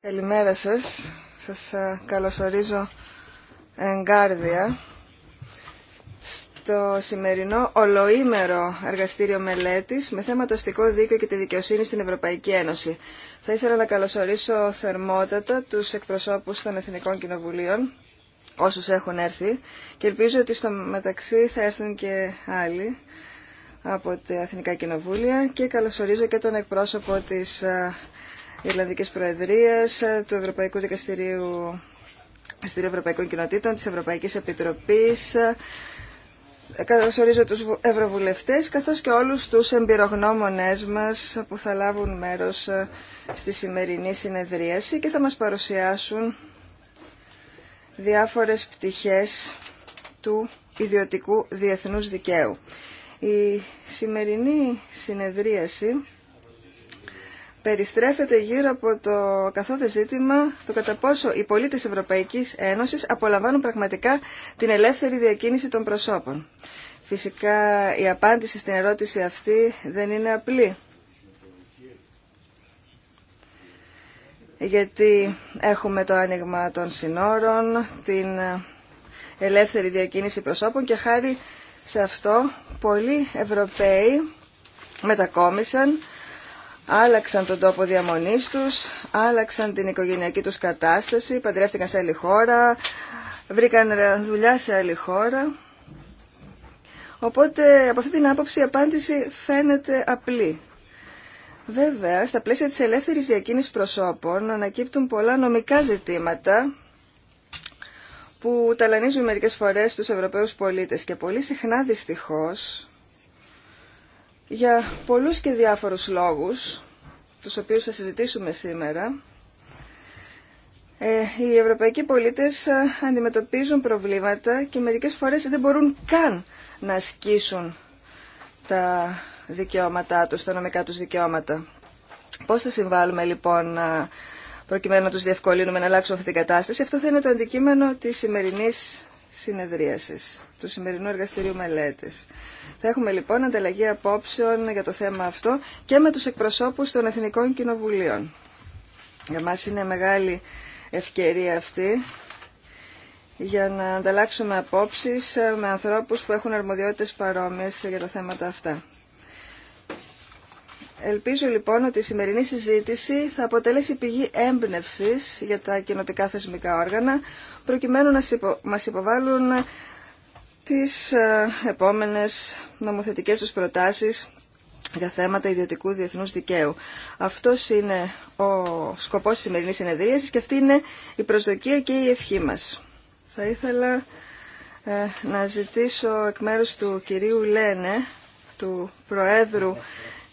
Καλημέρα σα. Σας καλωσορίζω εγκάρδια στο σημερινό ολοήμερο εργαστήριο μελέτης με θέμα το αστικό δίκαιο και τη δικαιοσύνη στην Ευρωπαϊκή Ένωση. Θα ήθελα να καλωσορίσω θερμότατα τους εκπροσώπους των Εθνικών Κοινοβουλίων, όσου έχουν έρθει και ελπίζω ότι στο μεταξύ θα έρθουν και άλλοι από τα Εθνικά Κοινοβούλια και καλωσορίζω και τον εκπρόσωπο της ε, Ιρλανδικής Προεδρίας, ε, του Ευρωπαϊκού Δικαστηρίου Δικαστηρίου Ευρωπαϊκών Κοινοτήτων, της Ευρωπαϊκής Επιτροπής. Ε, καλωσορίζω τους ευρωβουλευτές, καθώς και όλους τους εμπειρογνώμονές μας που θα λάβουν μέρος στη σημερινή συνεδρίαση και θα μας παρουσιάσουν διάφορες πτυχές του ιδιωτικού διεθνούς δικαίου. Η σημερινή συνεδρίαση περιστρέφεται γύρω από το καθόδε ζήτημα το κατά πόσο οι πολίτες Ευρωπαϊκής Ένωσης απολαμβάνουν πραγματικά την ελεύθερη διακίνηση των προσώπων. Φυσικά η απάντηση στην ερώτηση αυτή δεν είναι απλή. Γιατί έχουμε το άνοιγμα των συνόρων, την ελεύθερη διακίνηση προσώπων και χάρη σε αυτό πολλοί Ευρωπαίοι μετακόμισαν, άλλαξαν τον τόπο διαμονής τους, άλλαξαν την οικογενειακή τους κατάσταση, παντρεύτηκαν σε άλλη χώρα, βρήκαν δουλειά σε άλλη χώρα. Οπότε από αυτή την άποψη η απάντηση φαίνεται απλή. Βέβαια, στα πλαίσια της ελεύθερης διακίνησης προσώπων ανακύπτουν πολλά νομικά ζητήματα που ταλανίζουν μερικές φορές τους Ευρωπαίους πολίτες και πολύ συχνά δυστυχώς για πολλούς και διάφορους λόγους, τους οποίους θα συζητήσουμε σήμερα, ε, οι ευρωπαϊκοί πολίτες ε, αντιμετωπίζουν προβλήματα και μερικές φορές δεν μπορούν καν να ασκήσουν τα δικαιώματά τους, τα νομικά τους δικαιώματα. Πώς θα συμβάλλουμε λοιπόν ε, προκειμένου να τους διευκολύνουμε να αλλάξουν αυτή την κατάσταση. Αυτό θα είναι το αντικείμενο της σημερινής συνεδρίασης, του σημερινού εργαστηρίου μελέτης. Θα έχουμε λοιπόν ανταλλαγή απόψεων για το θέμα αυτό και με τους εκπροσώπους των Εθνικών Κοινοβουλίων. Για μας είναι μεγάλη ευκαιρία αυτή για να ανταλλάξουμε απόψεις με ανθρώπους που έχουν αρμοδιότητες παρόμοιες για τα θέματα αυτά. Ελπίζω λοιπόν ότι η σημερινή συζήτηση θα αποτελέσει πηγή έμπνευσης για τα κοινοτικά θεσμικά όργανα προκειμένου να μας υποβάλουν τις ε, επόμενες νομοθετικές τους προτάσεις για θέματα ιδιωτικού διεθνούς δικαίου. Αυτός είναι ο σκοπός της σημερινής συνεδρίασης και αυτή είναι η προσδοκία και η ευχή μας. Θα ήθελα ε, να ζητήσω εκ μέρους του κυρίου Λένε, του Προέδρου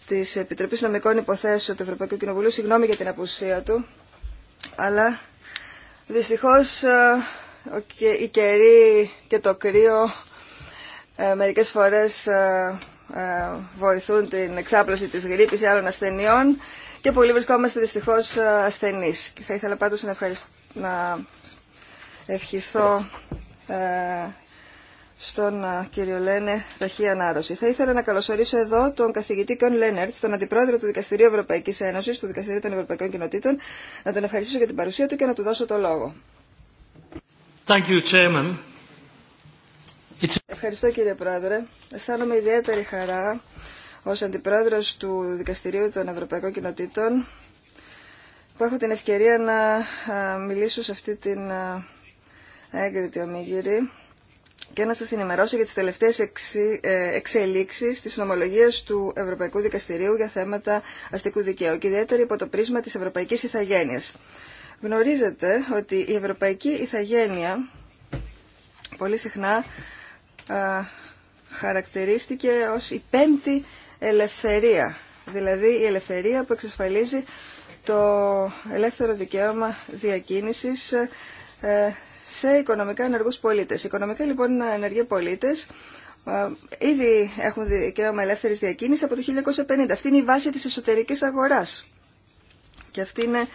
Τη Επιτροπή Νομικών Υποθέσεων του Ευρωπαϊκού Κοινοβουλίου. Συγγνώμη για την απουσία του, αλλά δυστυχώς ε, η καιρή και το κρύο ε, μερικές φορές ε, βοηθούν την εξάπλωση της γρήπη ή άλλων ασθενειών και πολλοί βρισκόμαστε δυστυχώς ασθενεί. θα ήθελα πάντως να, να ευχηθώ στον κύριο Λένε ταχύ ανάρρωση. Θα ήθελα να καλωσορίσω εδώ τον καθηγητή Κιον Λένερτ, τον αντιπρόεδρο του Δικαστηρίου Ευρωπαϊκή Ένωση, του Δικαστηρίου των Ευρωπαϊκών Κοινοτήτων, να τον ευχαριστήσω για την παρουσία του και να του δώσω το λόγο. Thank you, Ευχαριστώ κύριε Πρόεδρε. Αισθάνομαι ιδιαίτερη χαρά ως αντιπρόεδρος του Δικαστηρίου των Ευρωπαϊκών Κοινοτήτων που έχω την ευκαιρία να μιλήσω σε αυτή την έγκριτη ομιγύρη και να σας ενημερώσω για τις τελευταίες ε, εξελίξεις της νομολογίας του Ευρωπαϊκού Δικαστηρίου για θέματα αστικού δικαίου και ιδιαίτερα υπό το πρίσμα της Ευρωπαϊκής Ιθαγένειας. Γνωρίζετε ότι η Ευρωπαϊκή Ιθαγένεια πολύ συχνά χαρακτηρίστηκε ως η πέμπτη ελευθερία, δηλαδή η ελευθερία που εξασφαλίζει το ελεύθερο δικαίωμα διακίνησης ε, σε οικονομικά ενεργούς πολίτες. Οικονομικά λοιπόν ενεργοί πολίτε ήδη έχουν δικαίωμα ελεύθερη διακίνηση από το 1950. Αυτή είναι η βάση τη εσωτερική αγορά. Και αυτή είναι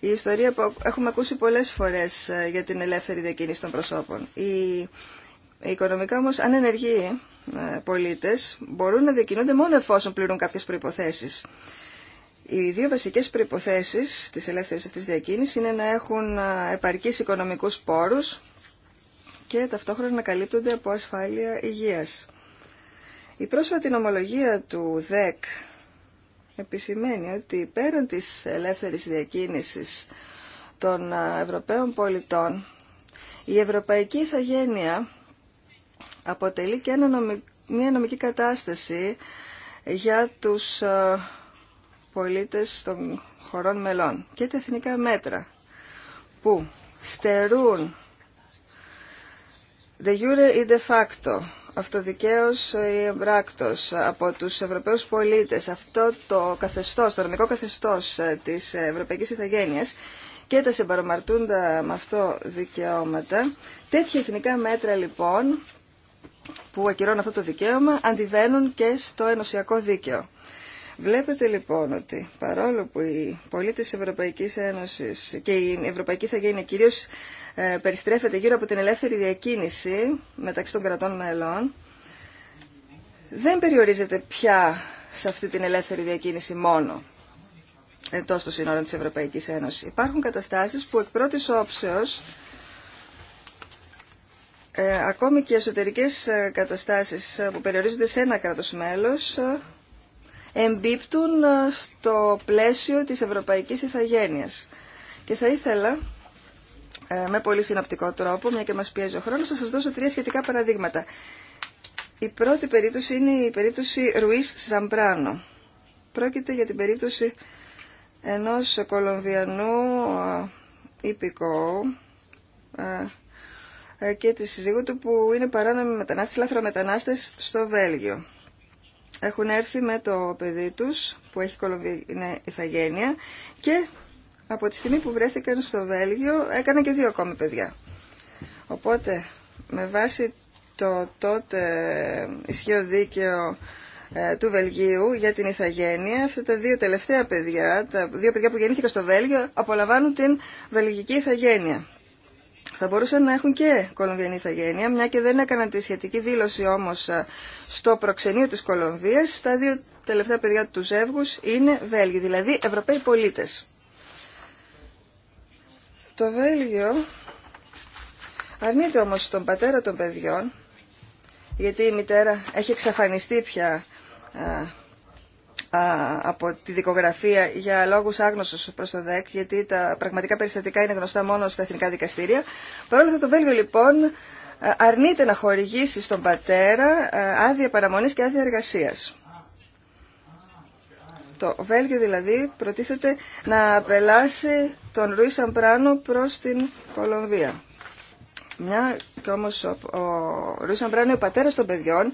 η ιστορία που έχουμε ακούσει πολλές φορές για την ελεύθερη διακίνηση των προσώπων. Οι οικονομικά όμως ανενεργοί ενεργοί πολίτες μπορούν να διακινούνται μόνο εφόσον πληρούν κάποιες προϋποθέσεις. Οι δύο βασικές προϋποθέσεις της ελεύθερης αυτής διακίνησης είναι να έχουν επαρκείς οικονομικούς πόρους και ταυτόχρονα να καλύπτονται από ασφάλεια υγείας. Η πρόσφατη νομολογία του ΔΕΚ επισημαίνει ότι πέραν της ελεύθερης διακίνησης των Ευρωπαίων πολιτών, η Ευρωπαϊκή Ιθαγένεια αποτελεί και μια νομική κατάσταση για τους πολίτες των χωρών μελών και τα εθνικά μέτρα που στερούν de jure ή de facto αυτοδικαίως ή εμπράκτος από τους Ευρωπαίους πολίτες αυτό το καθεστώς, το νομικό καθεστώς ε, της Ευρωπαϊκής Ιθαγένειας και τα συμπαρομαρτούντα με αυτό δικαιώματα. Τέτοια εθνικά μέτρα λοιπόν που ακυρώνουν αυτό το δικαίωμα αντιβαίνουν και στο ενωσιακό δίκαιο. Βλέπετε λοιπόν ότι παρόλο που οι πολίτες της Ευρωπαϊκής Ένωσης και η Ευρωπαϊκή θα γίνει κυρίως ε, περιστρέφεται γύρω από την ελεύθερη διακίνηση μεταξύ των κρατών μελών, δεν περιορίζεται πια σε αυτή την ελεύθερη διακίνηση μόνο εντό των σύνορων της Ευρωπαϊκής Ένωσης. Υπάρχουν καταστάσεις που εκ πρώτης όψεως ε, ακόμη και εσωτερικές ε, καταστάσεις ε, που περιορίζονται σε ένα κράτος μέλος εμπίπτουν ε, στο πλαίσιο της ευρωπαϊκής ιθαγένειας Και θα ήθελα ε, με πολύ συναπτικό τρόπο, μια και μας πιέζει ο χρόνος, να σας δώσω τρία σχετικά παραδείγματα. Η πρώτη περίπτωση είναι η περίπτωση Ρουίς Σαμπράνο. Πρόκειται για την περίπτωση ενός Κολομβιανού ε, υπηκόου και τη σύζυγου του που είναι παράνομη μετανάστες, στο Βέλγιο έχουν έρθει με το παιδί τους που έχει η ηθαγένεια και από τη στιγμή που βρέθηκαν στο Βέλγιο έκαναν και δύο ακόμη παιδιά. Οπότε με βάση το τότε ισχύο δίκαιο ε, του Βελγίου για την ηθαγένεια. Αυτά τα δύο τελευταία παιδιά, τα δύο παιδιά που γεννήθηκαν στο Βέλγιο, απολαμβάνουν την βελγική ηθαγένεια. Θα μπορούσαν να έχουν και Κολομβιανή ηθαγένεια, μια και δεν έκαναν τη σχετική δήλωση όμως ε, στο προξενείο της Κολομβίας. Τα δύο τελευταία παιδιά του ζεύγου είναι Βέλγοι, δηλαδή Ευρωπαίοι πολίτες. Το Βέλγιο αρνείται όμως τον πατέρα των παιδιών, γιατί η μητέρα έχει εξαφανιστεί πια ε, από τη δικογραφία για λόγους άγνωστος προς το ΔΕΚ, γιατί τα πραγματικά περιστατικά είναι γνωστά μόνο στα εθνικά δικαστήρια. Παρ' όλα το Βέλγιο λοιπόν αρνείται να χορηγήσει στον πατέρα άδεια παραμονής και άδεια εργασίας. Το Βέλγιο δηλαδή προτίθεται να απελάσει τον Ρουί Σαμπράνο προς την Κολομβία. Μια και όμως ο, ο Ρουί Σαμπράνο, ο πατέρας των παιδιών,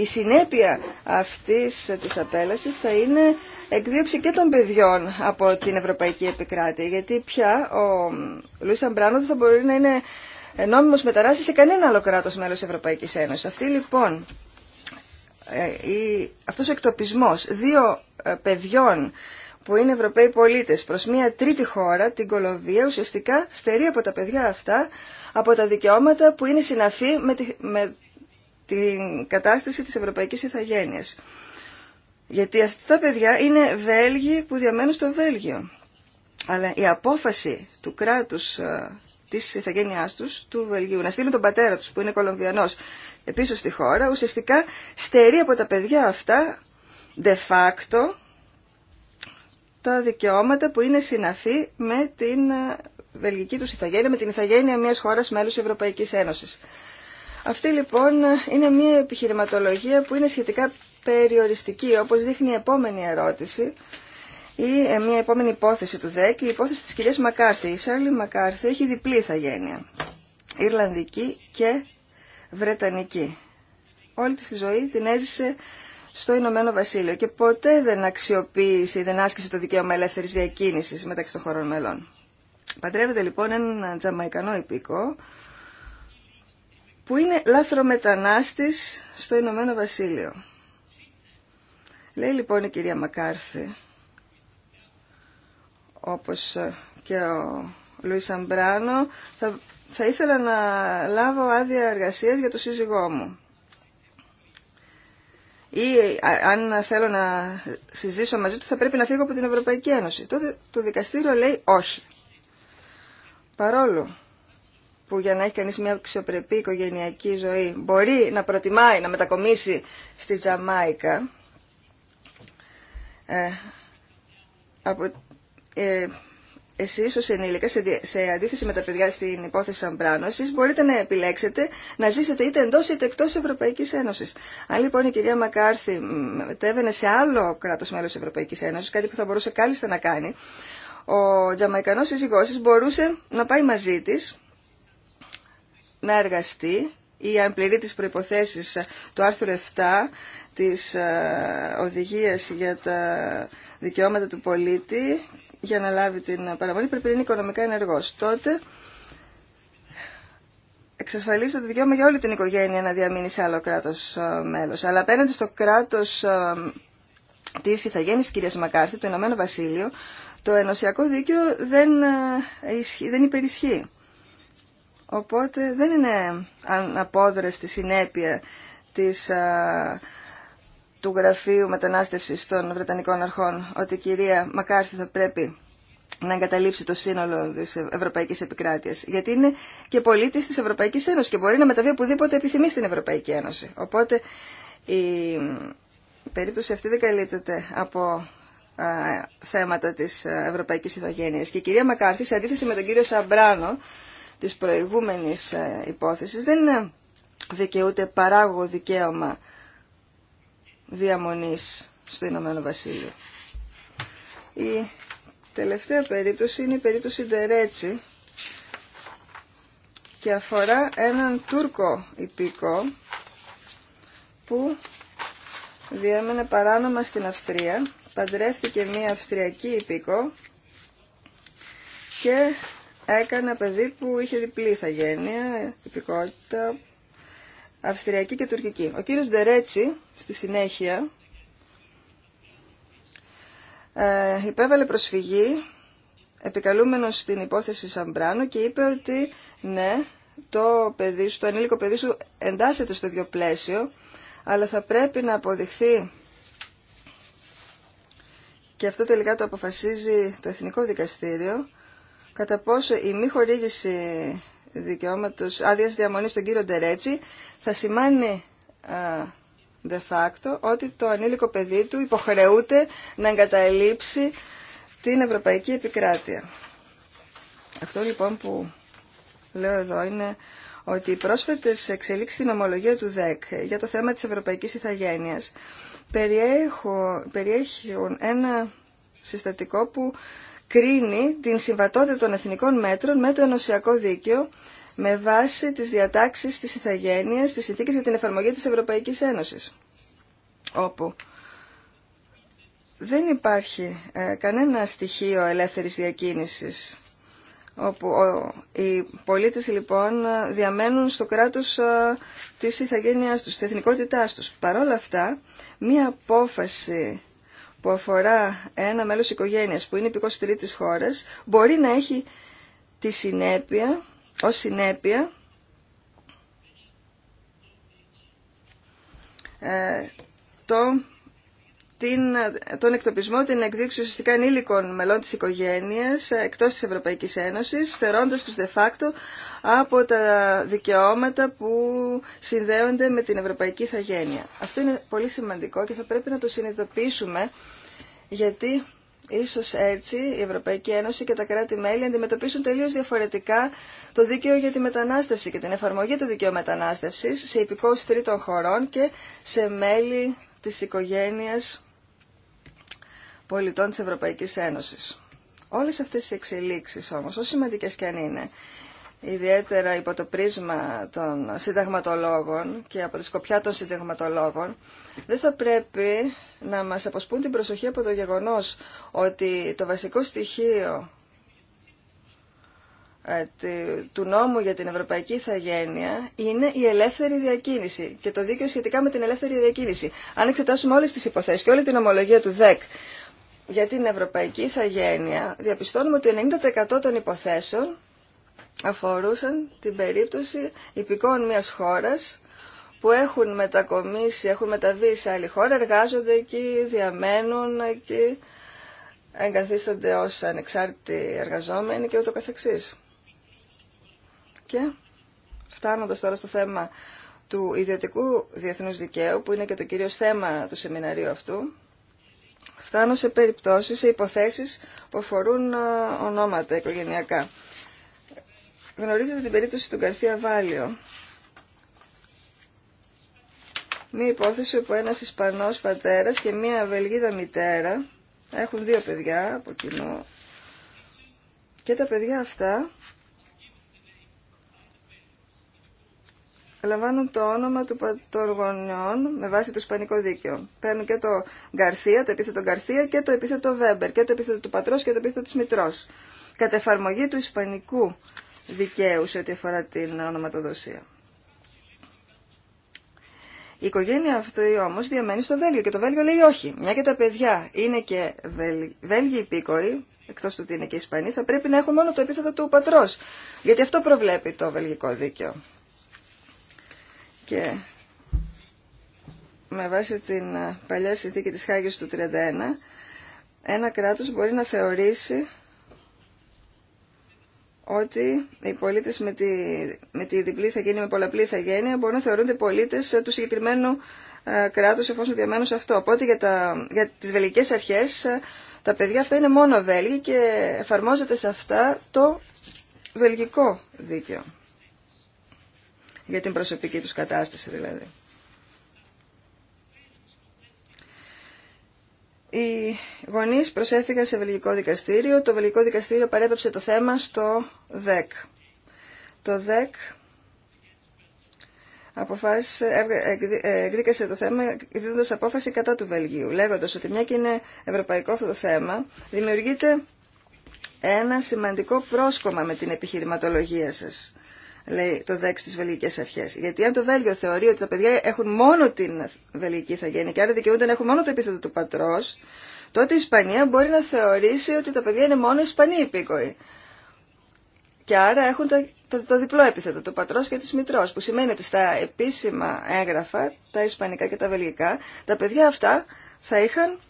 η συνέπεια αυτής της απέλασης θα είναι εκδίωξη και των παιδιών από την Ευρωπαϊκή Επικράτεια, γιατί πια ο Λούις Αμπράνο δεν θα μπορεί να είναι νόμιμος μεταράστης σε κανένα άλλο κράτος μέλος Ευρωπαϊκής Ένωσης. Αυτή λοιπόν, ε, η, αυτός ο εκτοπισμός δύο ε, παιδιών που είναι Ευρωπαίοι πολίτες προς μια τρίτη χώρα, την Κολοβία, ουσιαστικά στερεί από τα παιδιά αυτά από τα δικαιώματα που είναι συναφή με, τη, με την κατάσταση της Ευρωπαϊκής Ιθαγένειας. Γιατί αυτά τα παιδιά είναι Βέλγοι που διαμένουν στο Βέλγιο. Αλλά η απόφαση του κράτους ε, της ηθαγένειάς τους, του Βελγίου, να στείλουν τον πατέρα τους που είναι Κολομβιανός επίσης στη χώρα, ουσιαστικά στερεί από τα παιδιά αυτά, de facto, τα δικαιώματα που είναι συναφή με την ε, βελγική τους ηθαγένεια, με την ηθαγένεια μιας χώρας μέλους Ευρωπαϊκής Ένωσης. Αυτή λοιπόν είναι μια επιχειρηματολογία που είναι σχετικά περιοριστική, όπως δείχνει η επόμενη ερώτηση ή ε, μια επόμενη υπόθεση του ΔΕΚ, η υπόθεση της κυρίας Μακάρθη. Η Σάρλι Μακάρθη έχει διπλή ηθαγένεια, Ιρλανδική και Βρετανική. Όλη της τη ζωή την έζησε στο Ηνωμένο Βασίλειο και ποτέ δεν αξιοποίησε ή δεν άσκησε το δικαίωμα ελεύθερη διακίνηση μεταξύ των χωρών μελών. Παντρεύεται λοιπόν έναν τζαμαϊκανό υπήκο, που είναι λάθρομετανάστης στο Ηνωμένο Βασίλειο. Λέει λοιπόν η κυρία Μακάρθη, όπως και ο Λουίς Αμπράνο, θα, θα ήθελα να λάβω άδεια εργασίας για το σύζυγό μου. Ή αν θέλω να συζήσω μαζί του θα πρέπει να φύγω από την Ευρωπαϊκή Ένωση. Τότε το δικαστήριο λέει όχι. Παρόλο που για να έχει κανείς μια αξιοπρεπή οικογενειακή ζωή μπορεί να προτιμάει να μετακομίσει στη Τζαμάικα ε, από, ε, εσείς ως ενήλικα σε, αντίθεση με τα παιδιά στην υπόθεση Σαμπράνο, εσείς μπορείτε να επιλέξετε να ζήσετε είτε εντός είτε εκτός Ευρωπαϊκής Ένωσης. Αν λοιπόν η κυρία Μακάρθη μετέβαινε σε άλλο κράτος μέλος της Ευρωπαϊκής Ένωσης, κάτι που θα μπορούσε κάλλιστα να κάνει, ο Τζαμαϊκανός σύζυγός της μπορούσε να πάει μαζί της να εργαστεί ή αν πληρεί τις προϋποθέσεις του άρθρου 7 της ε, οδηγίας για τα δικαιώματα του πολίτη για να λάβει την παραμονή πρέπει να είναι οικονομικά ενεργός. Τότε εξασφαλίζεται το δικαίωμα για όλη την οικογένεια να διαμείνει σε άλλο κράτος ε, μέλος. Αλλά απέναντι στο κράτος ε, της ηθαγένης κυρίας Μακάρθη, το Ηνωμένο Βασίλειο, το ενωσιακό δίκαιο δεν, δεν υπερισχύει. Οπότε δεν είναι αναπόδραστη συνέπεια της, του Γραφείου Μετανάστευσης των Βρετανικών Αρχών ότι η κυρία Μακάρθη θα πρέπει να εγκαταλείψει το σύνολο της Ευρωπαϊκής Επικράτειας. Γιατί είναι και πολίτης της Ευρωπαϊκής Ένωσης και μπορεί να μεταβεί οπουδήποτε επιθυμεί στην Ευρωπαϊκή Ένωση. Οπότε η περίπτωση αυτή δεν καλύπτεται από θέματα της Ευρωπαϊκής Ιθογένειας. Και η κυρία Μακάρθη, σε αντίθεση με τον κύριο Σαμπράνο, της προηγούμενης ε, υπόθεσης δεν ε, δικαιούται παράγω δικαίωμα διαμονής στο Ηνωμένο Βασίλειο. Η τελευταία περίπτωση είναι η περίπτωση Ντερέτσι και αφορά έναν Τούρκο υπήκο που διέμενε παράνομα στην Αυστρία, παντρεύτηκε μία Αυστριακή υπήκο και έκανα παιδί που είχε διπλή ηθαγένεια, τυπικότητα, αυστριακή και τουρκική. Ο κύριος Ντερέτσι, στη συνέχεια, ε, υπέβαλε προσφυγή επικαλούμενος στην υπόθεση Σαμπράνο και είπε ότι ναι, το παιδί σου, το παιδί σου εντάσσεται στο ίδιο πλαίσιο, αλλά θα πρέπει να αποδειχθεί και αυτό τελικά το αποφασίζει το Εθνικό Δικαστήριο, κατά πόσο η μη χορήγηση δικαιώματος άδειας διαμονής στον κύριο Ντερέτσι θα σημάνει de facto ότι το ανήλικο παιδί του υποχρεούται να εγκαταλείψει την ευρωπαϊκή επικράτεια. Αυτό λοιπόν που λέω εδώ είναι ότι οι πρόσφατες εξελίξεις στην ομολογία του ΔΕΚ για το θέμα της ευρωπαϊκής ηθαγένειας περιέχουν ένα συστατικό που κρίνει την συμβατότητα των εθνικών μέτρων με το ενωσιακό δίκαιο με βάση τις διατάξεις της Ιθαγένειας, της συνθήκες για την εφαρμογή της Ευρωπαϊκής Ένωσης, όπου δεν υπάρχει ε, κανένα στοιχείο ελεύθερης διακίνησης, όπου οι πολίτες λοιπόν διαμένουν στο κράτος ε, της Ιθαγένειας τους, της εθνικότητάς τους. Παρ' όλα αυτά, μία απόφαση που αφορά ένα μέλος οικογένειας που είναι υπηκός της χώρας μπορεί να έχει τη συνέπεια, ως συνέπεια ε, το την, τον εκτοπισμό, την εκδίωξη ουσιαστικά ενήλικων μελών της οικογένειας ε, εκτός της Ευρωπαϊκής Ένωσης, θερώντας τους de facto από τα δικαιώματα που συνδέονται με την Ευρωπαϊκή Θαγένεια. Αυτό είναι πολύ σημαντικό και θα πρέπει να το συνειδητοποιήσουμε γιατί ίσως έτσι η Ευρωπαϊκή Ένωση και τα κράτη-μέλη αντιμετωπίσουν τελείως διαφορετικά το δίκαιο για τη μετανάστευση και την εφαρμογή του δικαίου μετανάστευσης σε υπηκόους τρίτων χωρών και σε μέλη της οικογένειας πολιτών της Ευρωπαϊκής Ένωσης. Όλες αυτές οι εξελίξεις όμως, όσο σημαντικές και αν είναι, ιδιαίτερα υπό το πρίσμα των συνταγματολόγων και από τη σκοπιά των συνταγματολόγων, δεν θα πρέπει να μας αποσπούν την προσοχή από το γεγονός ότι το βασικό στοιχείο ε, του νόμου για την Ευρωπαϊκή Ιθαγένεια είναι η ελεύθερη διακίνηση και το δίκαιο σχετικά με την ελεύθερη διακίνηση. Αν εξετάσουμε όλες τις υποθέσεις και όλη την ομολογία του ΔΕΚ για την ευρωπαϊκή ηθαγένεια διαπιστώνουμε ότι 90% των υποθέσεων αφορούσαν την περίπτωση υπηκών μιας χώρας που έχουν μετακομίσει, έχουν μεταβεί σε άλλη χώρα, εργάζονται εκεί, διαμένουν εκεί, εγκαθίστανται ως ανεξάρτητοι εργαζόμενοι και ούτω καθεξής. Και φτάνοντας τώρα στο θέμα του ιδιωτικού διεθνούς δικαίου, που είναι και το κυρίως θέμα του σεμιναρίου αυτού, φτάνω σε περιπτώσεις, σε υποθέσεις που αφορούν ονόματα οικογενειακά. Γνωρίζετε την περίπτωση του Καρθία Βάλιο. Μία υπόθεση όπου ένας Ισπανός πατέρας και μία Βελγίδα μητέρα έχουν δύο παιδιά από κοινού και τα παιδιά αυτά λαμβάνουν το όνομα του πατοργωνιών με βάση το Ισπανικό δίκαιο. Παίρνουν και το Γκαρθία, το επίθετο Γκαρθία και το επίθετο Βέμπερ και το επίθετο του πατρός και το επίθετο της μητρός. Κατ' εφαρμογή του Ισπανικού δικαίου σε ό,τι αφορά την ονοματοδοσία. Η οικογένεια αυτή όμως διαμένει στο Βέλγιο και το Βέλγιο λέει όχι. Μια και τα παιδιά είναι και Βέλγιοι υπήκοοι, εκτός του ότι είναι και Ισπανοί, θα πρέπει να έχουν μόνο το επίθετο του πατρό. Γιατί αυτό προβλέπει το βελγικό δίκαιο. Και με βάση την ε, παλιά συνθήκη της Χάγης του 31, ένα κράτος μπορεί να θεωρήσει ότι οι πολίτες με τη, με τη διπλή θαγένεια, με πολλαπλή θαγένεια μπορούν να θεωρούνται πολίτες ε, του συγκεκριμένου ε, κράτους εφόσον διαμένουν σε αυτό. Οπότε για, τα, για τις βελγικές αρχές τα παιδιά αυτά είναι μόνο Βέλγοι και εφαρμόζεται σε αυτά το βελγικό δίκαιο για την προσωπική τους κατάσταση δηλαδή. Οι γονείς προσέφηκαν σε βελγικό δικαστήριο. Το βελγικό δικαστήριο παρέπεψε το θέμα στο ΔΕΚ. Το ΔΕΚ αποφάσισε, ε, εκδίκασε το θέμα δίνοντα απόφαση κατά του Βελγίου, λέγοντας ότι μια και είναι ευρωπαϊκό αυτό το θέμα, δημιουργείται ένα σημαντικό πρόσκομα με την επιχειρηματολογία σας λέει το ΔΕΚ στις βελγικές αρχές. Γιατί αν το Βέλγιο θεωρεί ότι τα παιδιά έχουν μόνο την βελγική ηθαγένεια και άρα δικαιούνται να έχουν μόνο το επίθετο του πατρός, τότε η Ισπανία μπορεί να θεωρήσει ότι τα παιδιά είναι μόνο Ισπανοί υπήκοοι. Και άρα έχουν το, το, διπλό επίθετο, το πατρός και της μητρός, που σημαίνει ότι στα επίσημα έγγραφα, τα ισπανικά και τα βελγικά, τα παιδιά αυτά θα είχαν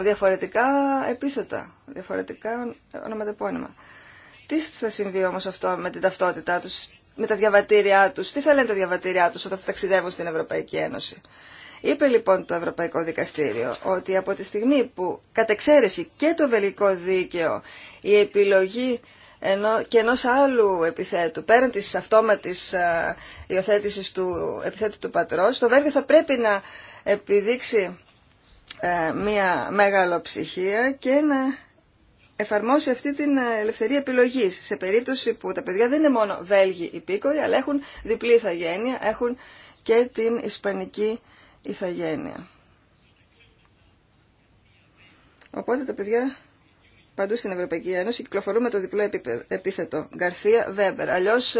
διαφορετικά επίθετα, διαφορετικά ονοματεπώνυμα. Τι θα συμβεί όμω αυτό με την ταυτότητά του, με τα διαβατήριά του, τι θα λένε τα διαβατήριά τους όταν θα ταξιδεύουν στην Ευρωπαϊκή Ένωση. Είπε λοιπόν το Ευρωπαϊκό Δικαστήριο ότι από τη στιγμή που κατ' εξαίρεση και το βελικό δίκαιο η επιλογή ενώ, και ενό άλλου επιθέτου πέραν της αυτόματης ε, υιοθέτηση του επιθέτου του πατρό, το Βέλγιο θα πρέπει να επιδείξει ε, μία μεγάλο και να εφαρμόσει αυτή την ε, ελευθερία επιλογής σε περίπτωση που τα παιδιά δεν είναι μόνο Βέλγοι υπήκοοι, αλλά έχουν διπλή ηθαγένεια, έχουν και την Ισπανική ηθαγένεια. Οπότε τα παιδιά παντού στην Ευρωπαϊκή Ένωση κυκλοφορούν με το διπλό επίθετο. Γκαρθία Βέμπερ. Αλλιώς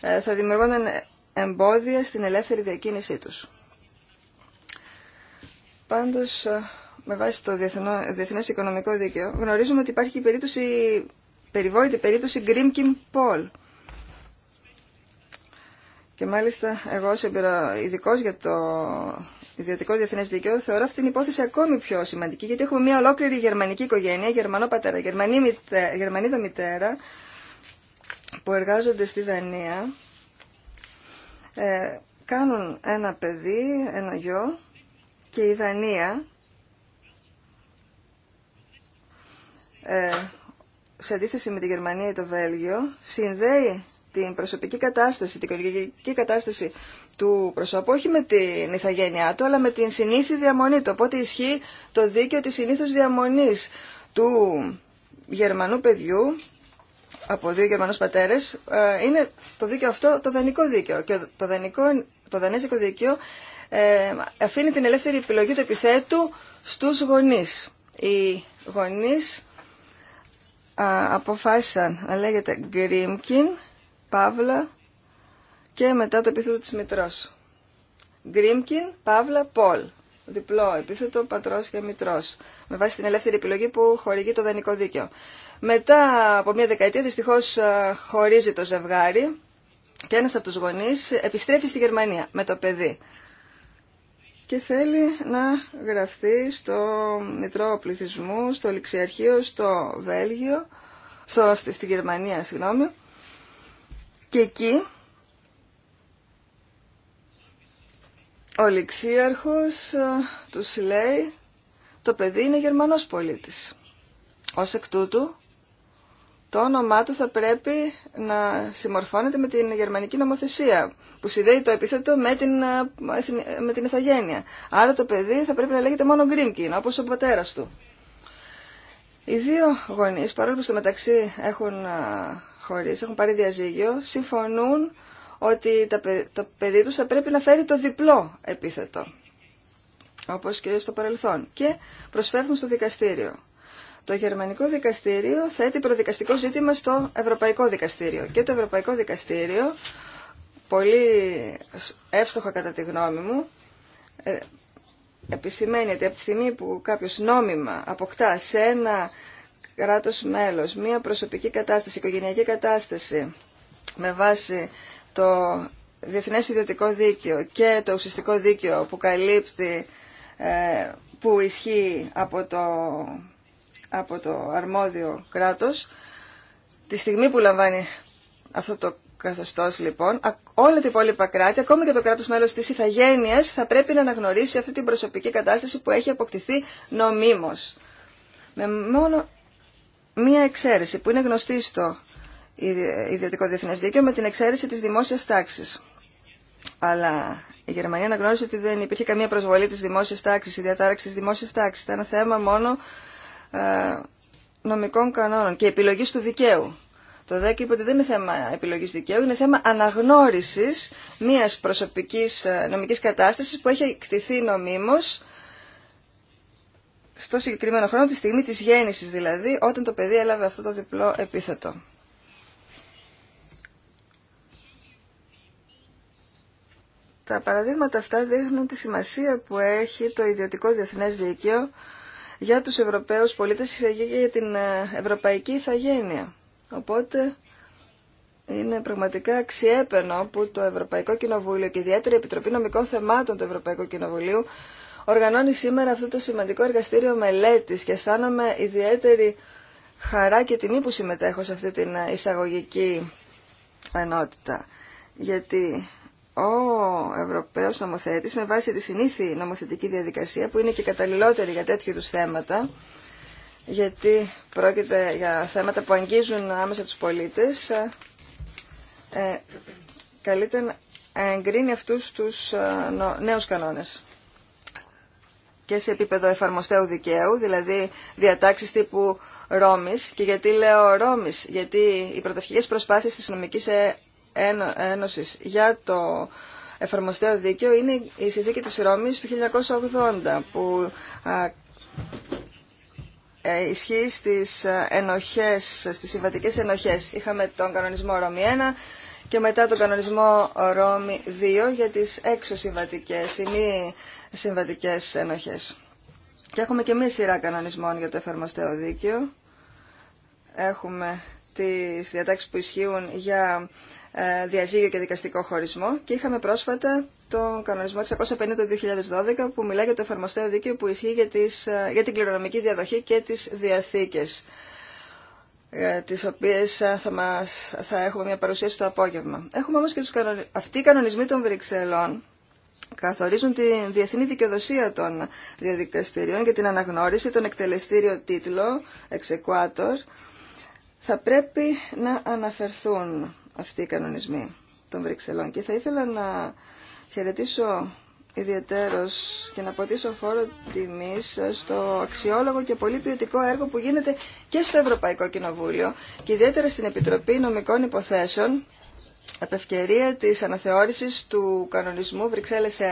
ε, θα δημιουργούνταν εμπόδια στην ελεύθερη διακίνησή τους. Πάντως ε, με βάση το διεθνό, Διεθνές Οικονομικό Δίκαιο, γνωρίζουμε ότι υπάρχει η περίπτωση, περιβόητη περίπτωση περίπτωση Kim Paul. Και μάλιστα εγώ ως ειδικό για το ιδιωτικό διεθνέ δίκαιο θεωρώ αυτή την υπόθεση ακόμη πιο σημαντική γιατί έχουμε μια ολόκληρη γερμανική οικογένεια, γερμανό πατέρα, γερμανή μητέρα, γερμανίδα μητέρα που εργάζονται στη Δανία. Ε, κάνουν ένα παιδί, ένα γιο και η Δανία Ε, σε αντίθεση με τη Γερμανία ή το Βέλγιο, συνδέει την προσωπική κατάσταση, την οικογενειακή κατάσταση του προσώπου, όχι με την ηθαγένειά του, αλλά με την συνήθη διαμονή του. Οπότε ισχύει το δίκαιο της συνήθους διαμονής του Γερμανού παιδιού από δύο Γερμανούς πατέρες. Ε, είναι το δίκαιο αυτό το δανεικό δίκαιο. Και το, δανεικό, το δανέζικο δίκαιο ε, αφήνει την ελεύθερη επιλογή του επιθέτου στους γονείς. Οι γονείς αποφάσισαν να λέγεται Γκρίμκιν, Παύλα και μετά το επίθετο της Μητρός. Γκρίμκιν, Παύλα, Πολ. Διπλό επίθετο, πατρός και μητρός. Με βάση την ελεύθερη επιλογή που χορηγεί το δανεικό δίκαιο. Μετά από μια δεκαετία δυστυχώς χωρίζει το ζευγάρι και ένας από τους γονείς επιστρέφει στη Γερμανία με το παιδί και θέλει να γραφτεί στο Μητρό Πληθυσμού, στο Ληξιαρχείο, στο Βέλγιο, στο, στη Γερμανία, συγγνώμη. Και εκεί ο Ληξίαρχος ε, τους λέει το παιδί είναι Γερμανός πολίτης. Ως εκ τούτου το όνομά του θα πρέπει να συμμορφώνεται με την γερμανική νομοθεσία που συνδέει το επίθετο με την, ε, με την ηθαγένεια. Άρα το παιδί θα πρέπει να λέγεται μόνο Γκρίμκιν, όπως ο πατέρας του. Οι δύο γονείς, παρόλο που στο μεταξύ έχουν ε, χωρίσει, έχουν πάρει διαζύγιο, συμφωνούν ότι το παιδί τους θα πρέπει να φέρει το διπλό επίθετο, όπως και στο παρελθόν, και προσφεύγουν στο δικαστήριο. Το Γερμανικό Δικαστήριο θέτει προδικαστικό ζήτημα στο Ευρωπαϊκό Δικαστήριο. Και το Ευρωπαϊκό Δικαστήριο, πολύ εύστοχα κατά τη γνώμη μου, ε, επισημαίνει ότι από τη στιγμή που κάποιος νόμιμα αποκτά σε ένα κράτος μέλος μία προσωπική κατάσταση, οικογενειακή κατάσταση με βάση το διεθνές ιδιωτικό δίκαιο και το ουσιαστικό δίκαιο που καλύπτει, ε, που ισχύει από το από το αρμόδιο κράτος. Τη στιγμή που λαμβάνει αυτό το καθεστώς λοιπόν, όλα τα υπόλοιπα κράτη, ακόμη και το κράτος μέλος της Ιθαγένειας θα πρέπει να αναγνωρίσει αυτή την προσωπική κατάσταση που έχει αποκτηθεί νομίμως. Με μόνο μία εξαίρεση που είναι γνωστή στο ιδιωτικό διεθνέ δίκαιο με την εξαίρεση της δημόσιας τάξης. Αλλά η Γερμανία αναγνώρισε ότι δεν υπήρχε καμία προσβολή της δημόσιας τάξη η διατάραξη της δημόσιας τάξης. Ήταν ένα θέμα μόνο ε, νομικών κανόνων και επιλογής του δικαίου. Το ΔΕΚ είπε ότι δεν είναι θέμα επιλογής δικαίου, είναι θέμα αναγνώρισης μιας προσωπικής ε, νομικής κατάστασης που έχει εκτιθεί νομίμως στο συγκεκριμένο χρόνο, τη στιγμή της γέννησης δηλαδή, όταν το παιδί έλαβε αυτό το διπλό επίθετο. Τα παραδείγματα αυτά δείχνουν τη σημασία που έχει το ιδιωτικό διεθνές δίκαιο για τους Ευρωπαίους πολίτες και για την ε, Ευρωπαϊκή Ιθαγένεια. Οπότε είναι πραγματικά αξιέπαινο που το Ευρωπαϊκό Κοινοβούλιο και ιδιαίτερη Επιτροπή Νομικών Θεμάτων του Ευρωπαϊκού Κοινοβουλίου οργανώνει σήμερα αυτό το σημαντικό εργαστήριο μελέτης και αισθάνομαι ιδιαίτερη χαρά και τιμή που συμμετέχω σε αυτή την εισαγωγική ενότητα. Γιατί ο Ευρωπαίος νομοθέτης με βάση τη συνήθη νομοθετική διαδικασία που είναι και καταλληλότερη για τέτοιου είδους θέματα γιατί πρόκειται για θέματα που αγγίζουν άμεσα τους πολίτες ε, ε καλείται να εγκρίνει αυτούς τους ε, νέους κανόνες και σε επίπεδο εφαρμοστέου δικαίου, δηλαδή διατάξεις τύπου Ρώμης. Και γιατί λέω Ρώμης, γιατί οι πρωτοφυγές προσπάθειες της νομικής ε, Ένωσης για το εφαρμοστέο δίκαιο είναι η συνθήκη της Ρώμης του 1980 που ε, ισχύει στις ενοχές, στις συμβατικές ενοχές. Είχαμε τον κανονισμό Ρώμη 1 και μετά τον κανονισμό Ρώμη 2 για τις έξω συμβατικές ή μη συμβατικές ενοχές. Και έχουμε και μία σειρά κανονισμών για το εφαρμοστέο δίκαιο. Έχουμε τις διατάξεις που ισχύουν για ε, διαζύγιο και δικαστικό χωρισμό και είχαμε πρόσφατα τον κανονισμό 650 του 2012 που μιλάει για το εφαρμοστέο δίκαιο που ισχύει για, τις, ε, για την κληρονομική διαδοχή και τις διαθήκες ε, τις οποίες θα, μας, θα έχουμε μια παρουσίαση το απόγευμα. Έχουμε όμως και τους αυτοί οι κανονισμοί των Βρυξελών καθορίζουν τη διεθνή δικαιοδοσία των διαδικαστηρίων και την αναγνώριση, τον εκτελεστήριο τίτλο, εξεκουάτορ, θα πρέπει να αναφερθούν αυτοί οι κανονισμοί των Βρυξελών. Και θα ήθελα να χαιρετήσω ιδιαιτέρως και να ποτίσω φόρο τιμής στο αξιόλογο και πολύ ποιοτικό έργο που γίνεται και στο Ευρωπαϊκό Κοινοβούλιο και ιδιαίτερα στην Επιτροπή Νομικών Υποθέσεων από ευκαιρία της αναθεώρησης του κανονισμού Βρυξέλλες 1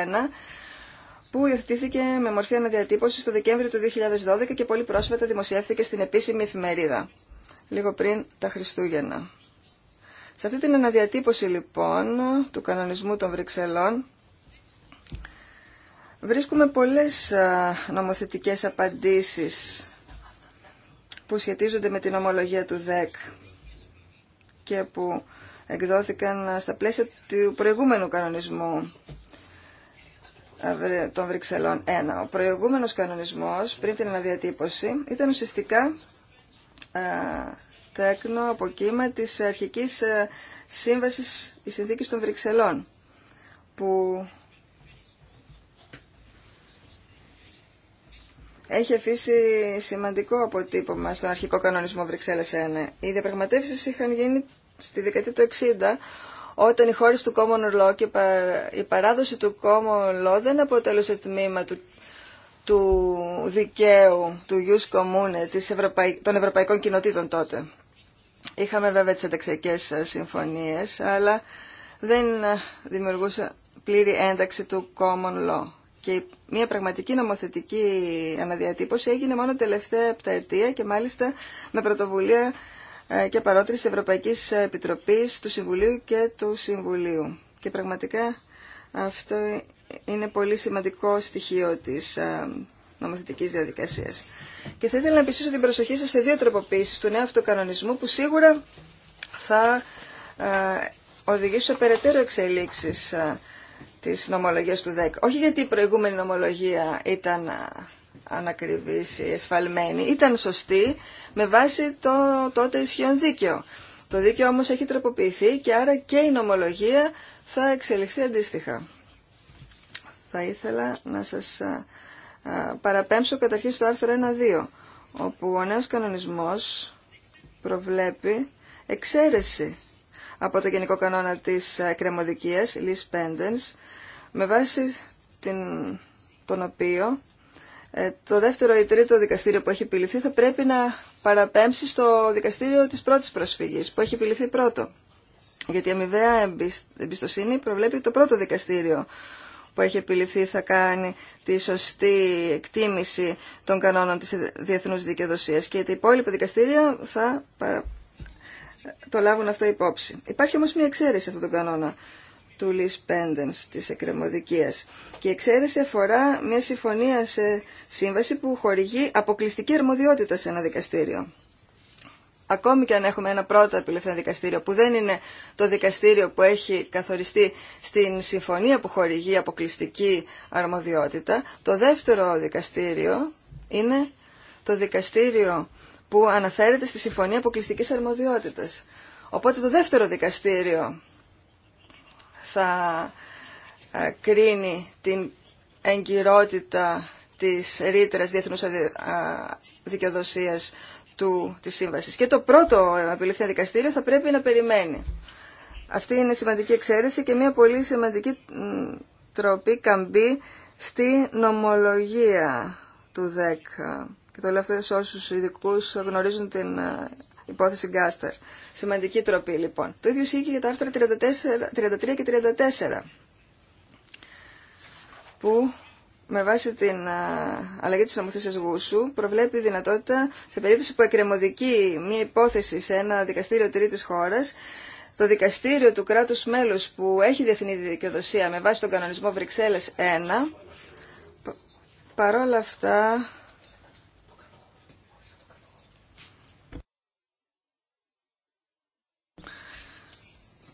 που υιοθετήθηκε με μορφή αναδιατύπωση το Δεκέμβριο του 2012 και πολύ πρόσφατα δημοσιεύθηκε στην επίσημη εφημερίδα, λίγο πριν τα Χριστούγεννα. Σε αυτή την αναδιατύπωση λοιπόν του κανονισμού των Βρυξελών βρίσκουμε πολλές νομοθετικές απαντήσεις που σχετίζονται με την ομολογία του ΔΕΚ και που εκδόθηκαν στα πλαίσια του προηγούμενου κανονισμού των Βρυξελών 1. Ο προηγούμενος κανονισμός πριν την αναδιατύπωση ήταν ουσιαστικά τέκνο από κύμα της αρχικής ε, σύμβασης η συνθήκη των Βρυξελών που έχει αφήσει σημαντικό αποτύπωμα στον αρχικό κανονισμό Βρυξέλλες 1. Οι διαπραγματεύσει είχαν γίνει στη δεκαετία του 60 όταν η χώρες του Common Law και η παράδοση του Common Law δεν αποτελούσε τμήμα του του δικαίου του Ιους Κομούνε των Ευρωπαϊκών Κοινοτήτων τότε. Είχαμε βέβαια τις ενταξιακές ε, συμφωνίες, αλλά δεν ε, δημιουργούσε πλήρη ένταξη του common law. Και μια πραγματική νομοθετική αναδιατύπωση έγινε μόνο τελευταία αιτία και μάλιστα με πρωτοβουλία ε, και παρότριση Ευρωπαϊκής Επιτροπής του Συμβουλίου και του Συμβουλίου. Και πραγματικά αυτό είναι πολύ σημαντικό στοιχείο της νομοθετικής διαδικασίας. Και θα ήθελα να επιστήσω την προσοχή σας σε δύο τροποποίησεις του νέου αυτοκανονισμού που σίγουρα θα ε, οδηγήσουν σε περαιτέρω εξελίξεις ε, της νομολογίας του ΔΕΚ. Όχι γιατί η προηγούμενη νομολογία ήταν ε, ανακριβής ή εσφαλμένη, ήταν σωστή με βάση το τότε ισχύον δίκαιο. Το δίκαιο όμως έχει τροποποιηθεί και άρα και η νομολογία θα εξελιχθεί αντίστοιχα. Θα ήθελα να σας παραπέμψω καταρχήν στο άρθρο 1.2, όπου ο νέος κανονισμός προβλέπει εξαίρεση από το Γενικό Κανόνα της Κρεμοδικίας, Λις Πέντενς, με βάση την, τον οποίο ε, το δεύτερο ή τρίτο δικαστήριο που έχει επιληφθεί θα πρέπει να παραπέμψει στο δικαστήριο της πρώτης προσφυγής, που έχει επιληφθεί πρώτο. Γιατί η αμοιβαία εμπιστοσύνη προβλέπει το πρώτο δικαστήριο που έχει επιληφθεί θα κάνει τη σωστή εκτίμηση των κανόνων της διεθνούς δικαιοδοσίας και τα υπόλοιπα δικαστήρια θα το λάβουν αυτό υπόψη. Υπάρχει όμως μια εξαίρεση αυτόν τον κανόνα του Λις Πέντενς της εκκρεμωδικίας και η εξαίρεση αφορά μια συμφωνία σε σύμβαση που χορηγεί αποκλειστική αρμοδιότητα σε ένα δικαστήριο ακόμη και αν έχουμε ένα πρώτο επιλεφθέν δικαστήριο που δεν είναι το δικαστήριο που έχει καθοριστεί στην συμφωνία που χορηγεί αποκλειστική αρμοδιότητα, το δεύτερο δικαστήριο είναι το δικαστήριο που αναφέρεται στη συμφωνία αποκλειστικής αρμοδιότητας. Οπότε το δεύτερο δικαστήριο θα ε, κρίνει την εγκυρότητα της ρήτρας διεθνούς δικαιοδοσίας του, της σύμβασης. Και το πρώτο απελευθεία δικαστήριο θα πρέπει να περιμένει. Αυτή είναι σημαντική εξαίρεση και μια πολύ σημαντική τροπή καμπή στη νομολογία του ΔΕΚ. Και το λέω αυτό σε όσους ειδικού γνωρίζουν την ε, υπόθεση Γκάστερ. Σημαντική τροπή λοιπόν. Το ίδιο ισχύει για τα άρθρα 34, 33 και 34 που με βάση την αλλαγή της νομοθεσίας Γούσου προβλέπει δυνατότητα σε περίπτωση που εκκρεμωδική μία υπόθεση σε ένα δικαστήριο τρίτης χώρας το δικαστήριο του κράτους μέλους που έχει διεθνή δικαιοδοσία με βάση τον κανονισμό Βρυξέλλες 1 παρόλα αυτά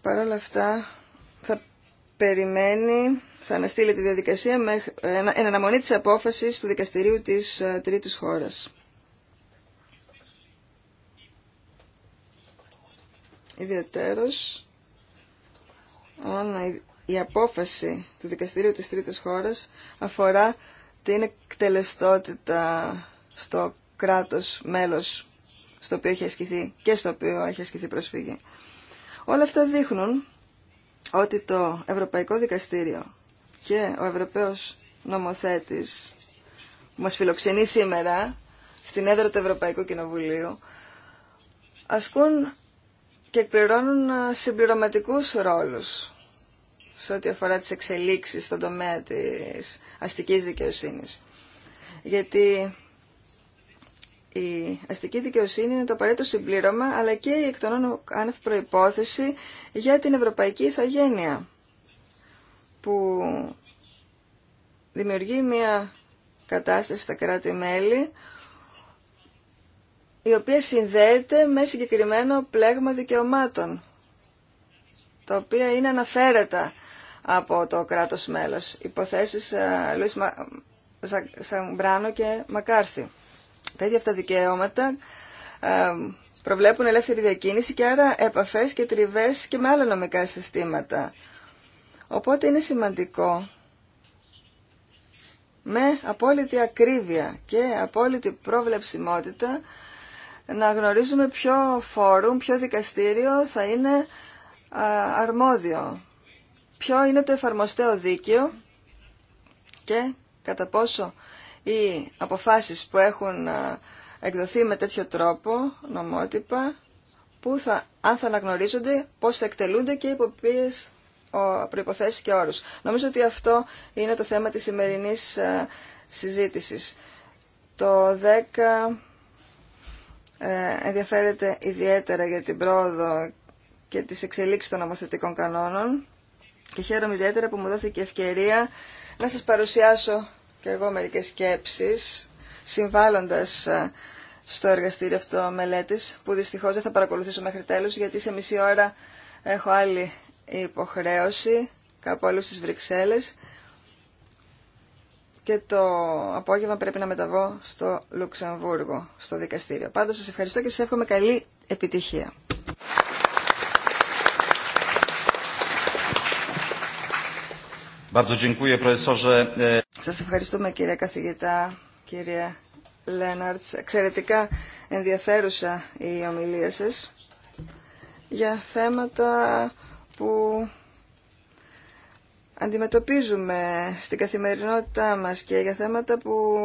παρόλα αυτά θα περιμένει θα αναστείλει τη διαδικασία ε, εν αναμονή της απόφασης του δικαστηρίου της ε, τρίτης χώρας. Ιδιαίτερος, αν η απόφαση του δικαστηρίου της τρίτης χώρας αφορά την εκτελεστότητα στο κράτος μέλος στο οποίο έχει ασκηθεί και στο οποίο έχει ασκηθεί προσφύγη. Όλα αυτά δείχνουν ότι το Ευρωπαϊκό Δικαστήριο και ο Ευρωπαίος νομοθέτης που μας φιλοξενεί σήμερα στην έδρα του Ευρωπαϊκού Κοινοβουλίου ασκούν και εκπληρώνουν ε, συμπληρωματικούς ρόλους σε ό,τι αφορά τις εξελίξεις στον τομέα της αστικής δικαιοσύνης. Γιατί η αστική δικαιοσύνη είναι το απαραίτητο συμπλήρωμα, αλλά και η εκ των άνευ προϋπόθεση για την ευρωπαϊκή ηθαγένεια που δημιουργεί μια κατάσταση στα κράτη-μέλη η οποία συνδέεται με συγκεκριμένο πλέγμα δικαιωμάτων τα οποία είναι αναφέρετα από το κράτος μέλος. Υποθέσεις ε, Λουίς Σαμπράνο και Μακάρθη. Τα ίδια αυτά δικαιώματα ε, προβλέπουν ελεύθερη διακίνηση και άρα επαφές και τριβές και με άλλα νομικά συστήματα. Οπότε είναι σημαντικό με απόλυτη ακρίβεια και απόλυτη προβλεψιμότητα να γνωρίζουμε ποιο φόρουμ, ποιο δικαστήριο θα είναι αρμόδιο, ποιο είναι το εφαρμοστέο δίκαιο και κατά πόσο οι αποφάσεις που έχουν εκδοθεί με τέτοιο τρόπο, νομότυπα, που θα, αν θα αναγνωρίζονται, πώς θα εκτελούνται και υπό προϋποθέσεις και όρους. Νομίζω ότι αυτό είναι το θέμα της σημερινής ε, συζήτησης. Το 10 ε, ενδιαφέρεται ιδιαίτερα για την πρόοδο και τις εξελίξεις των νομοθετικών κανόνων και χαίρομαι ιδιαίτερα που μου δόθηκε ευκαιρία να σας παρουσιάσω και εγώ μερικές σκέψεις συμβάλλοντας ε, στο εργαστήριο αυτό μελέτης που δυστυχώς δεν θα παρακολουθήσω μέχρι τέλους γιατί σε μισή ώρα έχω άλλη η υποχρέωση κάπου αλλού στις Βρυξέλλες και το απόγευμα πρέπει να μεταβώ στο Λουξεμβούργο, στο δικαστήριο. Πάντως σας ευχαριστώ και σας εύχομαι καλή επιτυχία. Σας ευχαριστούμε κύριε καθηγητά, κύριε Λέναρτς. Εξαιρετικά ενδιαφέρουσα η ομιλία σας για θέματα που αντιμετωπίζουμε στην καθημερινότητά μας και για θέματα που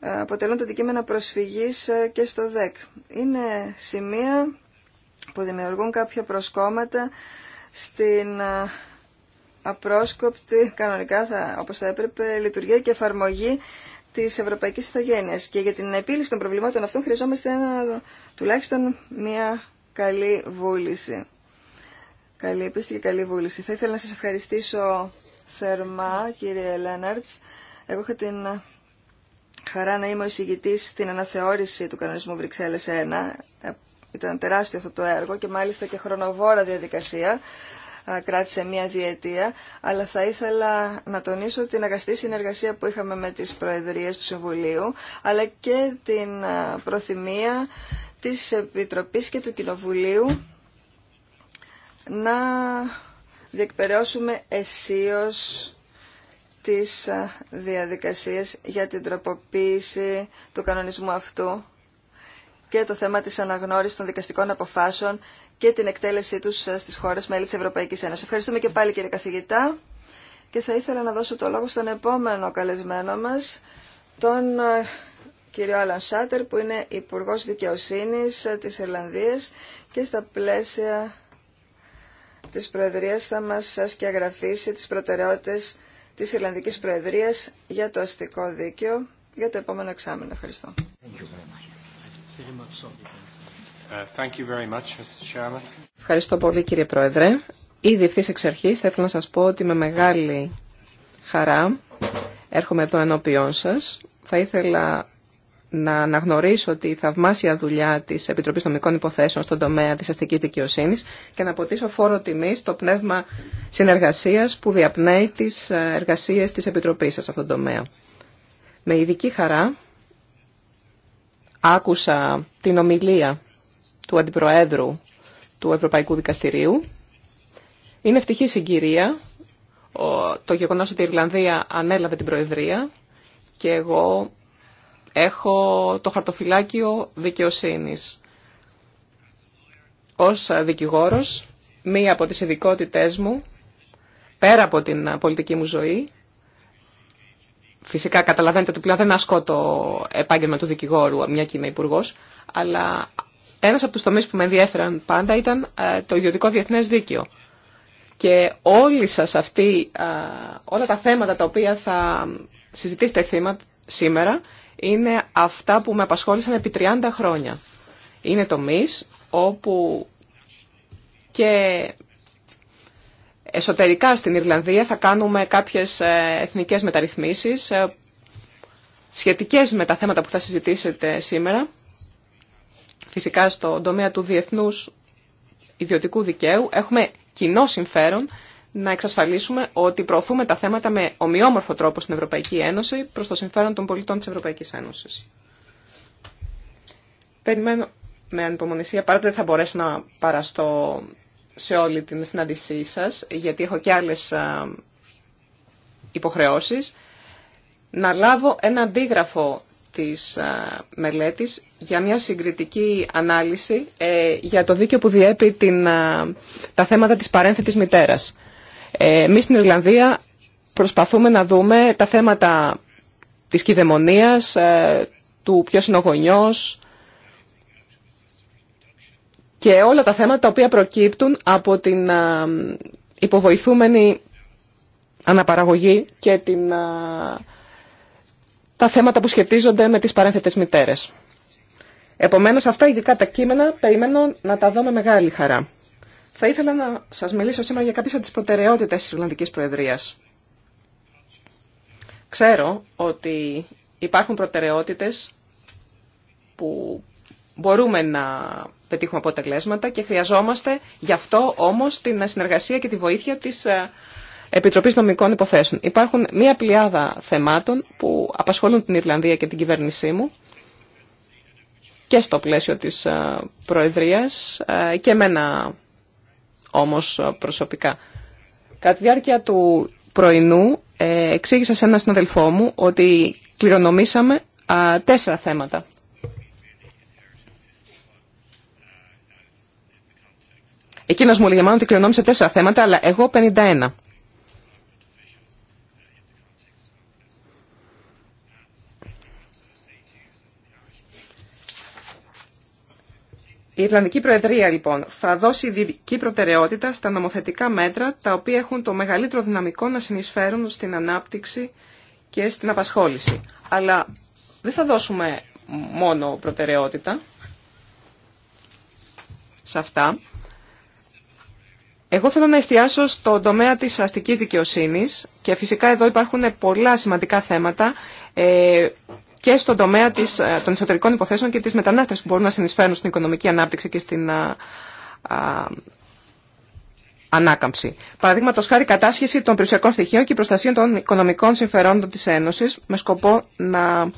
ε, αποτελούν τα αντικείμενα προσφυγής ε, και στο ΔΕΚ. Είναι σημεία που δημιουργούν κάποια προσκόμματα στην ε, απρόσκοπτη, κανονικά θα, όπως θα έπρεπε, λειτουργία και εφαρμογή της Ευρωπαϊκής Ιθαγένειας. Και για την επίλυση των προβλημάτων αυτών χρειαζόμαστε ένα, τουλάχιστον μια καλή βούληση. Καλή επίστη και καλή βούληση. Θα ήθελα να σας ευχαριστήσω θερμά, κύριε Λέναρτς. Εγώ είχα την χαρά να είμαι ο εισηγητής στην αναθεώρηση του κανονισμού Βρυξέλλες 1. Ε, ήταν τεράστιο αυτό το έργο και μάλιστα και χρονοβόρα διαδικασία. Κράτησε μία διετία, αλλά θα ήθελα να τονίσω την αγαστή συνεργασία που είχαμε με τις Προεδρίες του Συμβουλίου, αλλά και την προθυμία της Επιτροπής και του Κοινοβουλίου να διεκπαιρεώσουμε αισίως τις διαδικασίες για την τροποποίηση του κανονισμού αυτού και το θέμα της αναγνώρισης των δικαστικών αποφάσεων και την εκτέλεσή τους στις χώρες μέλη της Ευρωπαϊκής Ένωσης. Ευχαριστούμε και πάλι κύριε καθηγητά και θα ήθελα να δώσω το λόγο στον επόμενο καλεσμένο μας, τον κύριο Άλαν Σάτερ που είναι Υπουργός Δικαιοσύνης ε, της Ιρλανδίας και στα πλαίσια της Προεδρίας θα μας αγραφήσει τις προτεραιότητες της Ιρλανδικής Προεδρίας για το αστικό δίκαιο για το επόμενο εξάμεινο. Ευχαριστώ. Uh, Ευχαριστώ πολύ κύριε Πρόεδρε. Ήδη ευθύ εξ αρχή θα ήθελα να σας πω ότι με μεγάλη χαρά έρχομαι εδώ ενώπιόν σας. Θα ήθελα να αναγνωρίσω τη θαυμάσια δουλειά τη Επιτροπή Νομικών Υποθέσεων στον τομέα της αστικής δικαιοσύνης και να αποτίσω φόρο τιμής το πνεύμα συνεργασίας που διαπνέει τις ε, εργασίες της Επιτροπής σας σε αυτόν τον τομέα. Με ειδική χαρά άκουσα την ομιλία του Αντιπροέδρου του Ευρωπαϊκού Δικαστηρίου. Είναι ευτυχή συγκυρία το γεγονός ότι η Ιρλανδία ανέλαβε την Προεδρία και εγώ έχω το χαρτοφυλάκιο δικαιοσύνης. Ως δικηγόρος, μία από τις ειδικότητε μου, πέρα από την πολιτική μου ζωή, φυσικά καταλαβαίνετε ότι πλέον δεν ασκώ το επάγγελμα του δικηγόρου, μια και είμαι υπουργό, αλλά ένας από τους τομείς που με ενδιέφεραν πάντα ήταν ε, το ιδιωτικό διεθνές δίκαιο. Και όλοι σας αυτοί, ε, όλα τα θέματα τα οποία θα συζητήσετε σήμερα, είναι αυτά που με απασχόλησαν επί 30 χρόνια. Είναι το τομεί όπου και εσωτερικά στην Ιρλανδία θα κάνουμε κάποιες ε, εθνικές μεταρρυθμίσεις ε, σχετικές με τα θέματα που θα συζητήσετε σήμερα. Φυσικά στον τομέα του διεθνούς ιδιωτικού δικαίου έχουμε κοινό συμφέρον να εξασφαλίσουμε ότι προωθούμε τα θέματα με ομοιόμορφο τρόπο στην Ευρωπαϊκή Ένωση προ το συμφέρον των πολιτών τη Ευρωπαϊκή Ένωση. Περιμένω με ανυπομονησία, παρά δεν θα μπορέσω να παραστώ σε όλη την συνάντησή σα, γιατί έχω και άλλε υποχρεώσει. να λάβω ένα αντίγραφο της μελέτης για μια συγκριτική ανάλυση ε, για το δίκαιο που διέπει τα θέματα της παρένθετης μητέρας. Εμεί στην Ιρλανδία προσπαθούμε να δούμε τα θέματα της κυδαιμονίας, ε, του ποιο είναι ο γονιός και όλα τα θέματα τα οποία προκύπτουν από την ε, υποβοηθούμενη αναπαραγωγή και ε, τα θέματα που σχετίζονται με τις παρένθετες μητέρες. Επομένως αυτά ειδικά τα κείμενα περιμένω να τα δω μεγάλη χαρά. Θα ήθελα να σας μιλήσω σήμερα για κάποιες από τις προτεραιότητες της Ιρλανδικής Προεδρίας. Ξέρω ότι υπάρχουν προτεραιότητες που μπορούμε να πετύχουμε αποτελέσματα και χρειαζόμαστε γι' αυτό όμως την συνεργασία και τη βοήθεια της ε, Επιτροπής Νομικών Υποθέσεων. Υπάρχουν μία πλειάδα θεμάτων που απασχολούν την Ιρλανδία και την κυβέρνησή μου και στο πλαίσιο της ε, Προεδρίας ε, και εμένα όμως ε, προσωπικά. Κατά τη διάρκεια του πρωινού ε, εξήγησα σε έναν συναδελφό μου ότι κληρονομήσαμε τέσσερα θέματα. Εκείνος μου έλεγε μάλλον ότι κληρονόμησε τέσσερα θέματα, αλλά εγώ 51. Η Ιρλανδική Προεδρία, λοιπόν, θα δώσει ειδική προτεραιότητα στα νομοθετικά μέτρα τα οποία έχουν το μεγαλύτερο δυναμικό να συνεισφέρουν στην ανάπτυξη και στην απασχόληση. Αλλά δεν θα δώσουμε μόνο προτεραιότητα σε αυτά. Εγώ θέλω να εστιάσω στον τομέα της αστικής δικαιοσύνης και φυσικά εδώ υπάρχουν πολλά σημαντικά θέματα ε, και στον τομέα της, ε, των εσωτερικών υποθέσεων και της μετανάστευσης που μπορούν να συνεισφέρουν στην οικονομική ανάπτυξη και στην α, ε, α, ε, ανάκαμψη. Παραδείγματο χάρη κατάσχεση των περιουσιακών στοιχείων και προστασία των οικονομικών συμφερόντων της Ένωσης με σκοπό να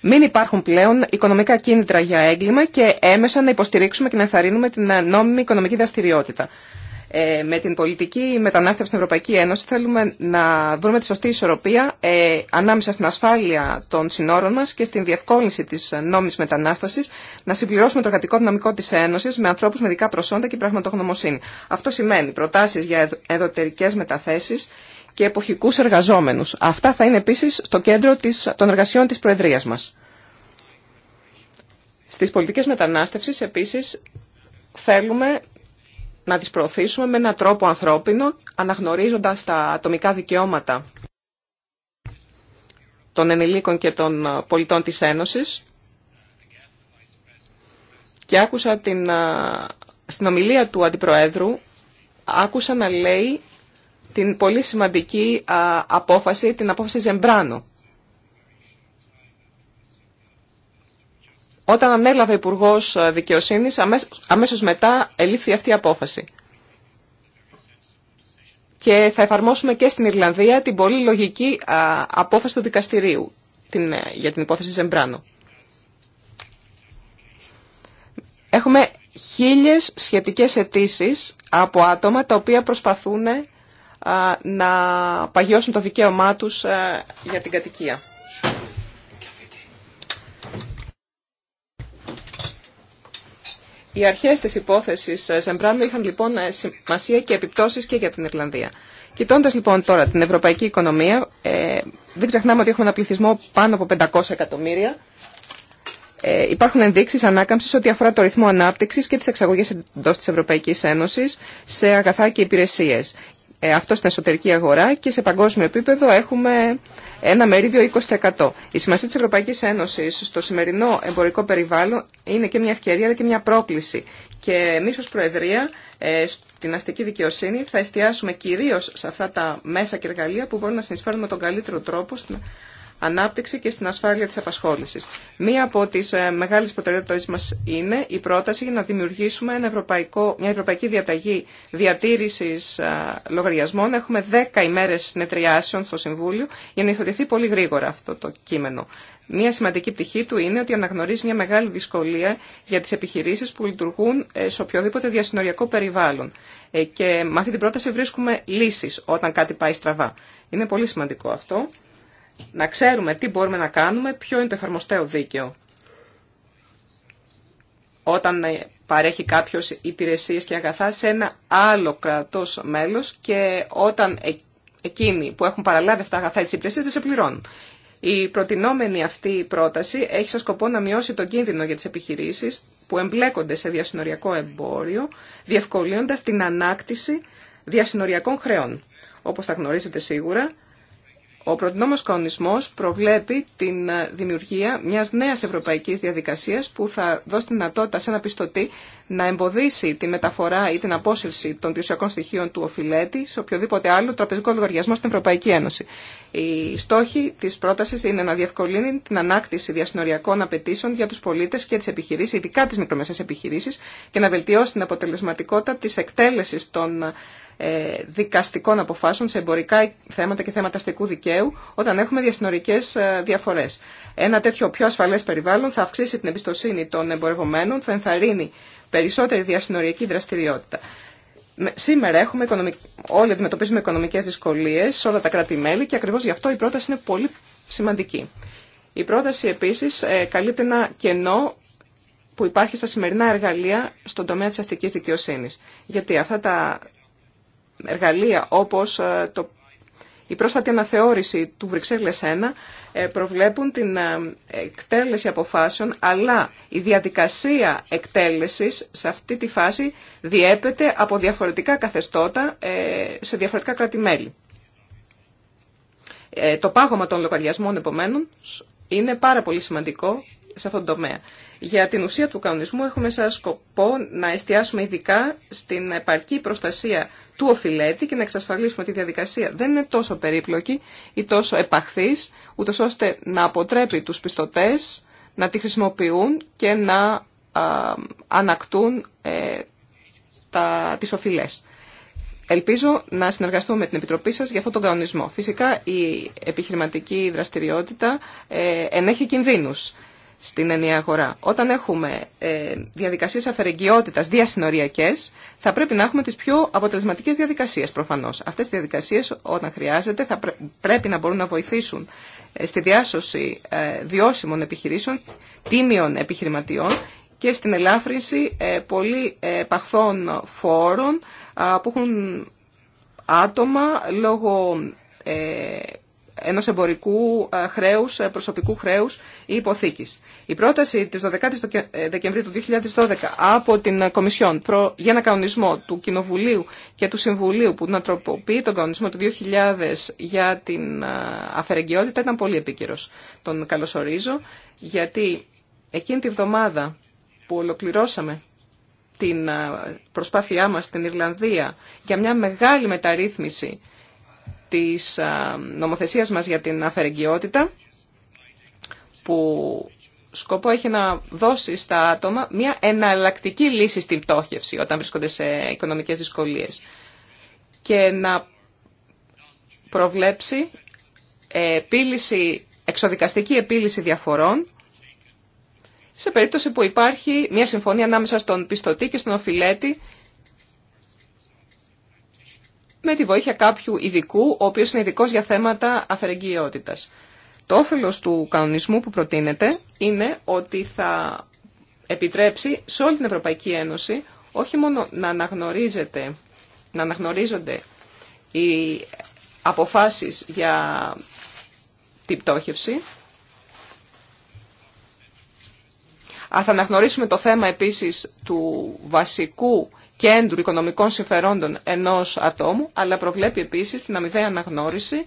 μην υπάρχουν πλέον οικονομικά κίνητρα για έγκλημα και έμεσα να υποστηρίξουμε και να ενθαρρύνουμε την νόμιμη οικονομική δραστηριότητα. Ε, με την πολιτική μετανάστευση στην Ευρωπαϊκή Ένωση θέλουμε να βρούμε τη σωστή ισορροπία ε, ανάμεσα στην ασφάλεια των συνόρων μας και στην διευκόλυνση της νόμιμης μετανάστασης, να συμπληρώσουμε το εργατικό δυναμικό της Ένωσης με ανθρώπους με ειδικά προσόντα και πραγματογνωμοσύνη. Αυτό σημαίνει προτάσεις για εδωτερικέ μεταθέσεις και εποχικούς εργαζόμενους. Αυτά θα είναι επίσης στο κέντρο της, των εργασιών της Προεδρίας μας. Στις πολιτικές μετανάστευσης επίσης θέλουμε να τις προωθήσουμε με έναν τρόπο ανθρώπινο, αναγνωρίζοντας τα ατομικά δικαιώματα των ενηλίκων και των ε, πολιτών της Ένωσης. Και άκουσα την, ε, στην ομιλία του Αντιπροέδρου, άκουσα να λέει την πολύ σημαντική ε, απόφαση, την απόφαση Ζεμπράνο. Όταν ανέλαβε υπουργό ε, Δικαιοσύνη, αμέσω μετά ελήφθη αυτή η απόφαση. Και θα εφαρμόσουμε και στην Ιρλανδία την πολύ λογική απόφαση του δικαστηρίου ε, για την υπόθεση Ζεμπράνο. Έχουμε χίλιες σχετικές αιτήσει από άτομα τα οποία προσπαθούν ε, να παγιώσουν το δικαίωμά τους για την κατοικία. Οι αρχέ τη υπόθεση ε, Ζεμπράνου είχαν λοιπόν ε, σημασία και επιπτώσεις και για την Ιρλανδία. Κοιτώντα λοιπόν τώρα την ευρωπαϊκή οικονομία, ε, δεν ξεχνάμε ότι έχουμε ένα πληθυσμό πάνω από 500 εκατομμύρια. Ε, υπάρχουν ενδείξει ανάκαμψη ό,τι αφορά το ρυθμό ανάπτυξη και τι εξαγωγέ εντό τη Ευρωπαϊκή Ένωση σε αγαθά και υπηρεσίε. Ε, αυτό στην εσωτερική αγορά και σε παγκόσμιο επίπεδο έχουμε ένα μερίδιο 20%. Η σημασία της Ευρωπαϊκής Ένωσης στο σημερινό εμπορικό περιβάλλον είναι και μια ευκαιρία αλλά και μια πρόκληση. Και εμείς ως Προεδρία ε, στην αστική δικαιοσύνη θα εστιάσουμε κυρίως σε αυτά τα μέσα και εργαλεία που μπορούν να συνεισφέρουν με τον καλύτερο τρόπο ανάπτυξη και στην ασφάλεια της απασχόλησης. Μία από τις ε, μεγάλες προτεραιότητες μας είναι η πρόταση για να δημιουργήσουμε ένα ευρωπαϊκό, μια ευρωπαϊκή διαταγή διατήρησης ε, λογαριασμών. Έχουμε 10 ημέρες συνετριάσεων στο Συμβούλιο για να υιοθετηθεί πολύ γρήγορα αυτό το κείμενο. Μία σημαντική πτυχή του είναι ότι αναγνωρίζει μια μεγάλη δυσκολία για τις επιχειρήσεις που λειτουργούν ε, σε οποιοδήποτε διασυνοριακό περιβάλλον. Και με αυτή την πρόταση βρίσκουμε λύσεις όταν κάτι πάει στραβά. Είναι πολύ σημαντικό αυτό να ξέρουμε τι μπορούμε να κάνουμε, ποιο είναι το εφαρμοστέο δίκαιο. Όταν παρέχει κάποιος υπηρεσίες και αγαθά σε ένα άλλο κρατός μέλος και όταν ε, εκείνοι που έχουν παραλάβει αυτά τα αγαθά της υπηρεσίας δεν σε πληρώνουν. Η προτινόμενη αυτή πρόταση έχει σαν σκοπό να μειώσει τον κίνδυνο για τις επιχειρήσεις που εμπλέκονται σε διασυνοριακό εμπόριο, διευκολύνοντας την ανάκτηση διασυνοριακών χρεών. Όπως θα γνωρίζετε σίγουρα, ο προτινόμος κανονισμός προβλέπει την ε, δημιουργία μιας νέας ευρωπαϊκής διαδικασίας που θα δώσει τη δυνατότητα σε ένα πιστωτή να εμποδίσει τη μεταφορά ή την απόσυρση των πλουσιακών στοιχείων του οφειλέτη σε οποιοδήποτε άλλο τραπεζικό λογαριασμό στην Ευρωπαϊκή Ένωση. η στοχη τη πρόταση είναι να διευκολύνει την ανάκτηση διασυνοριακών απαιτήσεων για του πολίτε και τι επιχειρήσει, ειδικά τι μικρομεσαίε επιχειρήσει, και να βελτιώσει την αποτελεσματικότητα τη εκτέλεση των ε, ε, δικαστικών αποφάσεων σε εμπορικά θέματα και θέματα αστικού δικαίου όταν έχουμε διασυνορικές ε, διαφορέ. Ένα τέτοιο πιο ασφαλέ περιβάλλον θα αυξήσει την εμπιστοσύνη των εμπορευομένων, θα ενθαρρύνει περισσότερη διασυνοριακή δραστηριότητα. Σήμερα έχουμε οικονομικ... όλοι αντιμετωπίζουμε οικονομικέ δυσκολίε, σε όλα τα κράτη-μέλη και ακριβώ γι' αυτό η πρόταση είναι πολύ σημαντική. Η πρόταση επίσης ε, καλύπτει ένα κενό που υπάρχει στα σημερινά εργαλεία στον τομέα τη αστική δικαιοσύνη. Γιατί αυτά τα εργαλεία όπως ε, το, η πρόσφατη αναθεώρηση του Βρυξέλλες 1 ε, προβλέπουν την ε, εκτέλεση αποφάσεων αλλά η διαδικασία εκτέλεσης σε αυτή τη φάση διέπεται από διαφορετικά καθεστώτα σε διαφορετικά κράτη-μέλη. Το πάγωμα των λογαριασμών επομένως είναι πάρα πολύ σημαντικό σε αυτόν τον τομέα. Για την ουσία του κανονισμού έχουμε σαν σκοπό να εστιάσουμε ειδικά στην επαρκή προστασία του οφηλέτη και να εξασφαλίσουμε ότι η διαδικασία δεν είναι τόσο περίπλοκη ή τόσο επαχθής, ούτως ώστε να αποτρέπει τους πιστωτές να τη χρησιμοποιούν και να ανακτούν ε, τα, τις οφειλές. Ελπίζω να συνεργαστούμε με την Επιτροπή σας για αυτόν τον κανονισμό. Φυσικά η επιχειρηματική δραστηριότητα ε, ενέχει κινδύνους στην ενιαία αγορά. Όταν έχουμε ε, διαδικασίες αφαιρεγγιότητας διασυνοριακές, θα πρέπει να έχουμε τις πιο αποτελεσματικές διαδικασίες προφανώς. Αυτές οι διαδικασίες όταν χρειάζεται θα πρέπει να μπορούν να βοηθήσουν ε, στη διάσωση ε, βιώσιμων επιχειρήσεων, τίμιων επιχειρηματιών και στην ελάφρυνση ε, πολύ παχθών φόρων που έχουν άτομα λόγω Ενό εμπορικού ε, χρέους, ε, προσωπικού χρέους ή υποθήκης. Η πρόταση τη 12 η Δεκεμβρίου του 2012 από την Κομισιόν για ένα κανονισμό του Κοινοβουλίου και του Συμβουλίου που να τροποποιεί τον κανονισμό του 2000 για την ε, αφαιρεγκαιότητα ήταν πολύ επίκαιρο. Τον καλωσορίζω γιατί εκείνη τη βδομάδα που ολοκληρώσαμε την προσπάθειά μας στην Ιρλανδία για μια μεγάλη μεταρρύθμιση της νομοθεσίας μας για την αφαιρεγγιότητα που σκοπό έχει να δώσει στα άτομα μια εναλλακτική λύση στην πτώχευση όταν βρίσκονται σε οικονομικές δυσκολίες και να προβλέψει επίλυση, εξοδικαστική επίλυση διαφορών σε περίπτωση που υπάρχει μια συμφωνία ανάμεσα στον πιστωτή και στον οφηλέτη με τη βοήθεια κάποιου ειδικού, ο οποίος είναι ειδικό για θέματα αφαιρεγγιότητας. Το όφελος του κανονισμού που προτείνεται είναι ότι θα επιτρέψει σε όλη την Ευρωπαϊκή Ένωση όχι μόνο να, αναγνωρίζεται, να αναγνωρίζονται οι αποφάσεις για την πτώχευση, αλλά θα αναγνωρίσουμε το θέμα επίσης του βασικού κέντρου οικονομικών συμφερόντων ενός ατόμου, αλλά προβλέπει επίσης την αμοιβαία αναγνώριση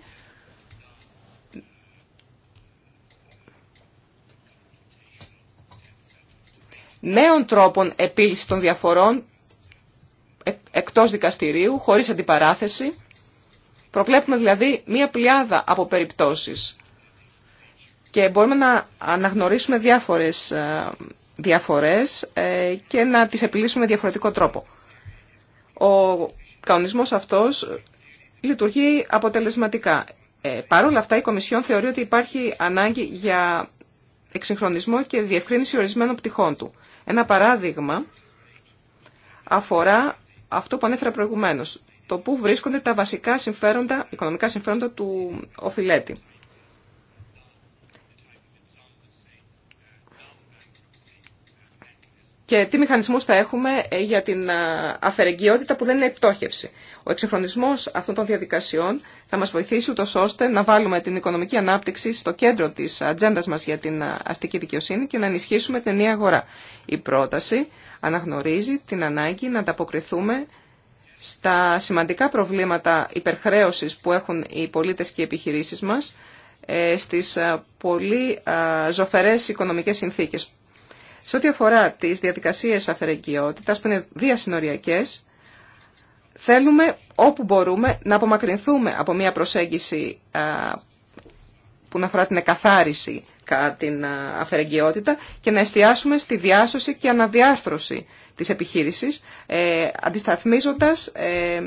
νέων τρόπων επίλυσης των διαφορών εκτός δικαστηρίου, χωρίς αντιπαράθεση. Προβλέπουμε δηλαδή μία πλειάδα από περιπτώσεις και μπορούμε να αναγνωρίσουμε διάφορες ε, διαφορές ε, και να τις επιλύσουμε με διαφορετικό τρόπο. Ο κανονισμός αυτός λειτουργεί αποτελεσματικά. Ε, Παρ' όλα αυτά η Κομισιόν θεωρεί ότι υπάρχει ανάγκη για εξυγχρονισμό και διευκρίνηση ορισμένων πτυχών του. Ένα παράδειγμα αφορά αυτό που ανέφερα προηγουμένως, το πού βρίσκονται τα βασικά συμφέροντα, οικονομικά συμφέροντα του οφειλέτη. και τι μηχανισμούς θα έχουμε ε, για την ε, αφαιρεγγιότητα που δεν είναι επιτόχευση. Ο εξυγχρονισμός αυτών των διαδικασιών θα μας βοηθήσει ούτως ώστε να βάλουμε την οικονομική ανάπτυξη στο κέντρο της ατζέντα μας για την ε, αστική δικαιοσύνη και να ενισχύσουμε την νέα αγορά. Η πρόταση αναγνωρίζει την ανάγκη να ανταποκριθούμε στα σημαντικά προβλήματα υπερχρέωσης που έχουν οι πολίτες και οι επιχειρήσεις μας, στις πολύ ζωφερές οικονομικές συνθήκες σε ό,τι αφορά τι διαδικασίε αφαιρεγγιότητας που είναι διασυνοριακές, θέλουμε όπου μπορούμε να απομακρυνθούμε από μια προσέγγιση που να αφορά την εκαθάριση κατά την αφαιρεγγιότητα και να εστιάσουμε στη διάσωση και αναδιάρθρωση της επιχείρησης, ε, αντισταθμίζοντας ε,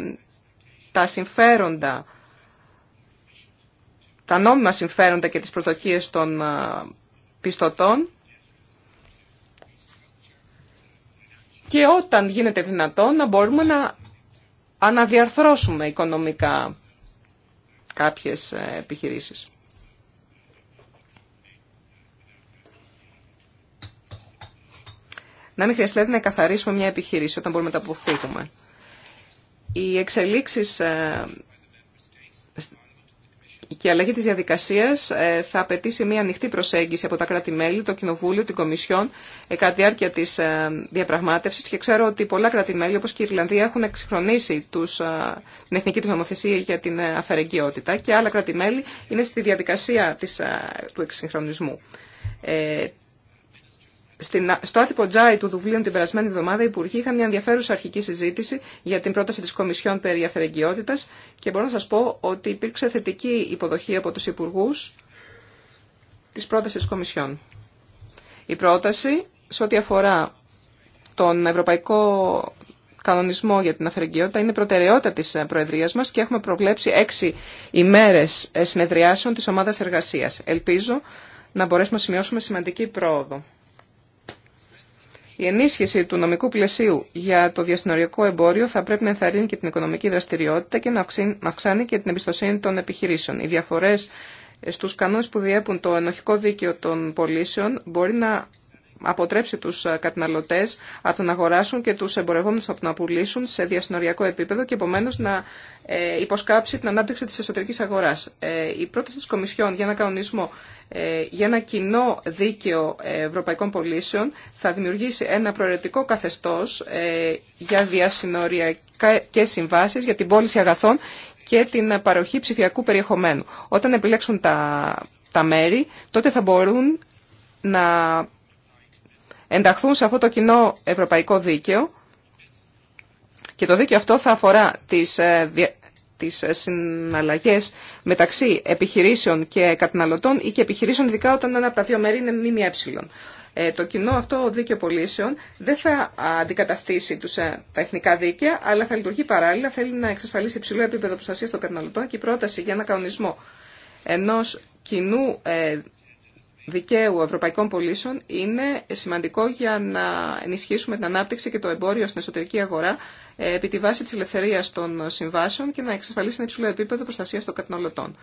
τα συμφέροντα, τα νόμιμα συμφέροντα και τις προτοκίες των πιστωτών και όταν γίνεται δυνατό να μπορούμε να αναδιαρθρώσουμε οικονομικά κάποιες ε, επιχειρήσεις. Να μην χρειαστεί δηλαδή, να καθαρίσουμε μια επιχείρηση όταν μπορούμε να τα αποφύγουμε. Οι εξελίξεις ε, και η αλλαγή της διαδικασίας ε, θα απαιτήσει μια ανοιχτή προσέγγιση από τα κράτη-μέλη, το Κοινοβούλιο, την Κομισιόν ε, κατά τη διάρκεια της ε, διαπραγμάτευσης και ξέρω ότι πολλά κράτη-μέλη όπως και η Ιρλανδία έχουν εξυγχρονίσει τους, την εθνική του νομοθεσία για την αφαιρεγκαιότητα και άλλα κράτη-μέλη είναι στη διαδικασία της, του εξυγχρονισμού στο άτυπο Τζάι του Δουβλίου την περασμένη εβδομάδα, οι υπουργοί είχαν μια ενδιαφέρουσα αρχική συζήτηση για την πρόταση τη Κομισιόν περί αφαιρεγκαιότητα και μπορώ να σα πω ότι υπήρξε θετική υποδοχή από του υπουργού τη πρόταση τη Κομισιόν. Η πρόταση, σε ό,τι αφορά τον Ευρωπαϊκό Κανονισμό για την Αφαιρεγκαιότητα, είναι προτεραιότητα τη ε, Προεδρία μα και έχουμε προβλέψει έξι ημέρε ε, συνεδριάσεων τη ομάδα εργασία. Ελπίζω να μπορέσουμε να σημειώσουμε σημαντική πρόοδο. Η ενίσχυση του νομικού πλαισίου για το διασυνοριακό εμπόριο θα πρέπει να ενθαρρύνει και την οικονομική δραστηριότητα και να αυξάνει και την εμπιστοσύνη των επιχειρήσεων. Οι διαφορές στους κανόνες που διέπουν το ενοχικό δίκαιο των πωλήσεων μπορεί να αποτρέψει τους ε, καταναλωτές από το να αγοράσουν και τους εμπορευόμενους από να πουλήσουν σε διασυνοριακό επίπεδο και επομένως να ε, υποσκάψει την ανάπτυξη της εσωτερικής αγοράς. Ε, η πρόταση της Κομισιόν για ένα κανονισμό για ένα κοινό δίκαιο ευρωπαϊκών πωλήσεων θα δημιουργήσει ένα προαιρετικό καθεστώς για διασυνοριακές συμβάσεις για την πώληση αγαθών και την παροχή ψηφιακού περιεχομένου. Όταν επιλέξουν τα μέρη, τότε θα μπορούν να ενταχθούν σε αυτό το κοινό ευρωπαϊκό δίκαιο και το δίκαιο αυτό θα αφορά τις, ε, τις ε, συναλλαγές μεταξύ επιχειρήσεων και καταναλωτών ή και επιχειρήσεων ειδικά όταν ένα από τα δύο μέρη είναι ΜΜΕ. Ε, το κοινό αυτό δίκαιο πολίσεων δεν θα αντικαταστήσει τους, ε, τα εθνικά δίκαια, αλλά θα λειτουργεί παράλληλα, θέλει να εξασφαλίσει υψηλό επίπεδο προστασία των καταναλωτών και η πρόταση για ένα κανονισμό ενός κοινού δικαίου ευρωπαϊκών πωλήσεων είναι σημαντικό για να ενισχύσουμε την ανάπτυξη και το εμπόριο στην εσωτερική αγορά ε, επί τη βάση της ελευθερίας των συμβάσεων και να εξασφαλίσει ένα υψηλό επίπεδο προστασίας των καταναλωτών.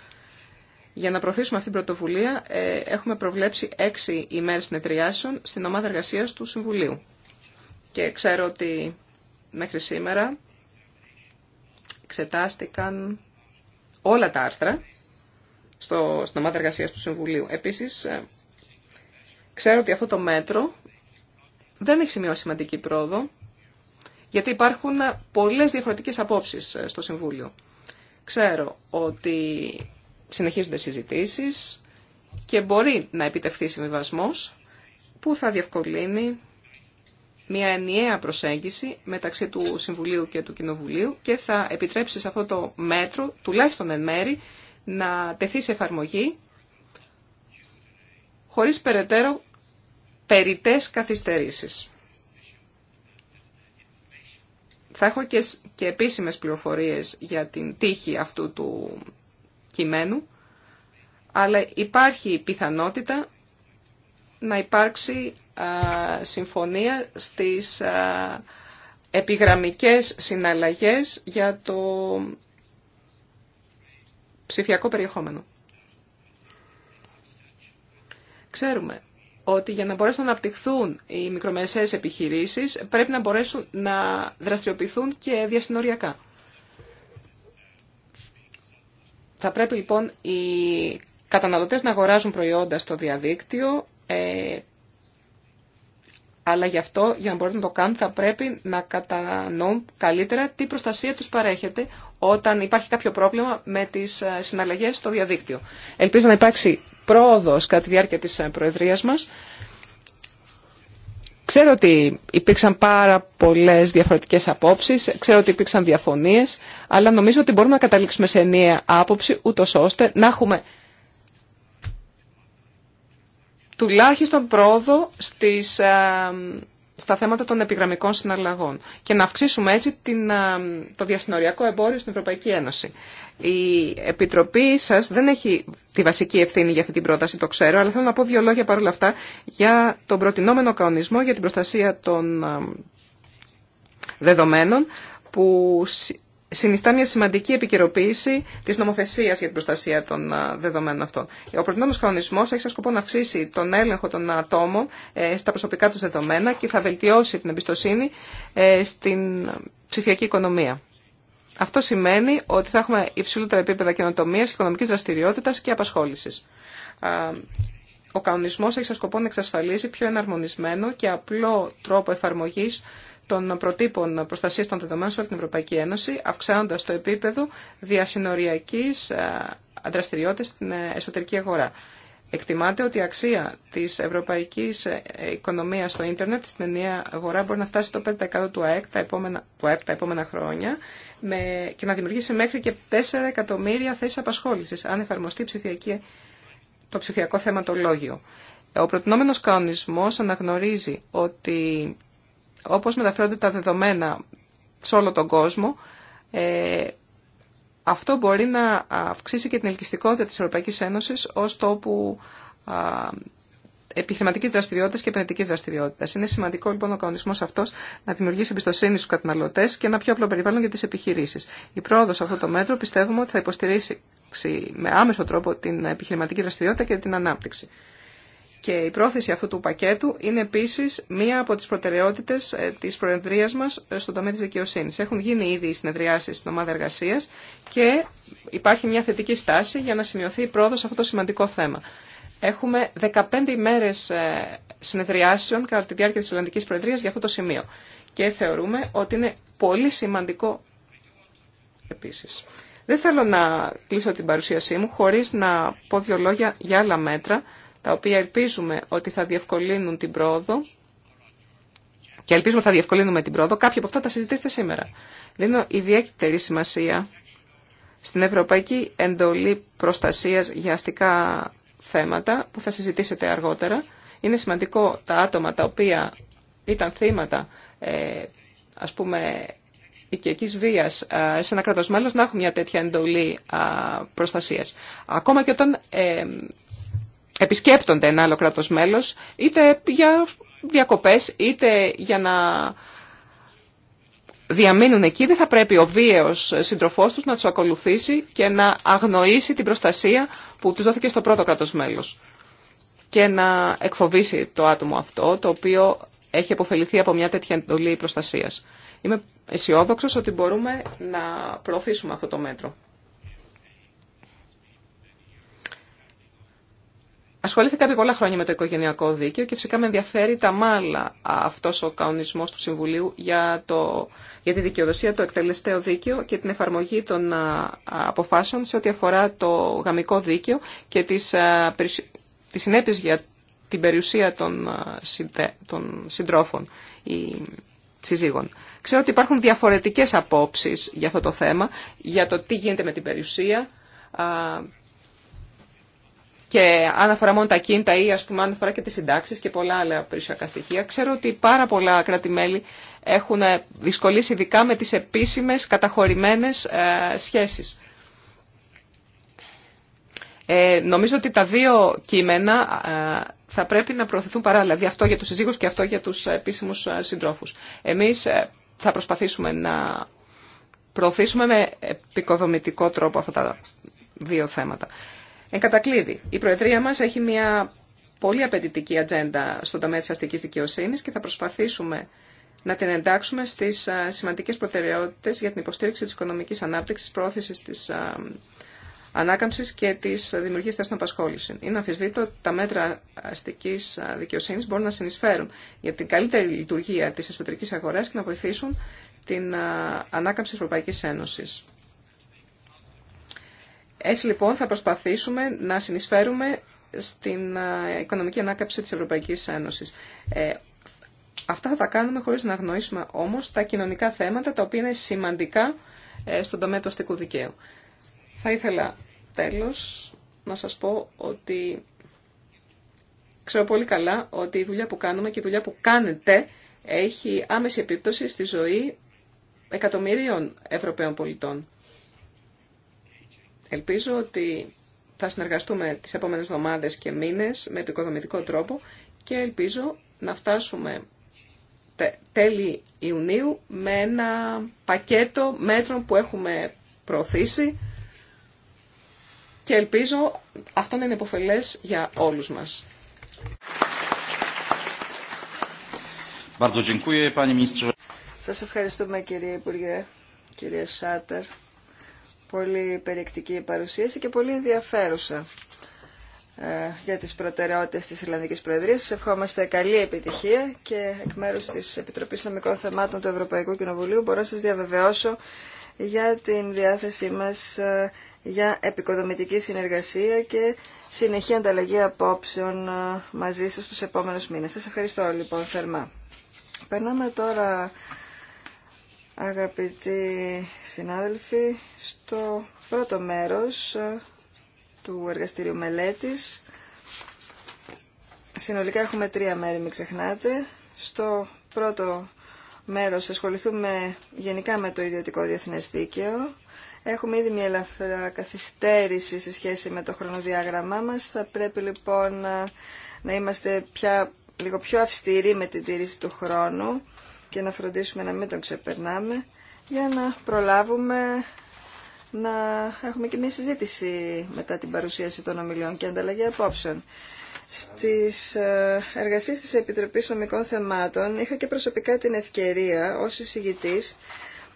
Για να προωθήσουμε αυτή την πρωτοβουλία ε, έχουμε προβλέψει έξι ημέρες συνεδριάσεων στην ομάδα εργασίας του Συμβουλίου. Και ξέρω ότι μέχρι σήμερα εξετάστηκαν όλα τα άρθρα στο, στην ομάδα του Συμβουλίου. Επίσης, ε, ξέρω ότι αυτό το μέτρο δεν έχει σημειώσει σημαντική πρόοδο, γιατί υπάρχουν πολλές διαφορετικές απόψεις ε, στο Συμβούλιο. Ξέρω ότι συνεχίζονται συζητήσεις και μπορεί να επιτευχθεί συμβιβασμό που θα διευκολύνει μια ενιαία προσέγγιση μεταξύ του Συμβουλίου και του Κοινοβουλίου και θα επιτρέψει σε αυτό το μέτρο, τουλάχιστον εν μέρη, να τεθεί σε εφαρμογή χωρίς περαιτέρω περιτές καθυστερήσεις. Θα έχω και, και επίσημες πληροφορίες για την τύχη αυτού του κειμένου, αλλά υπάρχει πιθανότητα να υπάρξει συμφωνία στις α, επιγραμμικές συναλλαγές για το ψηφιακό περιεχόμενο. Ξέρουμε ότι για να μπορέσουν να αναπτυχθούν οι μικρομεσαίες επιχειρήσεις πρέπει να μπορέσουν να δραστηριοποιηθούν και διασυνοριακά. Θα πρέπει λοιπόν οι καταναλωτές να αγοράζουν προϊόντα στο διαδίκτυο, ε, αλλά γι' αυτό, για να μπορούν να το κάνουν, θα πρέπει να κατανοούν καλύτερα τι προστασία τους παρέχεται όταν υπάρχει κάποιο πρόβλημα με τις ε, συναλλαγές στο διαδίκτυο. Ελπίζω να υπάρξει πρόοδος κατά τη διάρκεια της ε, Προεδρίας μας. Ξέρω ότι υπήρξαν πάρα πολλές διαφορετικές απόψεις, ξέρω ότι υπήρξαν διαφωνίες, αλλά νομίζω ότι μπορούμε να καταλήξουμε σε ενιαία άποψη, ούτω ώστε να έχουμε τουλάχιστον πρόοδο στις, ε, στα θέματα των επιγραμμικών συναλλαγών και να αυξήσουμε έτσι την, ε, το διασυνοριακό εμπόριο στην Ευρωπαϊκή Ένωση. Η Επιτροπή σας δεν έχει τη βασική ευθύνη για αυτή την πρόταση, το ξέρω, αλλά θέλω να πω δύο λόγια παρόλα αυτά για τον προτινόμενο κανονισμό για την προστασία των ε, δεδομένων που συνιστά μια σημαντική επικαιροποίηση τη νομοθεσία για την προστασία των δεδομένων αυτών. Ο προτινόμενο κανονισμό έχει σαν σκοπό να αυξήσει τον έλεγχο των ατόμων ε, στα προσωπικά του δεδομένα και θα βελτιώσει την εμπιστοσύνη ε, στην ψηφιακή οικονομία. Αυτό σημαίνει ότι θα έχουμε υψηλότερα επίπεδα καινοτομία, οικονομική δραστηριότητα και απασχόληση. Ο κανονισμό έχει σαν σκοπό να εξασφαλίσει πιο εναρμονισμένο και απλό τρόπο εφαρμογή των προτύπων προστασία των δεδομένων σε όλη την Ευρωπαϊκή Ένωση, αυξάνοντας το επίπεδο διασυνοριακής ε, δραστηριότητα στην ε, εσωτερική αγορά. Εκτιμάται ότι η αξία της ευρωπαϊκής ε, οικονομίας στο ίντερνετ στην ενιαία αγορά μπορεί να φτάσει στο 5% του ΑΕΠ τα επόμενα, του ΑΕΚ, τα επόμενα χρόνια με, και να δημιουργήσει μέχρι και 4 εκατομμύρια θέσεις απασχόληση, αν εφαρμοστεί το ψηφιακό θεματολόγιο. Ο προτινόμενος κανονισμός αναγνωρίζει ότι όπως μεταφέρονται τα δεδομένα σε όλο τον κόσμο, ε, αυτό μπορεί να αυξήσει και την ελκυστικότητα της Ευρωπαϊκής Ένωσης ως τόπου α, επιχειρηματικής δραστηριότητας και επενδυτικής δραστηριότητας. Είναι σημαντικό λοιπόν ο κανονισμός αυτός να δημιουργήσει εμπιστοσύνη στους καταναλωτές και ένα πιο απλό περιβάλλον για τις επιχειρήσεις. Η πρόοδος σε αυτό το μέτρο πιστεύουμε ότι θα υποστηρίξει με άμεσο τρόπο την επιχειρηματική δραστηριότητα και την ανάπτυξη. Και η πρόθεση αυτού του πακέτου είναι επίση μία από τι προτεραιότητε ε, τη προεδρία μα ε, στον τομέα τη δικαιοσύνη. Έχουν γίνει ήδη οι συνεδριάσεις στην ομάδα εργασία και υπάρχει μια θετική στάση για να σημειωθεί η πρόοδος σε αυτό το σημαντικό θέμα. Έχουμε 15 ημέρε ε, συνεδριάσεων κατά τη διάρκεια τη Ιλλανδικής Προεδρία για αυτό το σημείο. Και θεωρούμε ότι είναι πολύ σημαντικό επίση. Δεν θέλω να κλείσω την παρουσίασή μου χωρί να πω δύο λόγια για άλλα μέτρα τα οποία ελπίζουμε ότι θα διευκολύνουν την πρόοδο και ελπίζουμε ότι θα διευκολύνουμε την πρόοδο, κάποια από αυτά τα συζητήσετε σήμερα. Δίνω ιδιαίτερη σημασία στην Ευρωπαϊκή Εντολή Προστασίας για αστικά θέματα που θα συζητήσετε αργότερα. Είναι σημαντικό τα άτομα τα οποία ήταν θύματα, ε, ας πούμε, οικιακής βίας ε, σε ένα κράτος να έχουν μια τέτοια εντολή ε, προστασίας. Ακόμα και όταν ε, επισκέπτονται ένα άλλο κράτος μέλος, είτε για διακοπές, είτε για να διαμείνουν εκεί, δεν θα πρέπει ο βίαιος συντροφός τους να τους ακολουθήσει και να αγνοήσει την προστασία που τους δόθηκε στο πρώτο κράτος μέλος και να εκφοβήσει το άτομο αυτό, το οποίο έχει αποφεληθεί από μια τέτοια εντολή προστασίας. Είμαι αισιόδοξο ότι μπορούμε να προωθήσουμε αυτό το μέτρο. Ασχολήθηκα επί πολλά χρόνια με το οικογενειακό δίκαιο και φυσικά με ενδιαφέρει τα μάλα αυτό ο κανονισμός του Συμβουλίου για, το, για τη δικαιοδοσία, το εκτελεστέο δίκαιο και την εφαρμογή των αποφάσεων σε ό,τι αφορά το γαμικό δίκαιο και τις, συνέπειε για την περιουσία των, συντρόφων ή συζύγων. Ξέρω ότι υπάρχουν διαφορετικέ απόψει για αυτό το θέμα, για το τι γίνεται με την περιουσία, και αν αφορά μόνο τα κίνητα ή ας πούμε αν αφορά και τις συντάξεις και πολλά άλλα περιουσιακά στοιχεία. Ξέρω ότι πάρα πολλά κράτη-μέλη έχουν ε, δυσκολίσει ειδικά με τις επίσημες καταχωρημένες ε, σχέσεις. Ε, νομίζω ότι τα δύο κείμενα θα πρέπει να προωθηθούν παράλληλα. Δηλαδή αυτό για τους συζύγους και αυτό για τους επίσημους συντρόφους. Εμείς θα προσπαθήσουμε να προωθήσουμε με επικοδομητικό τρόπο αυτά τα δύο θέματα. Εν κατακλείδη, η Προεδρία μας έχει μια πολύ απαιτητική ατζέντα στον τομέα της αστικής δικαιοσύνης και θα προσπαθήσουμε να την εντάξουμε στις σημαντικές προτεραιότητες για την υποστήριξη της οικονομικής ανάπτυξης, πρόθεσης της ανάκαμψης και της δημιουργίας θέσεων απασχόληση. Είναι αμφισβήτητο ότι τα μέτρα αστικής δικαιοσύνης μπορούν να συνεισφέρουν για την καλύτερη λειτουργία της εσωτερικής αγοράς και να βοηθήσουν την ανάκαμψη της Ευρωπαϊκή Ένωσης. Έτσι λοιπόν θα προσπαθήσουμε να συνεισφέρουμε στην ε, οικονομική ανάκαμψη της Ευρωπαϊκής Ένωσης. Ε, αυτά θα τα κάνουμε χωρίς να αγνοήσουμε όμως τα κοινωνικά θέματα τα οποία είναι σημαντικά ε, στον τομέα του αστικού δικαίου. Θα ήθελα τέλος να σας πω ότι ξέρω πολύ καλά ότι η δουλειά που κάνουμε και η δουλειά που κάνετε έχει άμεση επίπτωση στη ζωή εκατομμύριων Ευρωπαίων πολιτών. Ελπίζω ότι θα συνεργαστούμε τις επόμενες εβδομάδες και μήνες με επικοδομητικό τρόπο και ελπίζω να φτάσουμε τέλη Ιουνίου με ένα πακέτο μέτρων που έχουμε προωθήσει και ελπίζω αυτό να είναι υποφελές για όλους μας. Σας ευχαριστούμε κύριε Υπουργέ, κύριε Σάτερ. Πολύ περιεκτική παρουσίαση και πολύ ενδιαφέρουσα ε, για τις προτεραιότητες της Ιρλανδικής Προεδρίας. Σας ευχόμαστε καλή επιτυχία και εκ μέρους της Επιτροπής Νομικών Θεμάτων του Ευρωπαϊκού Κοινοβουλίου μπορώ να σας διαβεβαιώσω για την διάθεσή μας ε, για επικοδομητική συνεργασία και συνεχή ανταλλαγή απόψεων ε, μαζί σας τους επόμενους μήνες. Σας ευχαριστώ λοιπόν θερμά. Περνάμε τώρα Αγαπητοί συνάδελφοι, στο πρώτο μέρος ε, του εργαστηρίου μελέτης συνολικά έχουμε τρία μέρη, μην ξεχνάτε. Στο πρώτο μέρος ασχοληθούμε γενικά με το ιδιωτικό διεθνές δίκαιο. Έχουμε ήδη μια ελαφρά καθυστέρηση σε σχέση με το χρονοδιάγραμμά μας. Θα πρέπει λοιπόν ε, να είμαστε πια, λίγο πιο αυστηροί με την τήρηση του χρόνου και να φροντίσουμε να μην τον ξεπερνάμε για να προλάβουμε να έχουμε και μια συζήτηση μετά την παρουσίαση των ομιλιών και ανταλλαγή απόψεων. Στις ε, εργασίες της Επιτροπής Νομικών Θεμάτων είχα και προσωπικά την ευκαιρία ω εισηγητής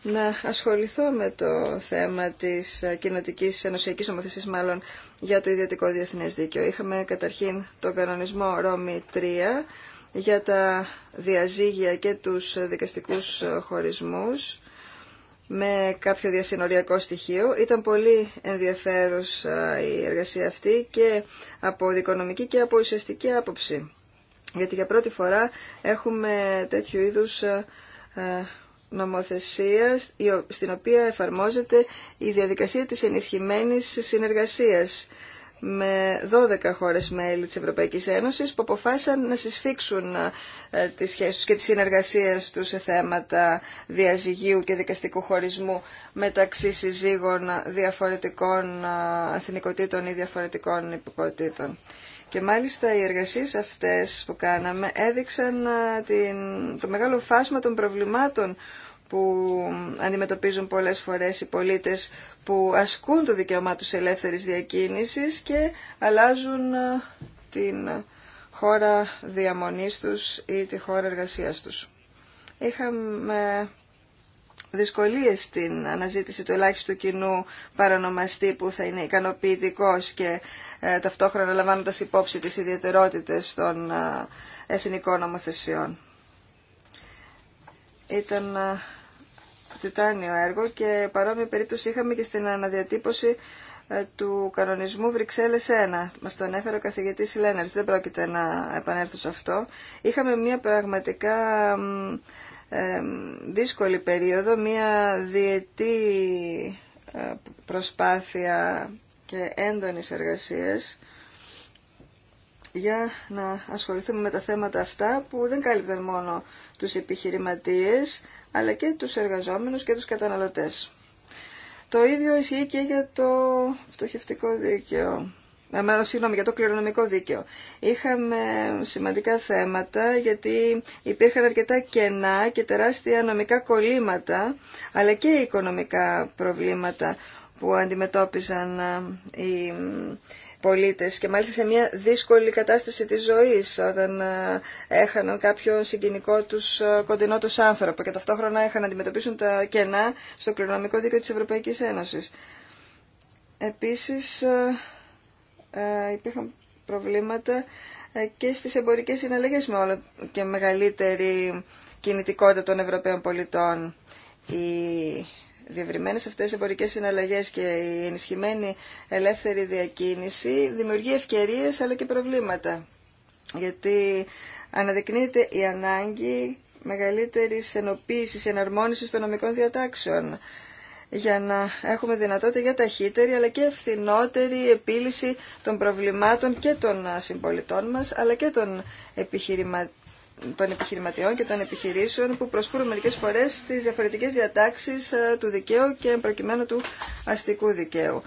να ασχοληθώ με το θέμα της ε, κοινοτικής ενωσιακής ομοθεσίας μάλλον για το ιδιωτικό διεθνές δίκαιο. Είχαμε καταρχήν τον κανονισμό Ρώμη 3 για τα διαζύγια και τους δικαστικούς χωρισμούς με κάποιο διασυνοριακό στοιχείο. Ήταν πολύ ενδιαφέρουσα η εργασία αυτή και από δικονομική και από ουσιαστική άποψη. Γιατί για πρώτη φορά έχουμε τέτοιου είδους ε, ε, νομοθεσία στην οποία εφαρμόζεται η διαδικασία της ενισχυμένης συνεργασίας με 12 χώρες μέλη της Ευρωπαϊκής Ένωσης που αποφάσισαν να συσφίξουν ε, τις σχέσεις και τις συνεργασίες τους σε θέματα διαζυγίου και δικαστικού χωρισμού μεταξύ συζύγων διαφορετικών ε, εθνικοτήτων ή διαφορετικών υπηκοτήτων. Και μάλιστα οι εργασίες αυτές που κάναμε έδειξαν ε, την, το μεγάλο φάσμα των προβλημάτων που αντιμετωπίζουν πολλές φορές οι πολίτες που ασκούν το δικαίωμά τους ελεύθερης διακίνησης και αλλάζουν ε, την χώρα διαμονής τους ή τη χώρα εργασίας τους. Είχαμε δυσκολίες στην αναζήτηση του ελάχιστου κοινού παρανομαστή που θα είναι ικανοποιητικός και ε, ταυτόχρονα λαμβάνοντας υπόψη τις ιδιαιτερότητες των ε, εθνικών νομοθεσιών. Ήταν τιτάνιο έργο και παρόμοια περίπτωση είχαμε και στην αναδιατύπωση ε, του κανονισμού Βρυξέλλες 1. Μας τον έφερε ο καθηγητής Λέναρς, δεν πρόκειται να επανέλθω σε αυτό. Είχαμε μια πραγματικά ε, δύσκολη περίοδο, μια διετή ε, προσπάθεια και έντονες εργασίες για να ασχοληθούμε με τα θέματα αυτά που δεν κάλυπταν μόνο τους επιχειρηματίες αλλά και τους εργαζόμενους και τους καταναλωτές. Το ίδιο ισχύει και για το πτωχευτικό δίκαιο. Ε, συγγνώμη, για το κληρονομικό δίκαιο. Είχαμε σημαντικά θέματα γιατί υπήρχαν αρκετά κενά και τεράστια νομικά κολλήματα αλλά και οικονομικά προβλήματα που αντιμετώπιζαν ε, οι πολίτες και μάλιστα σε μια δύσκολη κατάσταση της ζωής όταν ε, έχαναν κάποιο συγκινικό τους ε, κοντινό τους άνθρωπο και ταυτόχρονα είχαν να αντιμετωπίσουν τα κενά στο κληρονομικό δίκαιο της Ευρωπαϊκής Ένωσης. Επίσης ε, υπήρχαν προβλήματα και στις εμπορικές συναλλαγές με όλο και μεγαλύτερη κινητικότητα των Ευρωπαίων πολιτών. Η διευρυμένες αυτές οι εμπορικές συναλλαγές και η ενισχυμένη ελεύθερη διακίνηση δημιουργεί ευκαιρίες αλλά και προβλήματα. Γιατί αναδεικνύεται η ανάγκη μεγαλύτερης ενοποίησης, εναρμόνισης των νομικών διατάξεων για να έχουμε δυνατότητα για ταχύτερη αλλά και ευθυνότερη επίλυση των προβλημάτων και των συμπολιτών μας αλλά και των επιχειρηματών των επιχειρηματιών και των επιχειρήσεων που προσκούρουν μερικές φορές στις διαφορετικές διατάξεις ε, του δικαίου και προκειμένου του αστικού δικαίου.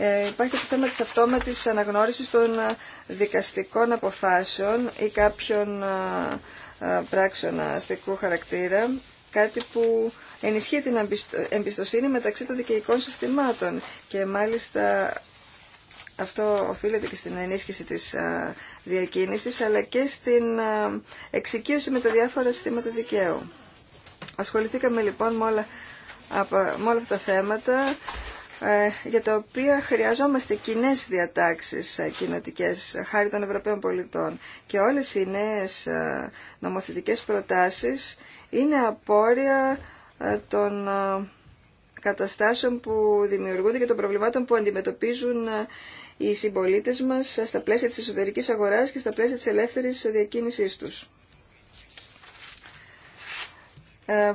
Ε, υπάρχει το θέμα της αυτόματης αναγνώρισης των ε, δικαστικών αποφάσεων ή κάποιων ε, πράξεων αστικού χαρακτήρα, κάτι που ενισχύει την εμπιστοσύνη μεταξύ των δικαιικών συστημάτων και μάλιστα αυτό οφείλεται και στην ενίσχυση της διακίνησης, αλλά και στην εξοικείωση με τα διάφορα συστήματα δικαίου. Ασχοληθήκαμε λοιπόν με όλα, αυτά τα θέματα, ε, για τα οποία χρειαζόμαστε κοινέ διατάξεις ε, κοινοτικέ χάρη των Ευρωπαίων πολιτών. Και όλες οι νέες ε, νομοθετικές προτάσεις είναι απόρρια των καταστάσεων που δημιουργούνται και των προβλημάτων που αντιμετωπίζουν οι συμπολίτε μα στα πλαίσια τη εσωτερική αγορά και στα πλαίσια της ελεύθερης διακίνησής τους. Ε,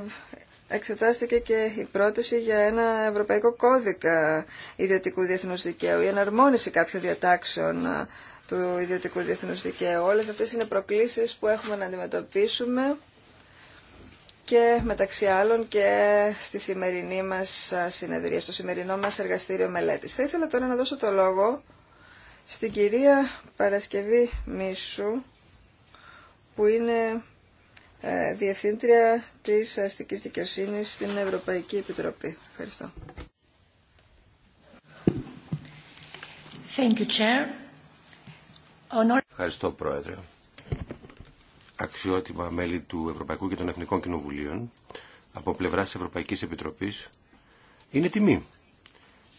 εξετάστηκε και η πρόταση για ένα ευρωπαϊκό κώδικα ιδιωτικού διεθνούς δικαίου, η εναρμόνιση κάποιων διατάξεων ε, του ιδιωτικού διεθνούς δικαίου. Όλες αυτές είναι προκλήσεις που έχουμε να αντιμετωπίσουμε και μεταξύ άλλων και στη σημερινή μας συνεδρία, στο σημερινό μας εργαστήριο μελέτης. Θα ήθελα τώρα να δώσω το λόγο στην κυρία Παρασκευή Μίσου που είναι ε, Διευθύντρια της Αστικής Δικαιοσύνης στην Ευρωπαϊκή Επιτροπή. Ευχαριστώ. Thank you, Chair. Honor... Ευχαριστώ, Πρόεδρε. Αξιότιμα μέλη του Ευρωπαϊκού και των Εθνικών Κοινοβουλίων από πλευράς της Ευρωπαϊκής Επιτροπής είναι τιμή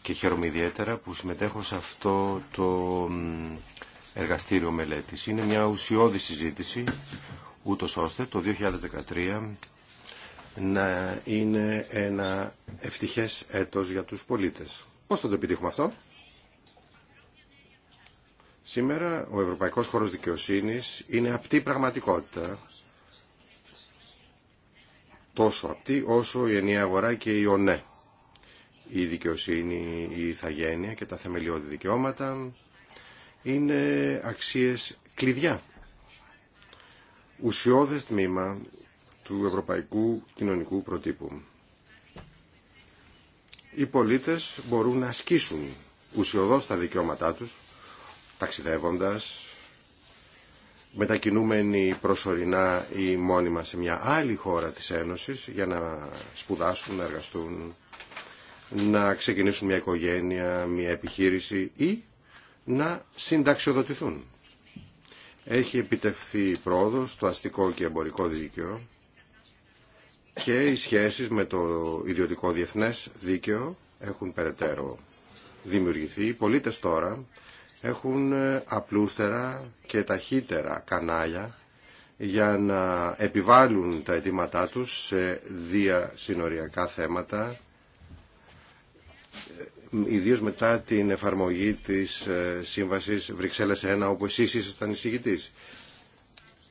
και χαίρομαι ιδιαίτερα που συμμετέχω σε αυτό το εργαστήριο μελέτης. Είναι μια ουσιώδη συζήτηση, ούτως ώστε το 2013 να είναι ένα ευτυχές έτος για τους πολίτες. Πώς θα το επιτύχουμε αυτό? Σήμερα ο Ευρωπαϊκός Χώρος Δικαιοσύνης είναι απτή πραγματικότητα. Τόσο απτή όσο η ενιαία αγορά και η ΟΝΕ η δικαιοσύνη, η ηθαγένεια και τα θεμελιώδη δικαιώματα είναι αξίες κλειδιά. Ουσιώδες τμήμα του ευρωπαϊκού κοινωνικού προτύπου. Οι πολίτες μπορούν να ασκήσουν ουσιοδός τα δικαιώματά τους, ταξιδεύοντας, μετακινούμενοι προσωρινά ή μόνιμα σε μια άλλη χώρα της Ένωσης για να σπουδάσουν, να εργαστούν να ξεκινήσουν μια οικογένεια, μια επιχείρηση ή να συνταξιοδοτηθούν. Έχει επιτευχθεί πρόοδος στο αστικό και εμπορικό δίκαιο και οι σχέσεις με το ιδιωτικό διεθνές δίκαιο έχουν περαιτέρω δημιουργηθεί. Οι πολίτες τώρα έχουν ε, απλούστερα και ταχύτερα κανάλια για να επιβάλλουν τα αιτήματά τους σε διασυνοριακά θέματα ιδίως μετά την εφαρμογή της ε, Σύμβασης Βρυξέλλες 1, όπου εσείς ήσασταν εισηγητής.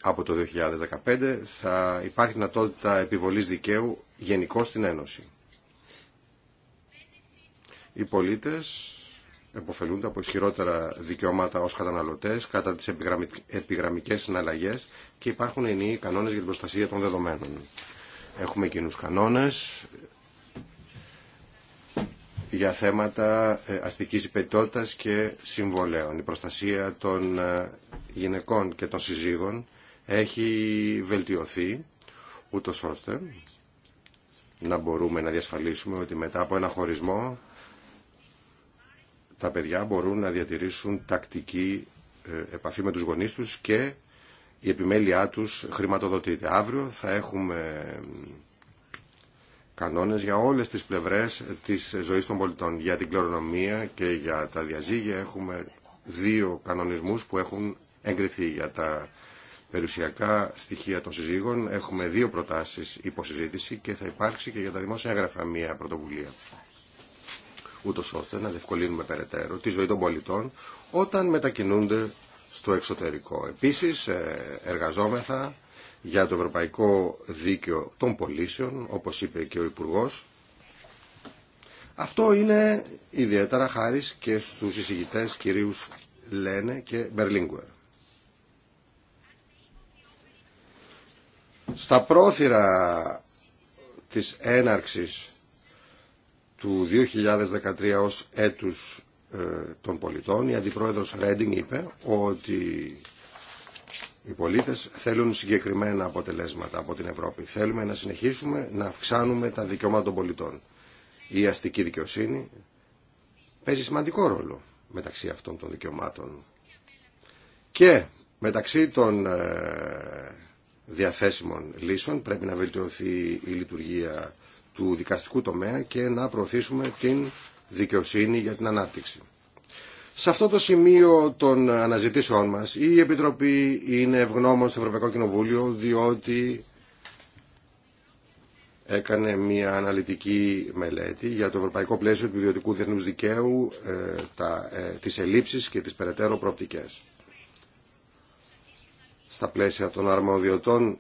Από το 2015 θα υπάρχει δυνατότητα επιβολής δικαίου γενικώ στην Ένωση. Οι πολίτες εποφελούνται από ισχυρότερα δικαιώματα ως καταναλωτές κατά τις επιγραμμικές συναλλαγές και υπάρχουν ενιαίοι κανόνες για την προστασία των δεδομένων. Έχουμε κοινού κανόνες για θέματα ε, αστικής υπετότητας και συμβολέων. Η προστασία των ε, γυναικών και των συζύγων έχει βελτιωθεί, ούτω ώστε να μπορούμε να διασφαλίσουμε ότι μετά από ένα χωρισμό τα παιδιά μπορούν να διατηρήσουν τακτική ε, επαφή με τους γονείς τους και η επιμέλειά τους χρηματοδοτείται. Αύριο θα έχουμε κανόνες για όλες τις πλευρές της ζωής των πολιτών. Για την κληρονομία και για τα διαζύγια έχουμε δύο κανονισμούς που έχουν εγκριθεί για τα περιουσιακά στοιχεία των συζύγων. Έχουμε δύο προτάσεις υποσυζήτηση και θα υπάρξει και για τα δημόσια έγγραφα μία πρωτοβουλία. Ούτω ώστε να διευκολύνουμε περαιτέρω τη ζωή των πολιτών όταν μετακινούνται στο εξωτερικό. Επίσης ε, εργαζόμεθα για το Ευρωπαϊκό Δίκαιο των Πολίσεων, όπως είπε και ο Υπουργός. Αυτό είναι ιδιαίτερα χάρη και στους εισηγητές κυρίους Λένε και Μπερλίνγκουερ. Στα πρόθυρα της έναρξης του 2013 ως έτους ε, των πολιτών, η Αντιπρόεδρος Ρέντινγκ είπε ότι οι πολίτες θέλουν συγκεκριμένα αποτελέσματα από την Ευρώπη. Θέλουμε να συνεχίσουμε να αυξάνουμε τα δικαιώματα των πολιτών. Η αστική δικαιοσύνη παίζει σημαντικό ρόλο μεταξύ αυτών των δικαιωμάτων. Και μεταξύ των ε, διαθέσιμων λύσεων πρέπει να βελτιωθεί η λειτουργία του δικαστικού τομέα και να προωθήσουμε την δικαιοσύνη για την ανάπτυξη. Σε αυτό το σημείο των αναζητήσεών μας η Επιτροπή είναι ευγνώμων στο Ευρωπαϊκό Κοινοβούλιο διότι έκανε μια αναλυτική μελέτη για το ευρωπαϊκό πλαίσιο του ιδιωτικού διεθνούς δικαίου, ε, τα, ε, τις ελλείψεις και τις περαιτέρω προοπτικές. Στα πλαίσια των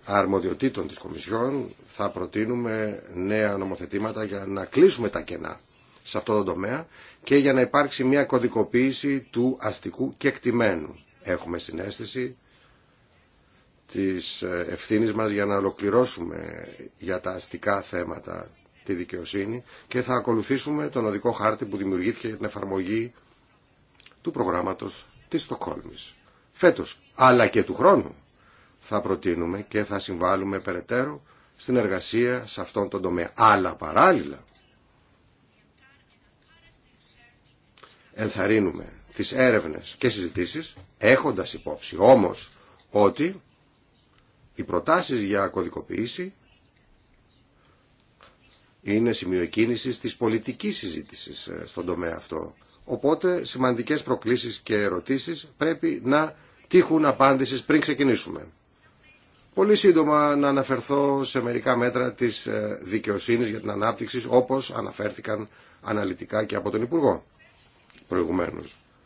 αρμοδιοτήτων της Κομισιόν θα προτείνουμε νέα νομοθετήματα για να κλείσουμε τα κενά σε αυτό το τομέα και για να υπάρξει μια κωδικοποίηση του αστικού κεκτημένου. Έχουμε συνέστηση της ε, ευθύνης μας για να ολοκληρώσουμε για τα αστικά θέματα τη δικαιοσύνη και θα ακολουθήσουμε τον οδικό χάρτη που δημιουργήθηκε για την εφαρμογή του προγράμματος της Στοκόλμης. Φέτος, αλλά και του χρόνου, θα προτείνουμε και θα συμβάλλουμε περαιτέρω στην εργασία σε αυτόν τον τομέα. Αλλά παράλληλα, ενθαρρύνουμε τις έρευνες και συζητήσεις έχοντας υπόψη όμως ότι οι προτάσεις για κωδικοποίηση είναι σημείο κίνησης της πολιτικής συζήτησης ε, στον τομέα αυτό. Οπότε σημαντικές προκλήσεις και ερωτήσεις πρέπει να τύχουν απάντησης πριν ξεκινήσουμε. Πολύ σύντομα να αναφερθώ σε μερικά μέτρα της ε, δικαιοσύνης για την ανάπτυξη όπως αναφέρθηκαν αναλυτικά και από τον Υπουργό.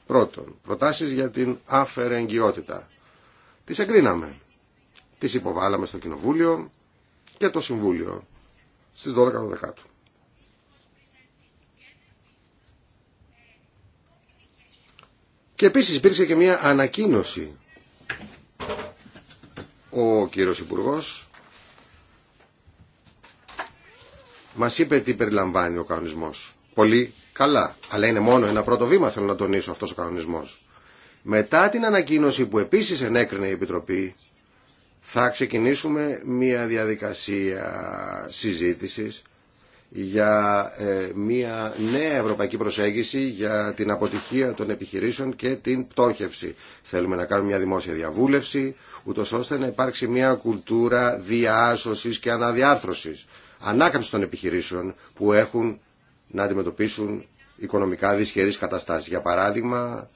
Πρώτον, προτάσεις για την εγκυότητα. Τις εγκρίναμε. Τις υποβάλαμε στο Κοινοβούλιο και το Συμβούλιο στις 12 Δεκάτου. Και επίσης υπήρξε και μια ανακοίνωση. Ο κύριος Υπουργός μας είπε τι περιλαμβάνει ο κανονισμός. Πολύ Καλά, αλλά είναι μόνο ένα πρώτο βήμα, θέλω να τονίσω αυτός ο κανονισμός. Μετά την ανακοίνωση που επίσης ενέκρινε η Επιτροπή, θα ξεκινήσουμε μια διαδικασία συζήτησης για ε, μια νέα ευρωπαϊκή προσέγγιση για την αποτυχία των επιχειρήσεων και την πτώχευση. Θέλουμε να κάνουμε μια δημόσια διαβούλευση, ούτω ώστε να υπάρξει μια κουλτούρα διάσωση και αναδιάρθρωσης, ανάκαμψη των επιχειρήσεων που έχουν να αντιμετωπίσουν οικονομικά δυσχερείς καταστάσεις. Για παράδειγμα,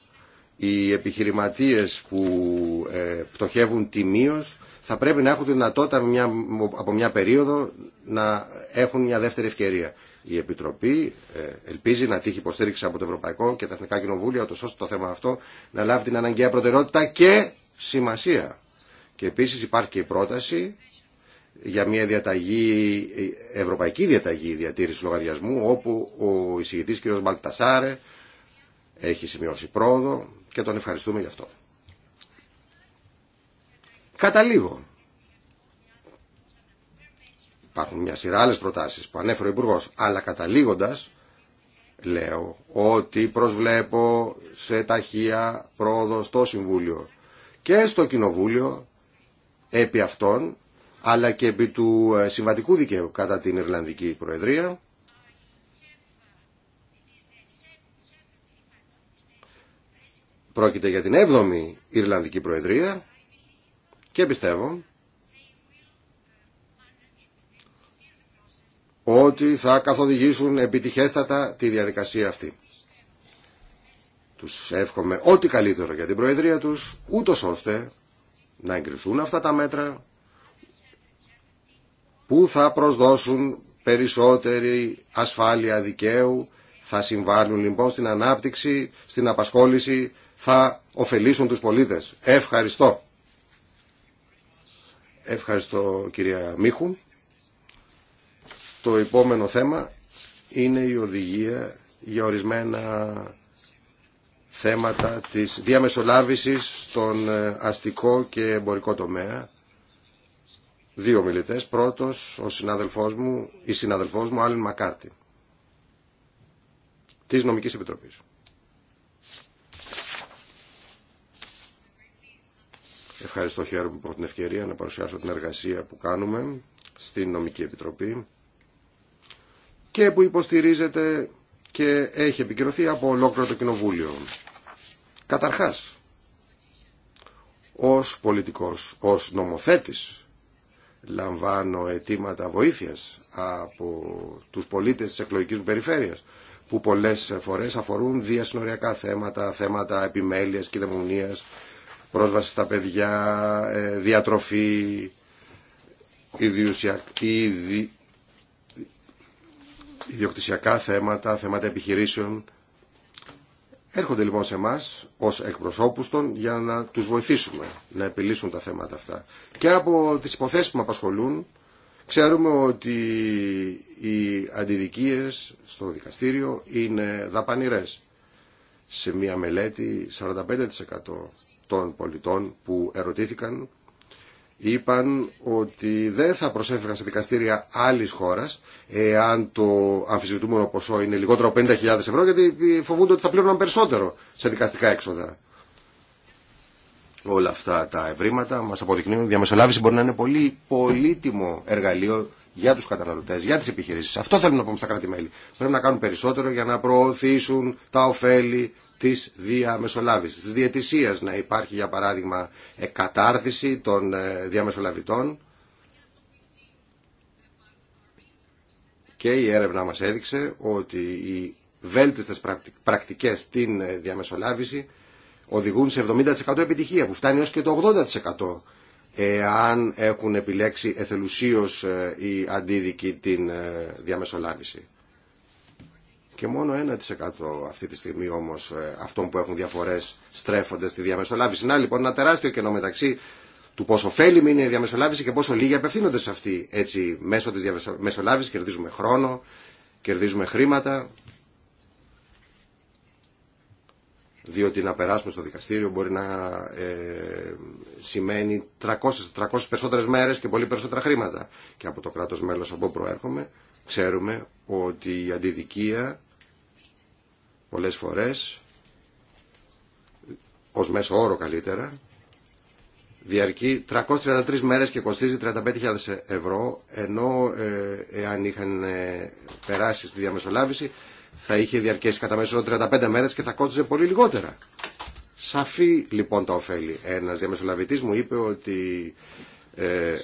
οι επιχειρηματίες που ε, πτωχεύουν τιμίως θα πρέπει να έχουν τη δυνατότητα μια, από μια περίοδο να έχουν μια δεύτερη ευκαιρία. Η Επιτροπή ε, ελπίζει να τύχει υποστήριξη από το Ευρωπαϊκό και τα Εθνικά Κοινοβούλια, ώστε το θέμα αυτό να λάβει την αναγκαία προτεραιότητα και σημασία. Και επίσης υπάρχει και η πρόταση για μια διαταγή, ευρωπαϊκή διαταγή διατήρηση λογαριασμού, όπου ο εισηγητής κ. Μπαλτασάρε έχει σημειώσει πρόοδο και τον ευχαριστούμε γι' αυτό. Καταλήγω. Υπάρχουν μια σειρά άλλες προτάσεις που ανέφερε ο υπουργό, αλλά καταλήγοντας λέω ότι προσβλέπω σε ταχεία πρόοδο στο Συμβούλιο και στο Κοινοβούλιο επί αυτών αλλά και επί του ε, συμβατικού δικαίου κατά την Ιρλανδική Προεδρία. Πρόκειται για την 7η Ιρλανδική Προεδρία και πιστεύω ότι θα καθοδηγήσουν επιτυχέστατα τη διαδικασία αυτή. Τους εύχομαι ό,τι καλύτερο για την Προεδρία τους, ούτως ώστε να εγκριθούν αυτά τα μέτρα που θα προσδώσουν περισσότερη ασφάλεια δικαίου, θα συμβάλλουν λοιπόν στην ανάπτυξη, στην απασχόληση, θα ωφελήσουν τους πολίτες. Ευχαριστώ. Ευχαριστώ κυρία Μίχου. Το επόμενο θέμα είναι η οδηγία για ορισμένα θέματα της διαμεσολάβησης στον αστικό και εμπορικό τομέα δύο μιλητές. Πρώτος, ο συνάδελφός μου, η συνάδελφός μου, Άλεν Μακάρτη, τη Νομική Επιτροπή. Ευχαριστώ χαίρομαι που έχω την ευκαιρία να παρουσιάσω την εργασία που κάνουμε στην Νομική Επιτροπή και που υποστηρίζεται και έχει επικυρωθεί από ολόκληρο το Κοινοβούλιο. Καταρχάς, ως πολιτικός, ως νομοθέτης λαμβάνω αιτήματα βοήθειας από τους πολίτες της εκλογικής μου περιφέρειας που πολλές φορές αφορούν διασυνοριακά θέματα, θέματα επιμέλειας, δαιμονίας, πρόσβαση στα παιδιά, ε, διατροφή, ιδιοκτησιακά θέματα, θέματα επιχειρήσεων Έρχονται λοιπόν σε εμά ω εκπροσώπου των για να του βοηθήσουμε να επιλύσουν τα θέματα αυτά. Και από τι υποθέσει που με απασχολούν, ξέρουμε ότι οι αντιδικίε στο δικαστήριο είναι δαπανηρέ. Σε μία μελέτη, 45% των πολιτών που ερωτήθηκαν είπαν ότι δεν θα προσέφεραν σε δικαστήρια άλλης χώρας εάν το αμφισβητούμενο ποσό είναι λιγότερο από 50.000 ευρώ γιατί φοβούνται ότι θα πλήρωναν περισσότερο σε δικαστικά έξοδα. Όλα αυτά τα ευρήματα μας αποδεικνύουν ότι η διαμεσολάβηση μπορεί να είναι πολύ πολύτιμο εργαλείο για τους καταναλωτές, για τις επιχειρήσεις. Αυτό θέλουμε να πούμε στα κράτη-μέλη. Πρέπει να κάνουν περισσότερο για να προωθήσουν τα ωφέλη της διαμεσολάβησης, της διαιτησίας να υπάρχει για παράδειγμα κατάρτιση των ε, διαμεσολαβητών και η έρευνα μας έδειξε ότι οι βέλτιστες πρακτικές στην ε, διαμεσολάβηση οδηγούν σε 70% επιτυχία που φτάνει ως και το 80% εάν έχουν επιλέξει εθελουσίως ε, οι αντίδικοι την διαμεσολάβηση και μόνο 1% αυτή τη στιγμή όμω ε, αυτών που έχουν διαφορέ στρέφονται στη διαμεσολάβηση. Να λοιπόν ένα τεράστιο κενό μεταξύ του πόσο ωφέλιμη είναι η διαμεσολάβηση και πόσο λίγοι απευθύνονται σε αυτή. Έτσι μέσω τη διαμεσολάβηση κερδίζουμε χρόνο, κερδίζουμε χρήματα, διότι να περάσουμε στο δικαστήριο μπορεί να ε, σημαίνει 300, 300 περισσότερες μέρες και πολύ περισσότερα χρήματα. Και από το κράτο μέλο από όπου προέρχομαι ξέρουμε ότι η αντιδικία πολλές φορές ως μέσο όρο καλύτερα διαρκεί 333 μέρες και κοστίζει 35.000 ευρώ ενώ ε, εάν είχαν ε, περάσει στη διαμεσολάβηση θα είχε διαρκέσει κατά μέσο 35 μέρες και θα κόστιζε πολύ λιγότερα. Σαφή λοιπόν τα ωφέλη. Ένας διαμεσολαβητής μου είπε ότι ε,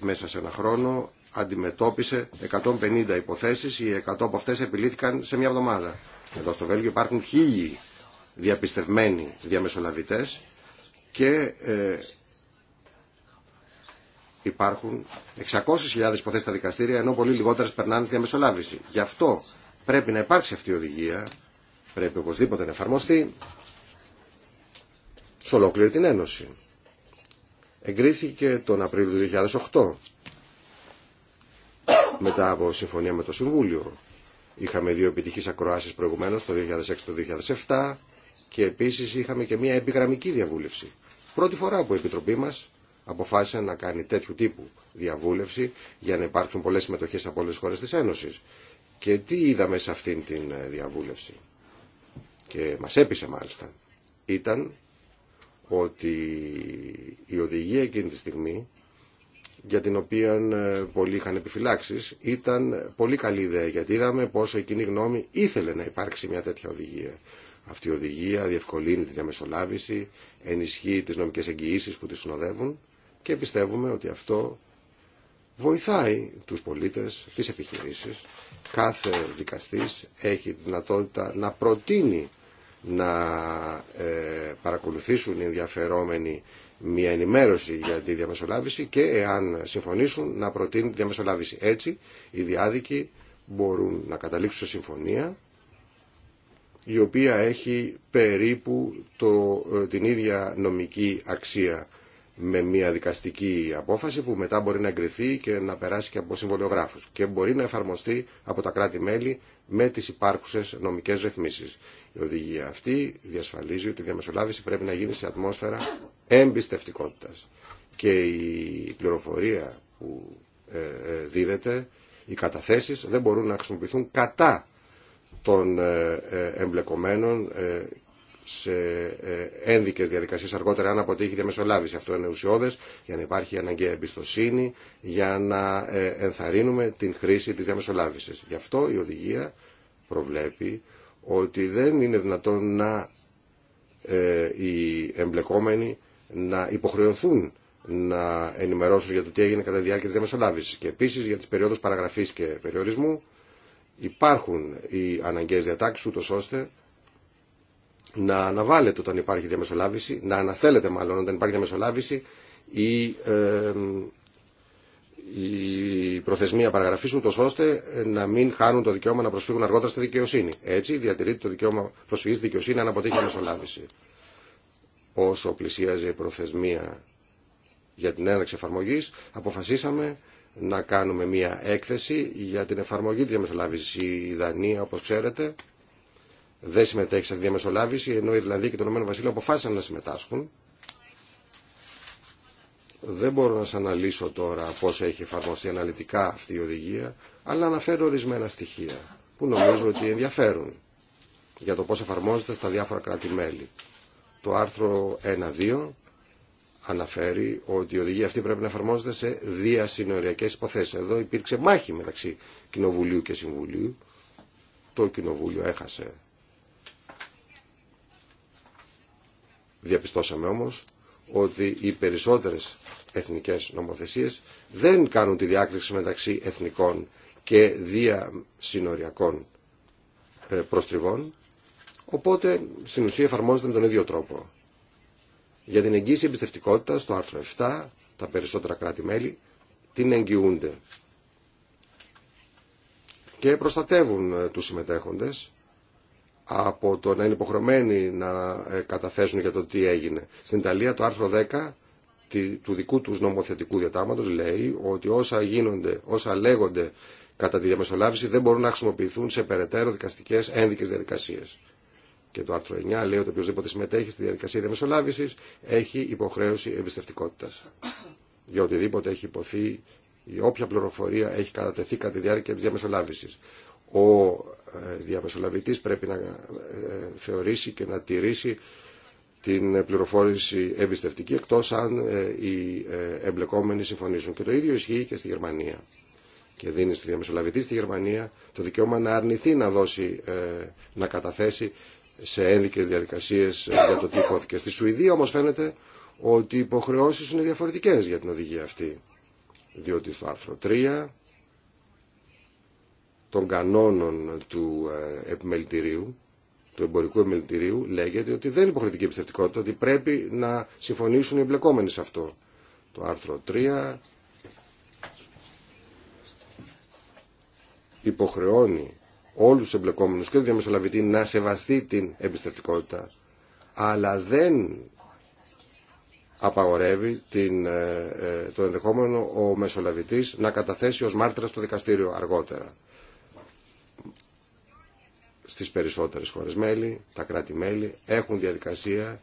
μέσα σε ένα χρόνο αντιμετώπισε 150 υποθέσεις, οι 100 από αυτές επιλήθηκαν σε μια εβδομάδα. Εδώ στο Βέλγιο υπάρχουν χίλιοι διαπιστευμένοι διαμεσολαβητές και ε, υπάρχουν 600.000 υποθέσεις στα δικαστήρια ενώ πολύ λιγότερες περνάνε στη διαμεσολάβηση. Γι' αυτό πρέπει να υπάρξει αυτή η οδηγία, πρέπει οπωσδήποτε να εφαρμοστεί σε ολόκληρη την Ένωση. Εγκρίθηκε τον Απρίλιο του 2008 μετά από συμφωνία με το Συμβούλιο Είχαμε δύο επιτυχείς ακροάσεις προηγουμένως το 2006 το 2007 και επίσης είχαμε και μια επιγραμμική διαβούλευση. Πρώτη φορά που η Επιτροπή μας αποφάσισε να κάνει τέτοιου τύπου διαβούλευση για να υπάρξουν πολλές συμμετοχέ από όλες τις χώρες της Ένωσης. Και τι είδαμε σε αυτήν την ε, διαβούλευση και μας έπεισε μάλιστα ήταν ότι η οδηγία εκείνη τη στιγμή για την οποία ε, πολλοί είχαν επιφυλάξει, ήταν πολύ καλή ιδέα γιατί είδαμε πόσο η κοινή γνώμη ήθελε να υπάρξει μια τέτοια οδηγία. Αυτή η οδηγία διευκολύνει τη διαμεσολάβηση, ενισχύει τι νομικέ εγγυήσει που τη συνοδεύουν και πιστεύουμε ότι αυτό βοηθάει τους πολίτες, τις επιχειρήσεις. Κάθε δικαστής έχει τη δυνατότητα να προτείνει να ε, παρακολουθήσουν οι ενδιαφερόμενοι μια ενημέρωση για τη διαμεσολάβηση και εάν συμφωνήσουν να προτείνουν τη διαμεσολάβηση. Έτσι οι διάδικοι μπορούν να καταλήξουν σε συμφωνία η οποία έχει περίπου το, ε, την ίδια νομική αξία με μια δικαστική απόφαση που μετά μπορεί να εγκριθεί και να περάσει και από συμβολιογράφου και μπορεί να εφαρμοστεί από τα κράτη-μέλη με τι υπάρχουσε νομικέ ρυθμίσει. Η οδηγία αυτή διασφαλίζει ότι η διαμεσολάβηση πρέπει να γίνει σε ατμόσφαιρα εμπιστευτικότητα. Και η πληροφορία που ε, ε, δίδεται, οι καταθέσει δεν μπορούν να χρησιμοποιηθούν κατά των ε, εμπλεκομένων σε ε, ένδικες διαδικασίες αργότερα αν αποτύχει διαμεσολάβηση. Αυτό είναι ουσιώδες για να υπάρχει αναγκαία εμπιστοσύνη, για να ε, ενθαρρύνουμε την χρήση της διαμεσολάβησης. Γι' αυτό η οδηγία προβλέπει ότι δεν είναι δυνατόν να ε, οι εμπλεκόμενοι να υποχρεωθούν να ενημερώσουν για το τι έγινε κατά τη διάρκεια της διαμεσολάβησης. Και επίσης για τις περιόδους παραγραφής και περιορισμού υπάρχουν οι αναγκαίες διατάξεις ούτως ώστε να αναβάλλεται όταν υπάρχει διαμεσολάβηση, να αναστέλλεται μάλλον όταν υπάρχει διαμεσολάβηση ή η προθεσμία παραγραφή ούτω ώστε να μην χάνουν το δικαίωμα να προσφύγουν αργότερα στη δικαιοσύνη. Έτσι διατηρείται το δικαίωμα προσφυγή στη δικαιοσύνη αν αποτύχει μεσολάβηση. Όσο πλησίαζε η προθεσμία για την έναρξη εφαρμογή, αποφασίσαμε να κάνουμε μία έκθεση για την εφαρμογή τη διαμεσολάβηση. Η Δανία, όπω ξέρετε, δεν συμμετέχει σε διαμεσολάβηση, ενώ η Ιρλανδία και το Ηνωμένο Βασίλειο αποφάσισαν να συμμετάσχουν. Δεν μπορώ να σα αναλύσω τώρα πώ έχει εφαρμοστεί αναλυτικά αυτή η οδηγία, αλλά αναφέρω ορισμένα στοιχεία που νομίζω ότι ενδιαφέρουν για το πώ εφαρμόζεται στα διάφορα κράτη-μέλη. Το άρθρο 1.2 αναφέρει ότι η οδηγία αυτή πρέπει να εφαρμόζεται σε διασυνοριακέ υποθέσει. Εδώ υπήρξε μάχη μεταξύ Κοινοβουλίου και Συμβουλίου. Το Κοινοβούλιο έχασε Διαπιστώσαμε όμως ότι οι περισσότερες εθνικές νομοθεσίες δεν κάνουν τη διάκριση μεταξύ εθνικών και διασυνοριακών ε, προστριβών, οπότε στην ουσία εφαρμόζεται με τον ίδιο τρόπο. Για την εγγύηση εμπιστευτικότητα, στο άρθρο 7, τα περισσότερα κράτη-μέλη την εγγυούνται και προστατεύουν ε, τους συμμετέχοντες από το να είναι υποχρεωμένοι να ε, καταθέσουν για το τι έγινε. Στην Ιταλία το άρθρο 10 του δικού τους νομοθετικού διατάγματος λέει ότι όσα γίνονται, όσα λέγονται κατά τη διαμεσολάβηση δεν μπορούν να χρησιμοποιηθούν σε περαιτέρω δικαστικές ένδικες διαδικασίες. Και το άρθρο 9 λέει ότι οποιοδήποτε συμμετέχει στη διαδικασία διαμεσολάβησης έχει υποχρέωση εμπιστευτικότητα. Για οτιδήποτε έχει υποθεί ή όποια πληροφορία έχει κατατεθεί κατά τη διάρκεια τη διαμεσολάβησης. Ο διαμεσολαβητής πρέπει να ε, θεωρήσει και να τηρήσει την πληροφόρηση εμπιστευτική εκτός αν ε, οι ε, εμπλεκόμενοι συμφωνήσουν. Και το ίδιο ισχύει και στη Γερμανία. Και δίνει στη διαμεσολαβητή στη Γερμανία το δικαίωμα να αρνηθεί να δώσει, να καταθέσει σε ένδικες διαδικασίες για το τι υπόθηκε. Στη Σουηδία όμως φαίνεται ότι οι υποχρεώσεις είναι διαφορετικές για την οδηγία αυτή. Διότι στο άρθρο 3 των κανόνων του ε, επιμελητηρίου, του εμπορικού επιμελητηρίου, λέγεται ότι δεν είναι υποχρεωτική εμπιστευτικότητα, ότι πρέπει να συμφωνήσουν οι εμπλεκόμενοι σε αυτό. Το άρθρο 3 υποχρεώνει όλους τους εμπλεκόμενους και τον διαμεσολαβητή να σεβαστεί την εμπιστευτικότητα, αλλά δεν απαγορεύει την, ε, ε, το ενδεχόμενο ο μεσολαβητής να καταθέσει ως μάρτυρα στο δικαστήριο αργότερα στις περισσότερες χώρες μέλη, τα κράτη-μέλη έχουν διαδικασία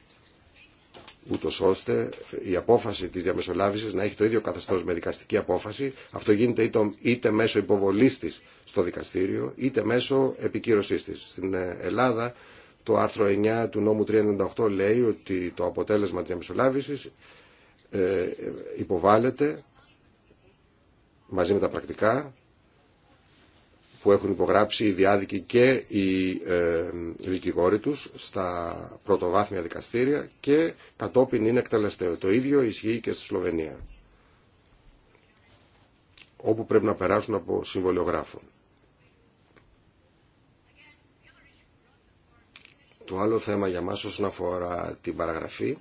ούτω ώστε η απόφαση της διαμεσολάβησης να έχει το ίδιο καθεστώς με δικαστική απόφαση. Αυτό γίνεται είτε μέσω υποβολής της στο δικαστήριο, είτε μέσω επικύρωσής της. Στην ε, Ελλάδα το άρθρο 9 του νόμου 398 λέει ότι το αποτέλεσμα της διαμεσολάβησης ε, ε, υποβάλλεται μαζί με τα πρακτικά που έχουν υπογράψει οι διάδικοι και οι ε, δικηγόροι τους στα πρωτοβάθμια δικαστήρια και κατόπιν είναι εκτελεστέο. Το ίδιο ισχύει και στη Σλοβενία, όπου πρέπει να περάσουν από συμβολιογράφων. Το άλλο θέμα για μας όσον αφορά την παραγραφή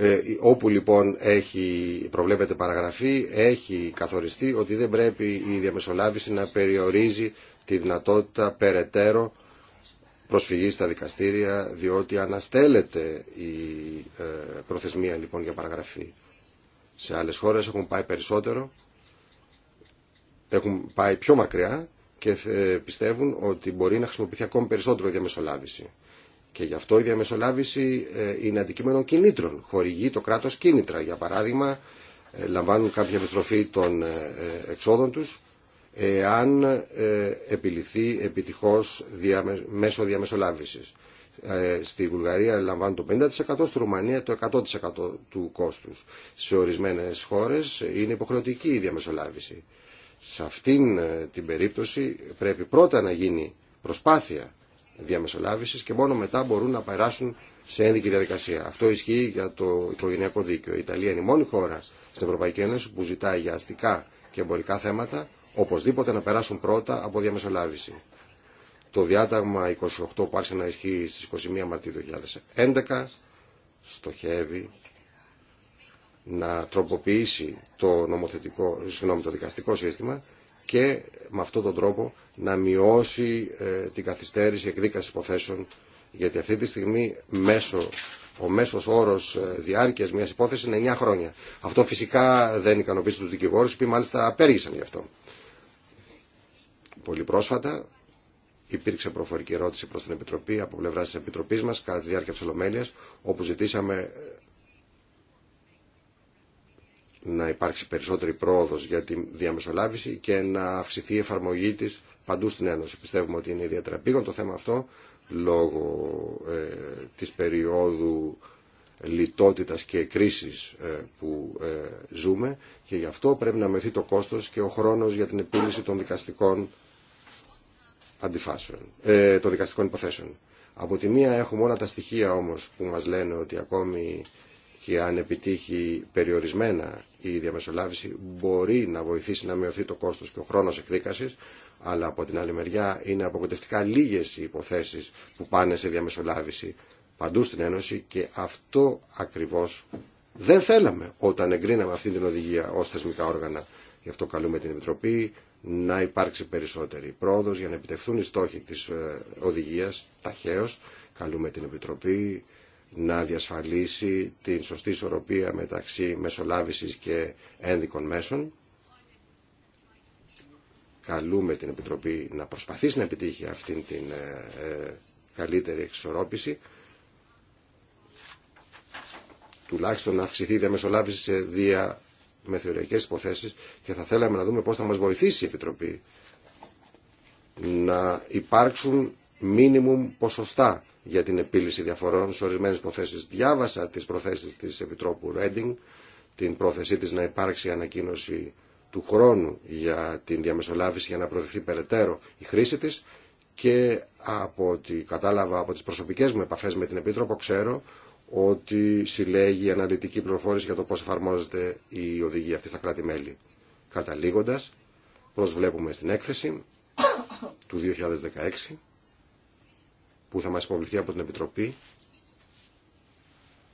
Ε, όπου λοιπόν έχει, προβλέπεται παραγραφή έχει καθοριστεί ότι δεν πρέπει η διαμεσολάβηση να περιορίζει τη δυνατότητα περαιτέρω προσφυγής στα δικαστήρια διότι αναστέλλεται η ε, προθεσμία λοιπόν για παραγραφή. Σε άλλες χώρες έχουν πάει περισσότερο, έχουν πάει πιο μακριά και ε, πιστεύουν ότι μπορεί να χρησιμοποιηθεί ακόμη περισσότερο η διαμεσολάβηση. Και γι' αυτό η διαμεσολάβηση ε, είναι αντικείμενο κινήτρων. Χορηγεί το κράτος κίνητρα. Για παράδειγμα, ε, λαμβάνουν κάποια επιστροφή των ε, εξόδων τους εάν επιληθεί επιτυχώς μέσω διαμεσολάβησης. Στη Βουλγαρία λαμβάνουν το 50%, στη Ρουμανία το 100% του κόστους. Σε ορισμένες χώρες είναι υποχρεωτική η διαμεσολάβηση. Σε αυτήν την περίπτωση πρέπει πρώτα να γίνει προσπάθεια διαμεσολάβησης και μόνο μετά μπορούν να περάσουν σε ένδικη διαδικασία. Αυτό ισχύει για το οικογενειακό δίκαιο. Η Ιταλία είναι η μόνη χώρα στην Ευρωπαϊκή Ένωση που ζητάει για αστικά και εμπορικά θέματα οπωσδήποτε να περάσουν πρώτα από διαμεσολάβηση. Το διάταγμα 28 που άρχισε να ισχύει στις 21 Μαρτίου 2011 στοχεύει να τροποποιήσει το, νομοθετικό, το δικαστικό σύστημα και με αυτόν τον τρόπο να μειώσει ε, την καθυστέρηση εκδίκαση υποθέσεων γιατί αυτή τη στιγμή μέσω, ο μέσος όρος ε, διάρκειας μιας υπόθεσης είναι 9 χρόνια. Αυτό φυσικά δεν ικανοποίησε τους δικηγόρους, που μάλιστα απέργησαν γι' αυτό. Πολύ πρόσφατα υπήρξε προφορική ερώτηση προς την Επιτροπή από πλευρά της Επιτροπής μας κατά τη διάρκεια της Ολομέλειας, όπου ζητήσαμε ε, να υπάρξει περισσότερη πρόοδος για τη διαμεσολάβηση και να αυξηθεί η εφαρμογή της παντού στην Ένωση. Πιστεύουμε ότι είναι ιδιαίτερα πήγον το θέμα αυτό λόγω ε, της περίοδου λιτότητας και κρίσης ε, που ε, ζούμε και γι' αυτό πρέπει να μεθεί το κόστος και ο χρόνος για την επίλυση των δικαστικών αντιφάσεων, ε, των δικαστικών υποθέσεων. Από τη μία έχουμε όλα τα στοιχεία όμως που μας λένε ότι ακόμη και αν επιτύχει περιορισμένα η διαμεσολάβηση μπορεί να βοηθήσει να μειωθεί το κόστος και ο χρόνος εκδίκασης αλλά από την άλλη μεριά είναι αποκοτευτικά λίγες οι υποθέσεις που πάνε σε διαμεσολάβηση παντού στην Ένωση και αυτό ακριβώς δεν θέλαμε όταν εγκρίναμε αυτή την οδηγία ως θεσμικά όργανα. Γι' αυτό καλούμε την Επιτροπή να υπάρξει περισσότερη πρόοδος για να επιτευχθούν οι στόχοι της ε, οδηγίας ταχαίως. Καλούμε την Επιτροπή να διασφαλίσει την σωστή ισορροπία μεταξύ μεσολάβησης και ένδικων μέσων καλούμε την Επιτροπή να προσπαθήσει να επιτύχει αυτήν την ε, ε, καλύτερη εξισορρόπηση τουλάχιστον να αυξηθεί η διαμεσολάβηση σε δύο μεθεωριακές υποθέσεις και θα θέλαμε να δούμε πώς θα μας βοηθήσει η Επιτροπή να υπάρξουν μίνιμουμ ποσοστά για την επίλυση διαφορών σε ορισμένες υποθέσεις. Διάβασα τις προθέσεις της Επιτρόπου Ρέντινγκ, την πρόθεσή της να υπάρξει ανακοίνωση του χρόνου για την διαμεσολάβηση για να προωθηθεί περαιτέρω η χρήση της και από ό,τι κατάλαβα από τις προσωπικές μου επαφές με την Επίτροπο ξέρω ότι συλλέγει αναλυτική πληροφόρηση για το πώς εφαρμόζεται η οδηγία αυτή στα κράτη-μέλη. Καταλήγοντας, προσβλέπουμε στην έκθεση του 2016 που θα μας υποβληθεί από την Επιτροπή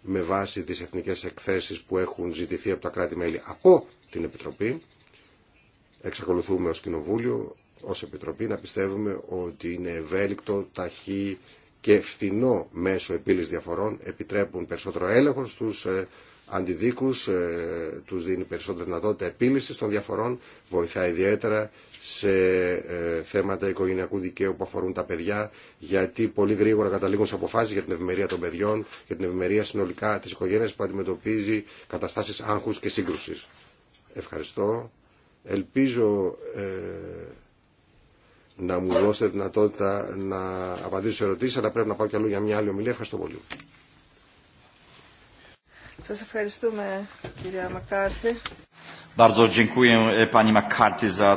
με βάση τις εθνικές εκθέσεις που έχουν ζητηθεί από τα κράτη-μέλη από την Επιτροπή εξακολουθούμε ως Κοινοβούλιο, ως Επιτροπή, να πιστεύουμε ότι είναι ευέλικτο, ταχύ και φθηνό μέσο επίλυσης διαφορών, επιτρέπουν περισσότερο έλεγχο στους ε, αντιδίκους, ε, τους δίνει περισσότερη δυνατότητα επίλυσης των διαφορών, βοηθά ιδιαίτερα σε ε, θέματα οικογενειακού δικαίου που αφορούν τα παιδιά, γιατί πολύ γρήγορα καταλήγουν σε αποφάσεις για την ευημερία των παιδιών, για την ευημερία συνολικά της οικογένειας που αντιμετωπίζει καταστάσεις άγχους και σύγκρουσης. Ευχαριστώ. Ελπίζω ε, να μου δώσετε δυνατότητα να απαντήσω σε ερωτήσεις, αλλά πρέπει να πάω κι αλλού για μια άλλη ομιλία. Ευχαριστώ πολύ. Σας ευχαριστούμε, κυρία Μακάρθη. Ε,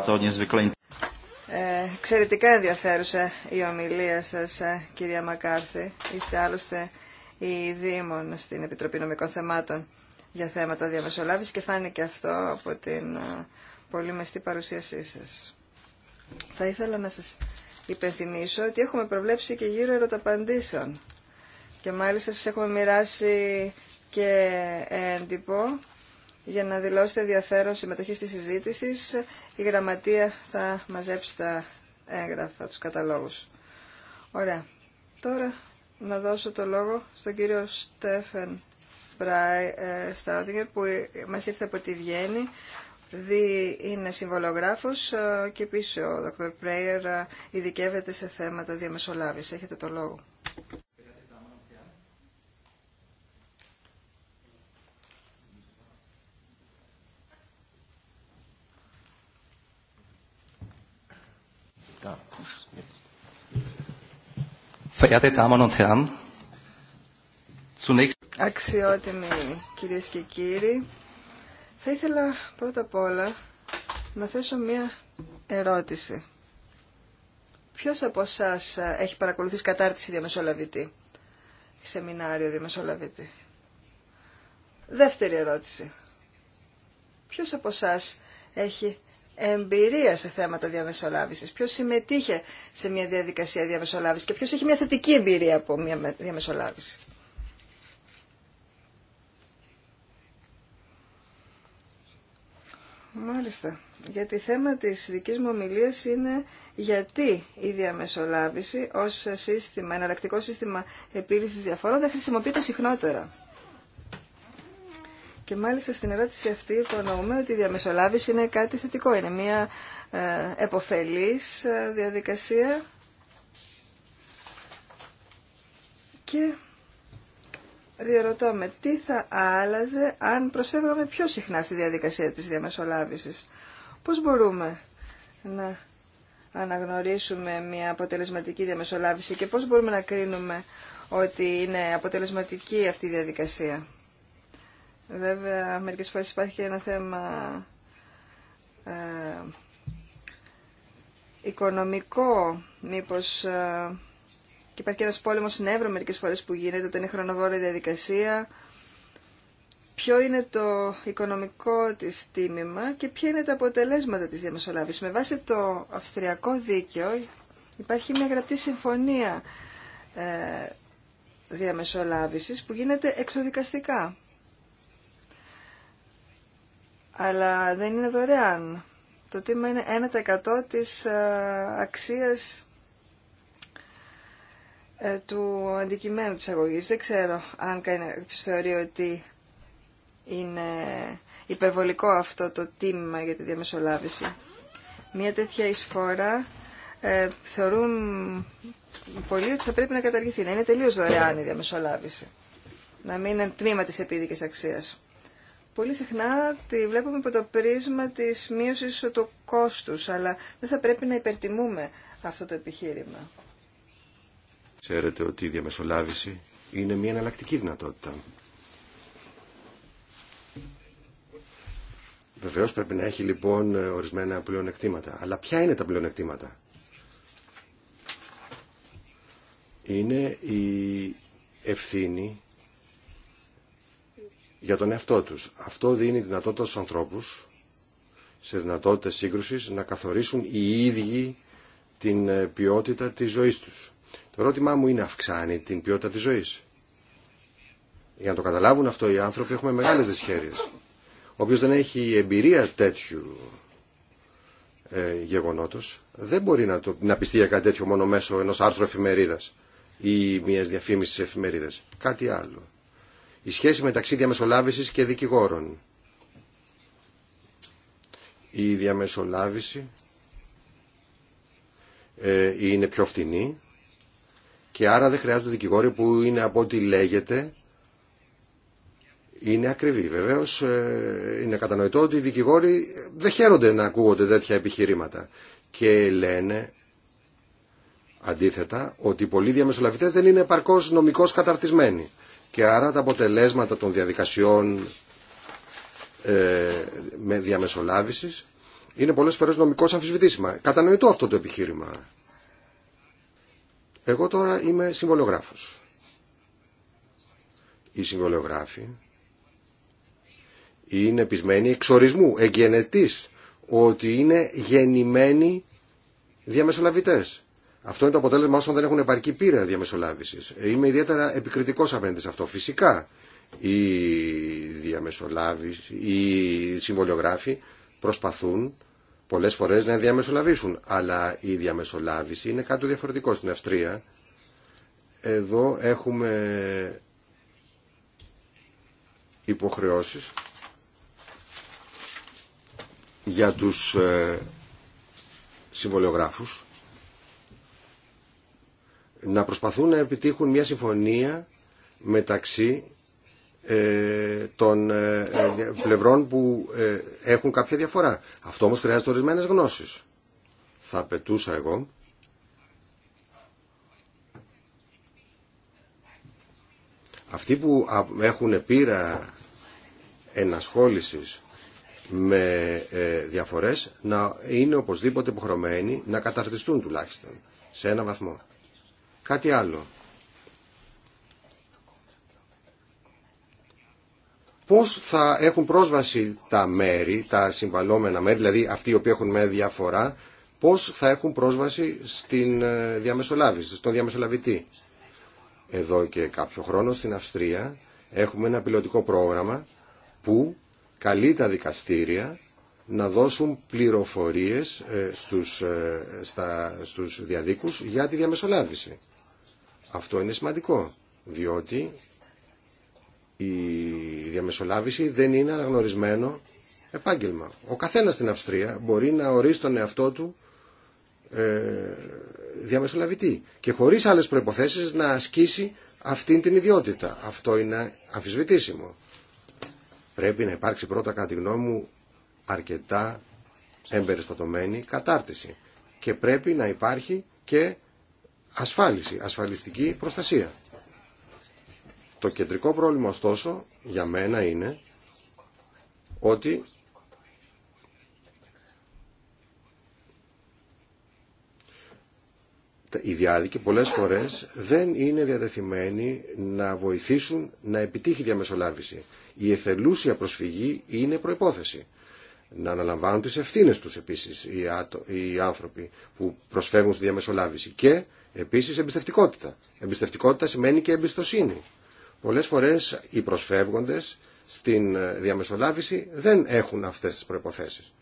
niezwykle ε, εξαιρετικά ενδιαφέρουσα η ομιλία σας, ε, κυρία Μακάρθη. Είστε άλλωστε η Δήμον στην Επιτροπή Νομικών Θεμάτων για θέματα διαμεσολάβηση και φάνηκε αυτό από την πολύ μεστή παρουσίασή σας. Θα ήθελα να σας υπενθυμίσω ότι έχουμε προβλέψει και γύρω ερωταπαντήσεων και μάλιστα σας έχουμε μοιράσει και έντυπο για να δηλώσετε ενδιαφέρον συμμετοχή στη συζήτηση. Η γραμματεία θα μαζέψει τα έγγραφα, τους καταλόγους. Ωραία. Τώρα να δώσω το λόγο στον κύριο Στέφεν ε, Στάουτιγκερ που μας ήρθε από τη Βιέννη δι είναι συμβολογράφος ε, και επίσης ο Δ. Πρέιερ ε, ειδικεύεται σε θέματα διαμεσολάβηση. Έχετε το λόγο. Αξιότιμοι κυρίες και κύριοι, θα ήθελα πρώτα απ' όλα να θέσω μία ερώτηση. Ποιος από εσά έχει παρακολουθήσει κατάρτιση διαμεσολαβητή, σεμινάριο διαμεσολαβητή. Δεύτερη ερώτηση. Ποιος από εσά έχει εμπειρία σε θέματα διαμεσολάβησης, ποιος συμμετείχε σε μια διαδικασία διαμεσολάβησης και ποιος έχει μια θετική εμπειρία από μια διαμεσολάβηση. Μάλιστα. Γιατί θέμα της δικής μου ομιλία είναι γιατί η διαμεσολάβηση ως σύστημα, εναλλακτικό σύστημα επίλυσης διαφορών δεν χρησιμοποιείται συχνότερα. Και μάλιστα στην ερώτηση αυτή υπονοούμε ότι η διαμεσολάβηση είναι κάτι θετικό. Είναι μια ε, εποφελής ε, διαδικασία και διαρωτώ με τι θα άλλαζε αν προσφεύγαμε πιο συχνά στη διαδικασία της διαμεσολάβησης. Πώς μπορούμε να αναγνωρίσουμε μια αποτελεσματική διαμεσολάβηση και πώς μπορούμε να κρίνουμε ότι είναι αποτελεσματική αυτή η διαδικασία. Βέβαια, μερικές φορές υπάρχει και ένα θέμα ε, οικονομικό, μήπως ε, και υπάρχει ένας πόλεμος στην μερικές φορές που γίνεται, όταν είναι χρονοβόρη διαδικασία. Ποιο είναι το οικονομικό της τίμημα και ποια είναι τα αποτελέσματα της διαμεσολάβησης. Με βάση το αυστριακό δίκαιο υπάρχει μια γραπτή συμφωνία ε, διαμεσολάβησης που γίνεται εξοδικαστικά. Αλλά δεν είναι δωρεάν. Το τίμημα είναι 1% της ε, αξίας ε, του αντικειμένου της αγωγής. Δεν ξέρω αν κάποιος θεωρεί ότι είναι υπερβολικό αυτό το τίμημα για τη διαμεσολάβηση. Μία τέτοια εισφόρα ε, θεωρούν πολλοί ότι θα πρέπει να καταργηθεί, να είναι τελείως δωρεάν η διαμεσολάβηση, να μην είναι τμήμα της επίδικης αξίας. Πολύ συχνά τη βλέπουμε από το πρίσμα της μείωσης του κόστους, αλλά δεν θα πρέπει να υπερτιμούμε αυτό το επιχείρημα. Ξέρετε ότι η διαμεσολάβηση είναι μια εναλλακτική δυνατότητα. Βεβαίως πρέπει να έχει λοιπόν ορισμένα πλεονεκτήματα. Αλλά ποια είναι τα πλεονεκτήματα. Είναι η ευθύνη για τον εαυτό τους. Αυτό δίνει δυνατότητα στους ανθρώπους σε δυνατότητες σύγκρουσης να καθορίσουν οι ίδιοι την ε, ποιότητα της ζωής τους. Το ερώτημά μου είναι αυξάνει την ποιότητα της ζωής. Για να το καταλάβουν αυτό οι άνθρωποι έχουμε μεγάλες δυσχέρειες. Όποιος δεν έχει εμπειρία τέτοιου ε, γεγονότος δεν μπορεί να, το, να πιστεί για κάτι τέτοιο μόνο μέσω ενός άρθρου εφημερίδας ή μιας διαφήμισης εφημερίδας. Κάτι άλλο. Η σχέση μεταξύ διαμεσολάβησης και δικηγόρων. Η διαμεσολάβηση ε, είναι πιο φτηνή και άρα δεν χρειάζονται δικηγόροι που είναι από ό,τι λέγεται. Είναι ακριβή. Βεβαίω ε, είναι κατανοητό ότι οι δικηγόροι ε, δεν χαίρονται να ακούγονται τέτοια επιχειρήματα. Και λένε αντίθετα ότι πολλοί διαμεσολαβητές δεν είναι επαρκώς νομικώς καταρτισμένοι. Και άρα τα αποτελέσματα των διαδικασιών ε, με διαμεσολάβησης είναι πολλές φορές νομικώς αμφισβητήσιμα. Κατανοητό αυτό το επιχείρημα. Εγώ τώρα είμαι συμβολιογράφος. Οι συμβολιογράφοι είναι πεισμένοι εξορισμού, εγγενετής, ότι είναι γεννημένοι διαμεσολαβητές. Αυτό είναι το αποτέλεσμα όσων δεν έχουν επαρκή πείρα διαμεσολάβησης. Ε, είμαι ιδιαίτερα επικριτικός απέναντι σε αυτό. Φυσικά οι οι συμβολιογράφοι προσπαθούν πολλές φορές να διαμεσολαβήσουν. Αλλά η διαμεσολάβηση είναι κάτι διαφορετικό στην Αυστρία. Εδώ έχουμε υποχρεώσεις για τους ε, συμβολιογράφους να προσπαθούν να επιτύχουν μια συμφωνία μεταξύ ε, των ε, ε, πλευρών που έχουν κάποια διαφορά. Αυτό όμως χρειάζεται ορισμένε γνώσεις. Θα πετούσα εγώ αυτοί που έχουν πείρα ενασχόλησης με διαφορές να είναι οπωσδήποτε υποχρεωμένοι να καταρτιστούν τουλάχιστον σε ένα βαθμό. Κάτι άλλο. πώς θα έχουν πρόσβαση τα μέρη, τα συμβαλόμενα μέρη, δηλαδή αυτοί οι οποίοι έχουν με διαφορά, πώς θα έχουν πρόσβαση στην ε, διαμεσολάβηση, στον διαμεσολαβητή. Εδώ και κάποιο χρόνο στην Αυστρία έχουμε ένα πιλωτικό πρόγραμμα που καλεί τα δικαστήρια να δώσουν πληροφορίες ε, στους, ε, στα, στους διαδίκους για τη διαμεσολάβηση. Αυτό είναι σημαντικό, διότι η διαμεσολάβηση δεν είναι αναγνωρισμένο επάγγελμα. Ο καθένας στην Αυστρία μπορεί να ορίσει τον εαυτό του ε, διαμεσολαβητή και χωρίς άλλες προϋποθέσεις να ασκήσει αυτή την ιδιότητα. Αυτό είναι αμφισβητήσιμο. Πρέπει να υπάρξει πρώτα κατά τη γνώμη μου αρκετά εμπεριστατωμένη κατάρτιση και πρέπει να υπάρχει και ασφάλιση, ασφαλιστική προστασία. Το κεντρικό πρόβλημα ωστόσο για μένα είναι ότι οι διάδικοι πολλές φορές δεν είναι διαδεθειμένοι να βοηθήσουν να επιτύχει η διαμεσολάβηση. Η εθελούσια προσφυγή είναι προϋπόθεση. Να αναλαμβάνουν τις ευθύνες τους επίσης οι, οι άνθρωποι που προσφεύγουν στη διαμεσολάβηση. Και επίσης εμπιστευτικότητα. Εμπιστευτικότητα σημαίνει και εμπιστοσύνη. Πολλές φορές οι προσφεύγοντες στην ε, διαμεσολάβηση δεν έχουν αυτές τις προϋποθέσεις.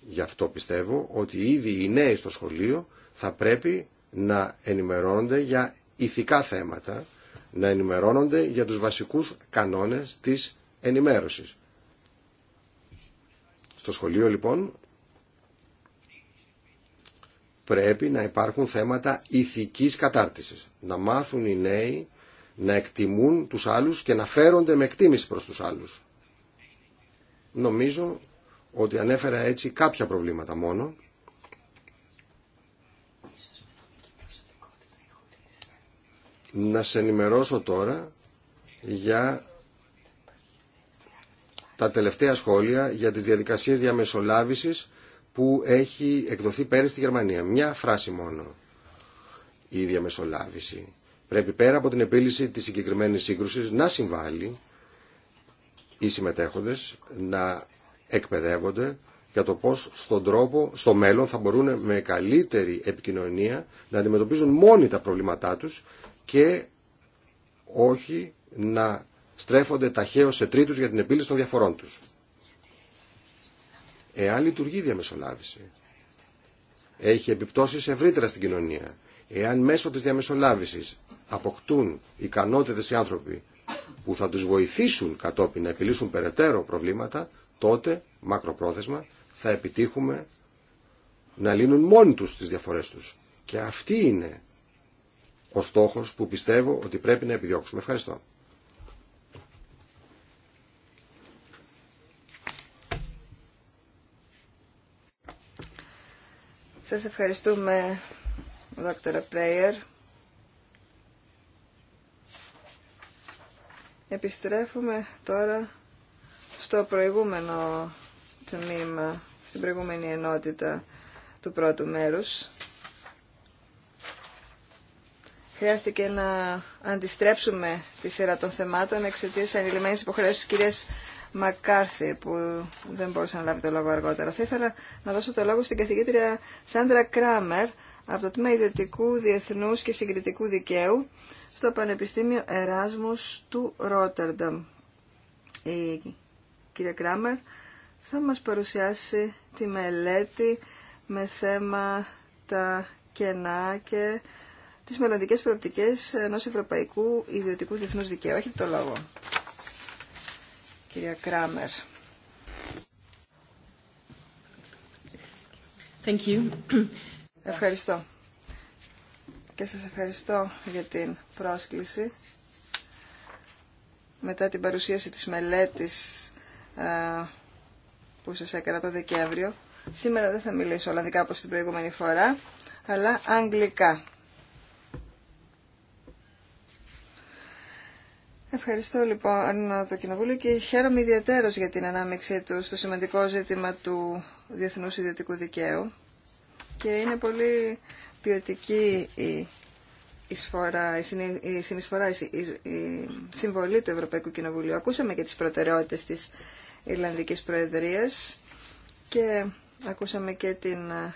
Γι' αυτό πιστεύω ότι ήδη οι νέοι στο σχολείο θα πρέπει να ενημερώνονται για ηθικά θέματα, να ενημερώνονται για τους βασικούς κανόνες της ενημέρωσης. Στο σχολείο λοιπόν πρέπει να υπάρχουν θέματα ηθικής κατάρτισης. Να μάθουν οι νέοι να εκτιμούν τους άλλους και να φέρονται με εκτίμηση προς τους άλλους. Νομίζω ότι ανέφερα έτσι κάποια προβλήματα μόνο. Να σε ενημερώσω τώρα για τα τελευταία σχόλια για τις διαδικασίες διαμεσολάβησης που έχει εκδοθεί πέρυσι στη Γερμανία. Μια φράση μόνο η διαμεσολάβηση Πρέπει πέρα από την επίλυση της συγκεκριμένης σύγκρουσης να συμβάλλει οι συμμετέχοντες να εκπαιδεύονται για το πώς στον τρόπο, στο μέλλον θα μπορούν με καλύτερη επικοινωνία να αντιμετωπίζουν μόνοι τα προβλήματά τους και όχι να στρέφονται ταχαίως σε τρίτους για την επίλυση των διαφορών τους. Εάν λειτουργεί η διαμεσολάβηση, έχει επιπτώσεις ευρύτερα στην κοινωνία. Εάν μέσω της διαμεσολάβησης αποκτούν ικανότητες οι άνθρωποι που θα τους βοηθήσουν κατόπιν να επιλύσουν περαιτέρω προβλήματα, τότε, μακροπρόθεσμα, θα επιτύχουμε να λύνουν μόνοι τους τις διαφορές τους. Και αυτή είναι ο στόχος που πιστεύω ότι πρέπει να επιδιώξουμε. Ευχαριστώ. Σας ευχαριστούμε, Δόκτωρα Πρέιερ. Επιστρέφουμε τώρα στο προηγούμενο τμήμα, στην προηγούμενη ενότητα του πρώτου μέρους. Χρειάστηκε να αντιστρέψουμε τη σειρά των θεμάτων εξαιτίας ανηλυμένης υποχρέωσης της κυρίας Μακάρθη που δεν μπορούσε να λάβει το λόγο αργότερα. Θα ήθελα να δώσω το λόγο στην καθηγήτρια Σάντρα Κράμερ από το Τμήμα Ιδιωτικού Διεθνούς και Συγκριτικού Δικαίου στο Πανεπιστήμιο Εράσμους του Ρότερνταμ. Η κυρία Κράμερ θα μας παρουσιάσει τη μελέτη με θέμα τα κενά και τις μελλοντικές προοπτικές ενός Ευρωπαϊκού Ιδιωτικού Διεθνούς Δικαίου. Έχετε το λόγο. Κυρία Κράμερ. Thank you. Ευχαριστώ και σας ευχαριστώ για την πρόσκληση. Μετά την παρουσίαση της μελέτης ε, που σας έκανα το Δεκέμβριο, σήμερα δεν θα μιλήσω Ολλανδικά όπως την προηγούμενη φορά, αλλά Αγγλικά. Ευχαριστώ λοιπόν το Κοινοβούλιο και χαίρομαι ιδιαίτερος για την ανάμειξή του στο σημαντικό ζήτημα του Διεθνούς Ιδιωτικού Δικαίου και είναι πολύ ποιοτική η, εισφορά, η συνεισφορά, η συμβολή του Ευρωπαϊκού Κοινοβουλίου. Ακούσαμε και τις προτεραιότητες της Ιρλανδικής Προεδρίας και ακούσαμε και την ε,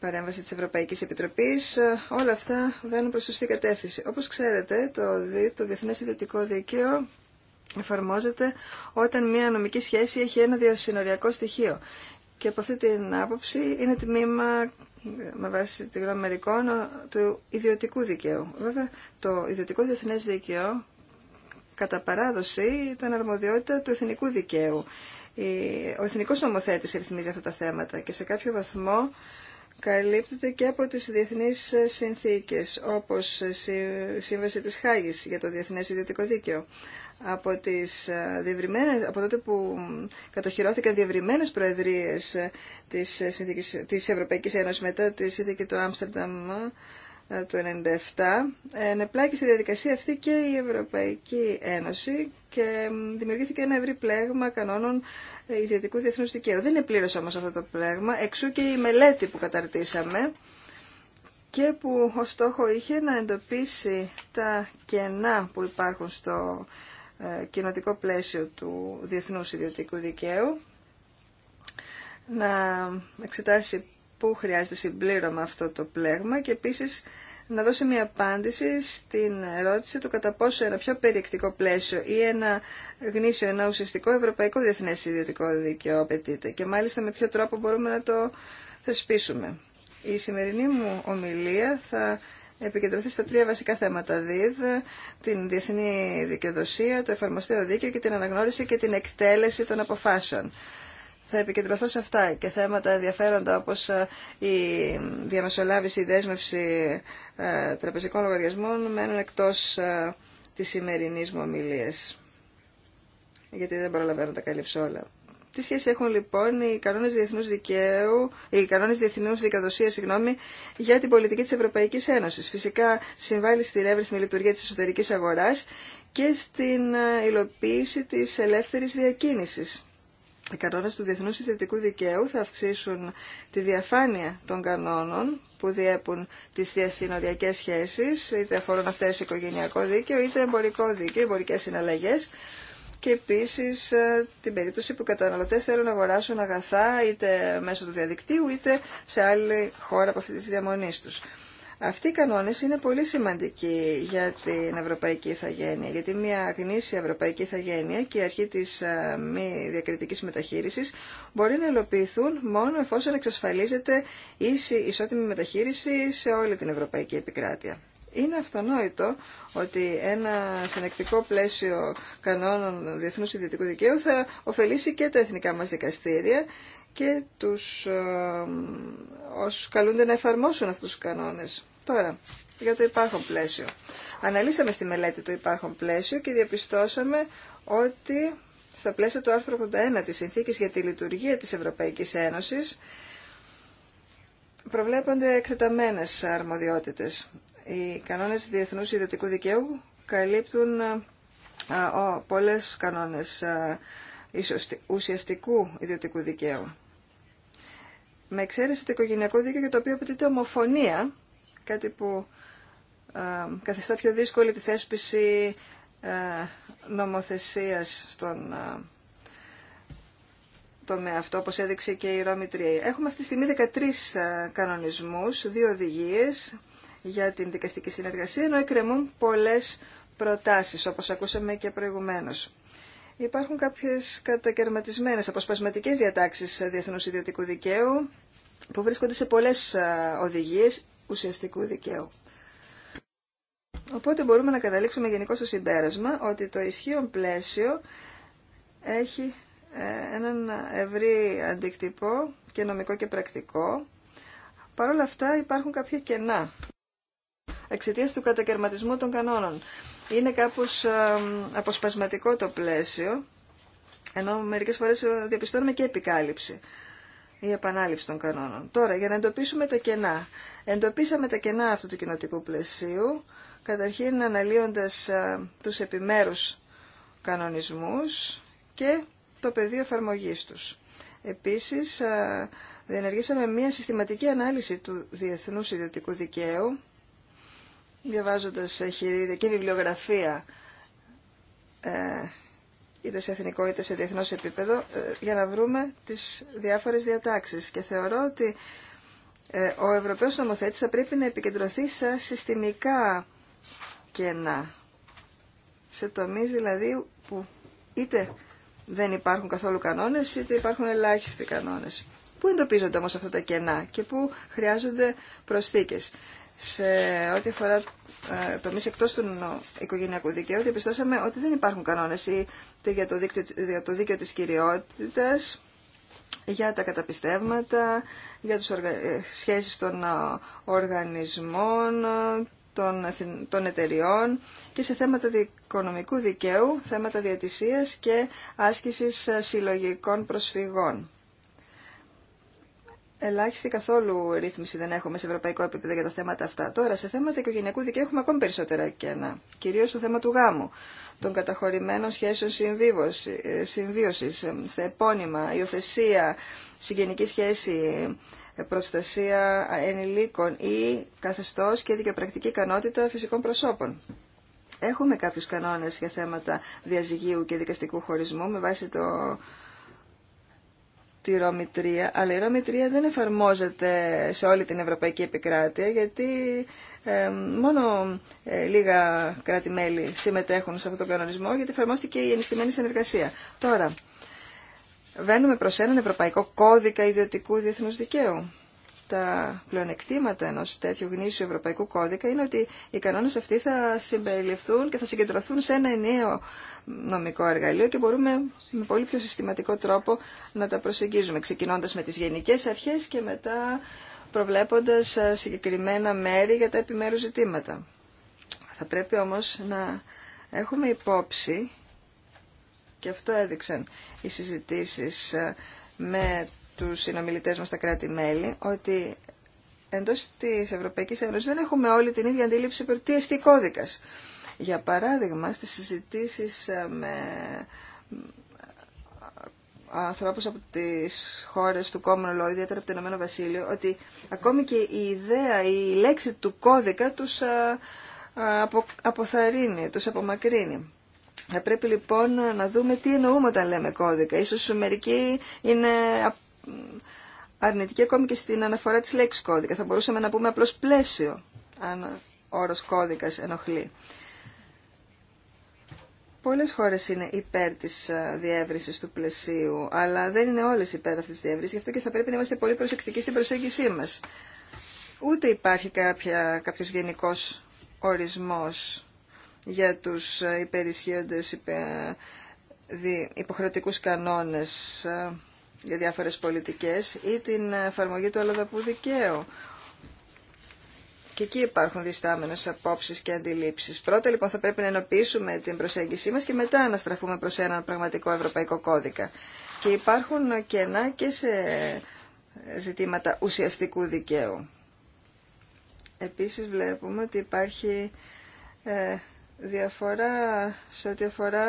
παρέμβαση της Ευρωπαϊκής Επιτροπής. Ε, όλα αυτά βαίνουν προς σωστή κατεύθυνση. Όπως ξέρετε, το, το Διεθνές Ιδιωτικό Δίκαιο εφαρμόζεται όταν μια νομική σχέση έχει ένα διασυνοριακό στοιχείο. Και από αυτή την άποψη είναι τμήμα με βάση τη γνώμη μερικών του ιδιωτικού δικαίου. Βέβαια, το ιδιωτικό διεθνές δίκαιο κατά παράδοση ήταν αρμοδιότητα του εθνικού δικαίου. Ο εθνικός νομοθέτης ρυθμίζει αυτά τα θέματα και σε κάποιο βαθμό καλύπτεται και από τις διεθνείς συνθήκες, όπως η Σύμβαση της Χάγης για το Διεθνές Ιδιωτικό Δίκαιο από, τις ε, διευρυμένες, από τότε που κατοχυρώθηκαν διευρυμένες προεδρίες ε, της, ε, συνθήκης, της Ευρωπαϊκής Ένωσης μετά τη συνθήκη του Άμστερνταμ του 1997, ενεπλάκησε η διαδικασία αυτή και η Ευρωπαϊκή Ένωση και δημιουργήθηκε ένα ευρύ πλέγμα κανόνων ιδιωτικού διεθνούς δικαίου. Δεν είναι πλήρως όμως αυτό το πλέγμα, εξού και η μελέτη που καταρτήσαμε και που ο στόχο είχε να εντοπίσει τα κενά που υπάρχουν στο ε, κοινοτικό πλαίσιο του διεθνούς ιδιωτικού δικαίου να εξετάσει πού χρειάζεται συμπλήρωμα αυτό το πλέγμα και επίσης να δώσει μια απάντηση στην ερώτηση του κατά πόσο ένα πιο περιεκτικό πλαίσιο ή ένα γνήσιο, ένα ουσιαστικό ευρωπαϊκό διεθνές ιδιωτικό δίκαιο απαιτείται και μάλιστα με ποιο τρόπο μπορούμε να το θεσπίσουμε. Η σημερινή μου ομιλία θα επικεντρωθεί στα τρία βασικά θέματα ΔΙΔ, την διεθνή δικαιοδοσία, το εφαρμοστέο δίκαιο και την αναγνώριση και την εκτέλεση των αποφάσεων. Θα επικεντρωθώ σε αυτά και θέματα ενδιαφέροντα όπως ε, η διαμεσολάβηση, η δέσμευση ε, τραπεζικών λογαριασμών μένουν εκτός ε, της σημερινής μου ομιλίας, γιατί δεν προλαβαίνω να τα καλύψω όλα. Τι σχέση έχουν λοιπόν οι κανόνε διεθνούς δικαίου, οι κανόνε διεθνού δικαδοσίας, συγγνώμη, για την πολιτική τη Ευρωπαϊκή Ένωση. Φυσικά συμβάλλει στη εύρυθμη λειτουργία τη εσωτερική αγορά και στην ε, υλοποίηση τη ελεύθερη διακίνηση. Οι κανόνε του διεθνούς συνθετικού δικαίου θα αυξήσουν τη διαφάνεια των κανόνων που διέπουν τι διασυνοριακέ σχέσει, είτε αφορούν αυτέ οικογενειακό δίκαιο, είτε εμπορικό δίκαιο, εμπορικέ συναλλαγές, και επίσης ε, την περίπτωση που οι καταναλωτές θέλουν να αγοράσουν αγαθά είτε μέσω του διαδικτύου είτε σε άλλη χώρα από αυτή τη διαμονή του. Αυτοί οι κανόνε είναι πολύ σημαντικοί για την ευρωπαϊκή ηθαγένεια, γιατί μια γνήσια ευρωπαϊκή ηθαγένεια και η αρχή τη ε, μη διακριτική μεταχείριση μπορεί να ελοποιηθούν μόνο εφόσον εξασφαλίζεται ίση ισότιμη μεταχείριση σε όλη την ευρωπαϊκή επικράτεια. Είναι αυτονόητο ότι ένα συνεκτικό πλαίσιο κανόνων διεθνούς ιδιωτικού δικαίου θα ωφελήσει και τα εθνικά μας δικαστήρια και τους όσους καλούνται να εφαρμόσουν αυτούς τους κανόνες. Τώρα, για το υπάρχον πλαίσιο. Αναλύσαμε στη μελέτη το υπάρχον πλαίσιο και διαπιστώσαμε ότι στα πλαίσια του άρθρου 81 της Συνθήκης για τη Λειτουργία της Ευρωπαϊκής Ένωσης προβλέπονται εκτεταμένες αρμοδιότητες. Οι κανόνες διεθνούς ιδιωτικού δικαίου καλύπτουν ε, πολλές κανόνες ε, ουσιαστικού ιδιωτικού δικαίου. Με εξαίρεση το οικογενειακό δίκαιο για το οποίο απαιτείται ομοφωνία, κάτι που ε, καθιστά πιο δύσκολη τη θέσπιση νομοθεσίας στον τομέα αυτό, όπως έδειξε και η Ρώμη 3. Έχουμε αυτή τη στιγμή 13 κανονισμούς, δύο οδηγίες για την δικαστική συνεργασία, ενώ εκκρεμούν πολλές προτάσεις, όπως ακούσαμε και προηγουμένως. Υπάρχουν κάποιες κατακαιρματισμένες αποσπασματικές διατάξεις διεθνούς ιδιωτικού δικαίου που βρίσκονται σε πολλές οδηγίες ουσιαστικού δικαίου. Οπότε μπορούμε να καταλήξουμε γενικό στο συμπέρασμα ότι το ισχύον πλαίσιο έχει ε, έναν ευρύ αντίκτυπο και νομικό και πρακτικό. Παρ' όλα αυτά υπάρχουν κάποια κενά εξαιτία του κατακαιρματισμού των κανόνων. Είναι κάπως ε, αποσπασματικό το πλαίσιο, ενώ μερικές φορές διαπιστώνουμε και επικάλυψη η επανάληψη των κανόνων. Τώρα, για να εντοπίσουμε τα κενά. Εντοπίσαμε τα κενά αυτού του κοινοτικού πλαισίου, καταρχήν αναλύοντα ε, τους επιμέρους κανονισμούς και το πεδίο εφαρμογή τους. Επίση, ε, διενεργήσαμε μια συστηματική ανάλυση του διεθνού ιδιωτικού δικαίου διαβάζοντας χειρίδια και βιβλιογραφία ε, είτε σε εθνικό είτε σε διεθνώς επίπεδο ε, για να βρούμε τις διάφορες διατάξεις και θεωρώ ότι ε, ο Ευρωπαίος Νομοθέτης θα πρέπει να επικεντρωθεί στα συστημικά κενά σε τομείς δηλαδή που είτε δεν υπάρχουν καθόλου κανόνες είτε υπάρχουν ελάχιστοι κανόνες. Πού εντοπίζονται όμως αυτά τα κενά και πού χρειάζονται προσθήκες. Σε ό,τι αφορά ε, τομεί εκτό του οικογενειακού δικαίου, διαπιστώσαμε ότι δεν υπάρχουν κανόνε για το, για το δίκαιο τη κυριότητα, για τα καταπιστεύματα, για τις οργα... Ε, σχέσεις των ε, οργανισμών, των, των εταιριών και σε θέματα οικονομικού δικαίου, θέματα διατησίας και άσκησης συλλογικών προσφυγών ελάχιστη καθόλου ρύθμιση δεν έχουμε σε ευρωπαϊκό επίπεδο για τα θέματα αυτά. Τώρα, σε θέματα οικογενειακού δικαίου έχουμε ακόμη περισσότερα κένα. Κυρίω στο θέμα του γάμου, των καταχωρημένων σχέσεων ε, συμβίωση, ε, στα επώνυμα, υιοθεσία, συγγενική σχέση, ε, προστασία ενηλίκων ή καθεστώ και δικαιοπρακτική ικανότητα φυσικών προσώπων. Έχουμε κάποιου κανόνε για θέματα διαζυγίου και δικαστικού χωρισμού με βάση το τη Ρώμη αλλά η Ρώμη δεν εφαρμόζεται σε όλη την Ευρωπαϊκή Επικράτεια, γιατί μόνο ε, λίγα κράτη-μέλη συμμετέχουν σε αυτόν τον κανονισμό, γιατί εφαρμόστηκε η ενισχυμένη συνεργασία. Τώρα, βαίνουμε προς έναν Ευρωπαϊκό Κώδικα Ιδιωτικού Διεθνούς Δικαίου τα πλεονεκτήματα ενός τέτοιου γνήσιου ευρωπαϊκού κώδικα είναι ότι οι κανόνε αυτοί θα συμπεριληφθούν και θα συγκεντρωθούν σε ένα ενιαίο νομικό εργαλείο και μπορούμε με πολύ πιο συστηματικό τρόπο να τα προσεγγίζουμε, ξεκινώντας με τις γενικές αρχές και μετά προβλέποντας ε, συγκεκριμένα μέρη για τα επιμέρου ζητήματα. Θα πρέπει όμω να έχουμε υπόψη, και αυτό έδειξαν οι συζητήσεις ε, με τους συνομιλητές μας στα κράτη-μέλη ότι εντός της Ευρωπαϊκής Ένωση δεν έχουμε όλοι την ίδια αντίληψη περί τι εστί κώδικας. Για παράδειγμα, στις συζητήσεις ε, με ε, ανθρώπους από τις χώρες του Common Law, ιδιαίτερα από το Ηνωμένο Βασίλειο, ότι ακόμη και η ιδέα, η λέξη του κώδικα τους ε, απο, αποθαρρύνει, τους απομακρύνει. Θα πρέπει λοιπόν να δούμε τι εννοούμε όταν λέμε κώδικα. Ίσως μερικοί είναι αρνητική ακόμη και στην αναφορά της λέξης κώδικα. Θα μπορούσαμε να πούμε απλώς πλαίσιο, αν ο όρος κώδικας ενοχλεί. Πολλές χώρες είναι υπέρ της διεύρυνσης του πλαισίου, αλλά δεν είναι όλες υπέρ αυτής της διεύρυνσης, γι' αυτό και θα πρέπει να είμαστε πολύ προσεκτικοί στην προσέγγισή μας. Ούτε υπάρχει κάποια, κάποιος γενικός ορισμός για τους ε, υπερισχύοντες υποχρεωτικούς κανόνες ε, για διάφορες πολιτικές ή την εφαρμογή του αλλοδαπού δικαίου. Και εκεί υπάρχουν διστάμενες απόψεις και αντιλήψεις. Πρώτα λοιπόν θα πρέπει να ενοποιήσουμε την προσέγγιση μας και μετά να στραφούμε προς έναν πραγματικό ευρωπαϊκό κώδικα. Και υπάρχουν κενά και σε ζητήματα ουσιαστικού δικαίου. Επίσης βλέπουμε ότι υπάρχει ε, διαφορά σε ό,τι αφορά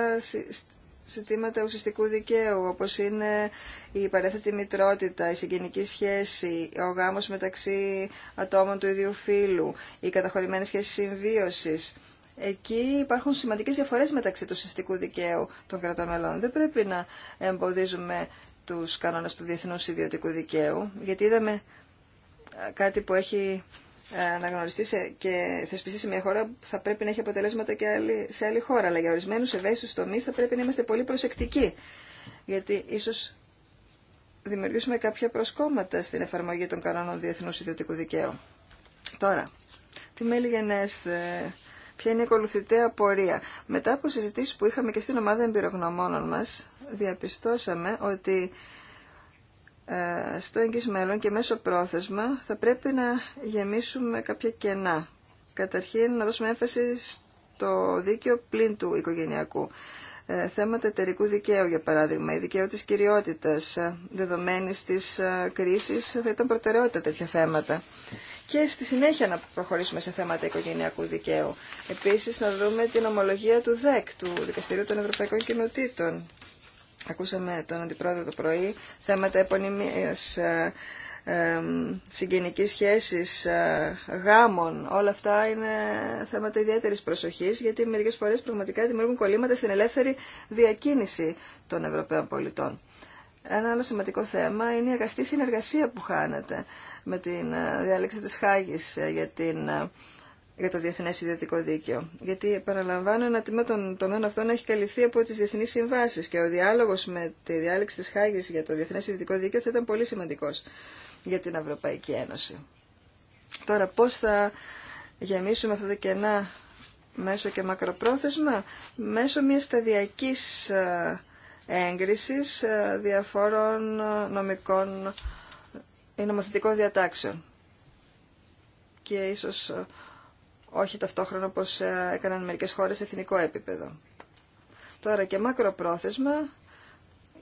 ζητήματα ουσιαστικού δικαίου, όπως είναι η παρέθετη μητρότητα, η συγγενική σχέση, ο γάμος μεταξύ ατόμων του ίδιου φύλου, οι καταχωρημένες σχέσεις συμβίωσης. Εκεί υπάρχουν σημαντικές διαφορές μεταξύ του ουσιαστικού δικαίου των κρατών Δεν πρέπει να εμποδίζουμε τους κανόνες του διεθνούς ιδιωτικού δικαίου, γιατί είδαμε κάτι που έχει να ε, αναγνωριστεί και θεσπιστεί σε μια χώρα θα πρέπει να έχει αποτελέσματα και σε άλλη χώρα. Αλλά για ορισμένου ευαίσθητου τομεί θα πρέπει να είμαστε πολύ προσεκτικοί. Γιατί ίσω δημιουργήσουμε κάποια προσκόμματα στην εφαρμογή των κανόνων διεθνού ιδιωτικού δικαίου. Τώρα, τι μέλη γενέστε, ποια είναι η ακολουθητέα πορεία. Μετά από συζητήσει που είχαμε και στην ομάδα εμπειρογνωμόνων μα, διαπιστώσαμε ότι ε, στο εγγύς μέλλον και μέσω πρόθεσμα θα πρέπει να γεμίσουμε κάποια κενά. Καταρχήν να δώσουμε έμφαση στο δίκαιο πλην του οικογενειακού. Ε, θέματα εταιρικού δικαίου, για παράδειγμα, η δικαίου της κυριότητας, ε, δεδομένης της κρίσης, θα ήταν προτεραιότητα τέτοια θέματα. Και στη συνέχεια να προχωρήσουμε σε θέματα οικογενειακού δικαίου. Επίσης, να δούμε την ομολογία του ΔΕΚ, του Δικαστηρίου των Ευρωπαϊκών Κοινοτήτων, Ακούσαμε τον Αντιπρόεδρο το πρωί θέματα επωνυμίας, ε, ε, συγγενικής σχέσης, ε, γάμων. Όλα αυτά είναι θέματα ιδιαίτερης προσοχής γιατί μερικές φορές πραγματικά δημιουργούν κολλήματα στην ελεύθερη διακίνηση των Ευρωπαίων πολιτών. Ένα άλλο σημαντικό θέμα είναι η αγαστή συνεργασία που χάνεται με την διάλεξη της Χάγης για την για το Διεθνέ Ιδιωτικό Δίκαιο. Γιατί, επαναλαμβάνω, ένα τμήμα των τομέων αυτών έχει καλυφθεί από τι διεθνεί συμβάσει και ο διάλογο με τη διάλεξη τη Χάγη για το Διεθνέ Ιδιωτικό Δίκαιο θα ήταν πολύ σημαντικό για την Ευρωπαϊκή Ένωση. Τώρα, πώ θα γεμίσουμε αυτά τα κενά μέσω και μακροπρόθεσμα, μέσω μια σταδιακή ε, έγκριση ε, διαφόρων νομικών ή νομοθετικών διατάξεων. Και ίσως ε, όχι ταυτόχρονα όπως ε, έκαναν μερικές χώρες σε εθνικό επίπεδο. Τώρα και μακροπρόθεσμα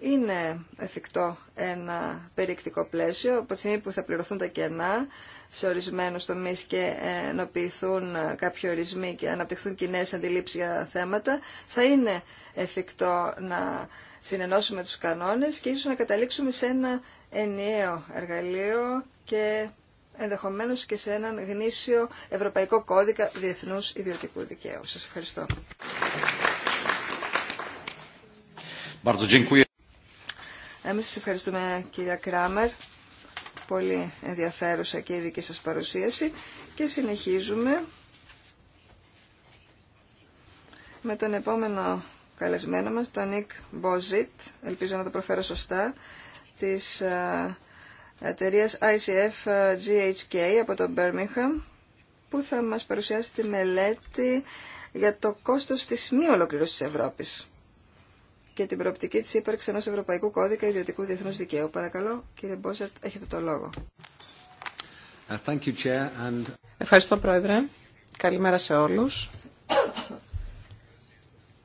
είναι εφικτό ένα περιεκτικό πλαίσιο από τη στιγμή που θα πληρωθούν τα κενά σε ορισμένου τομεί και ενοποιηθούν κάποιοι ορισμοί και αναπτυχθούν κοινέ αντιλήψει για θέματα, θα είναι εφικτό να συνενώσουμε τους κανόνες και ίσως να καταλήξουμε σε ένα ενιαίο εργαλείο και ενδεχομένως και σε έναν γνήσιο Ευρωπαϊκό Κώδικα Διεθνούς Ιδιωτικού Δικαίου. Σας ευχαριστώ. Εμείς σας ευχαριστούμε κυρία Κράμερ. Πολύ ενδιαφέρουσα και η δική σας παρουσίαση. Και συνεχίζουμε με τον επόμενο καλεσμένο μας, τον Νίκ Μπόζιτ, ελπίζω να το προφέρω σωστά, της ε, εταιρείας ICF ε, GHK από το Birmingham που θα μας παρουσιάσει τη μελέτη για το κόστος της μη ολοκλήρωσης της Ευρώπης και την προοπτική της ύπαρξης ενός Ευρωπαϊκού Κώδικα Ιδιωτικού Διεθνούς Δικαίου. Παρακαλώ, κύριε Μπόζετ, έχετε το λόγο. Uh, Ευχαριστώ, Πρόεδρε. Καλημέρα σε όλους.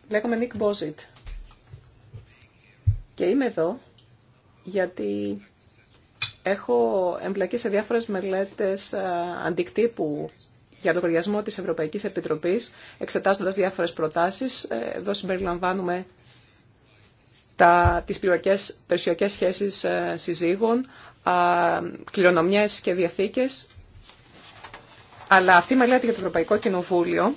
Λέγομαι Νίκ Μπόζιτ και είμαι εδώ γιατί Έχω εμπλακεί σε διάφορες μελέτες ε, αντικτύπου για λογαριασμό της Ευρωπαϊκής Επιτροπής, εξετάζοντας διάφορες προτάσεις. Ε, εδώ συμπεριλαμβάνουμε τα, τις περιουσιακές σχέσεις ε, συζύγων, κληρονομιές και διαθήκες. Αλλά αυτή η μελέτη για το Ευρωπαϊκό Κοινοβούλιο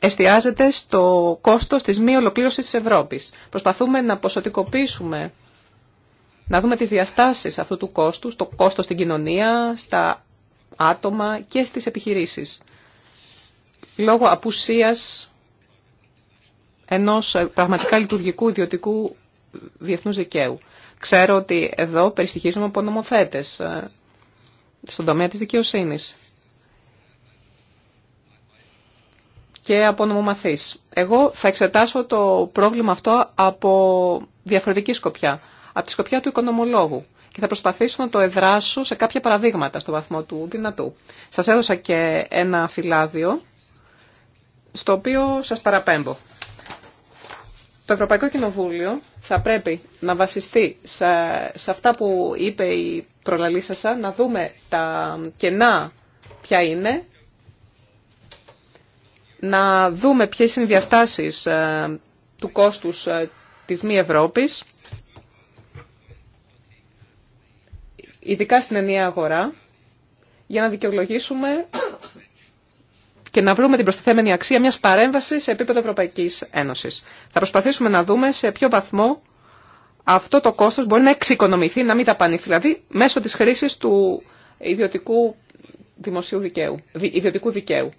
εστιάζεται στο κόστος της μη ολοκλήρωσης της Ευρώπης. Προσπαθούμε να ποσοτικοποιήσουμε να δούμε τις διαστάσεις αυτού του κόστου, το κόστος στην κοινωνία, στα άτομα και στις επιχειρήσεις. Λόγω απουσίας ενός πραγματικά λειτουργικού ιδιωτικού διεθνούς δικαίου. Ξέρω ότι εδώ περιστοιχίζουμε από νομοθέτες ε, στον τομέα της δικαιοσύνης και από νομομαθείς. Εγώ θα εξετάσω το πρόβλημα αυτό από διαφορετική σκοπιά από τη σκοπιά του οικονομολόγου και θα προσπαθήσω να το εδράσω σε κάποια παραδείγματα στο βαθμό του δυνατού. Σας έδωσα και ένα φυλάδιο στο οποίο σας παραπέμπω. Το Ευρωπαϊκό Κοινοβούλιο θα πρέπει να βασιστεί σε, αυτά που είπε η προλαλήσασα, να δούμε τα κενά ποια είναι, να δούμε ποιες είναι οι διαστάσεις ε, του κόστους ε, της μη Ευρώπης, ειδικά στην ενιαία αγορά, για να δικαιολογήσουμε και να βρούμε την προστιθέμενη αξία μιας παρέμβασης σε επίπεδο Ευρωπαϊκής Ένωσης. Θα προσπαθήσουμε να δούμε σε ποιο βαθμό αυτό το κόστος μπορεί να εξοικονομηθεί, να μην ταπανηθεί, δηλαδή μέσω της χρήσης του ιδιωτικού δημοσίου δικαίου, ιδιωτικού δικαίου.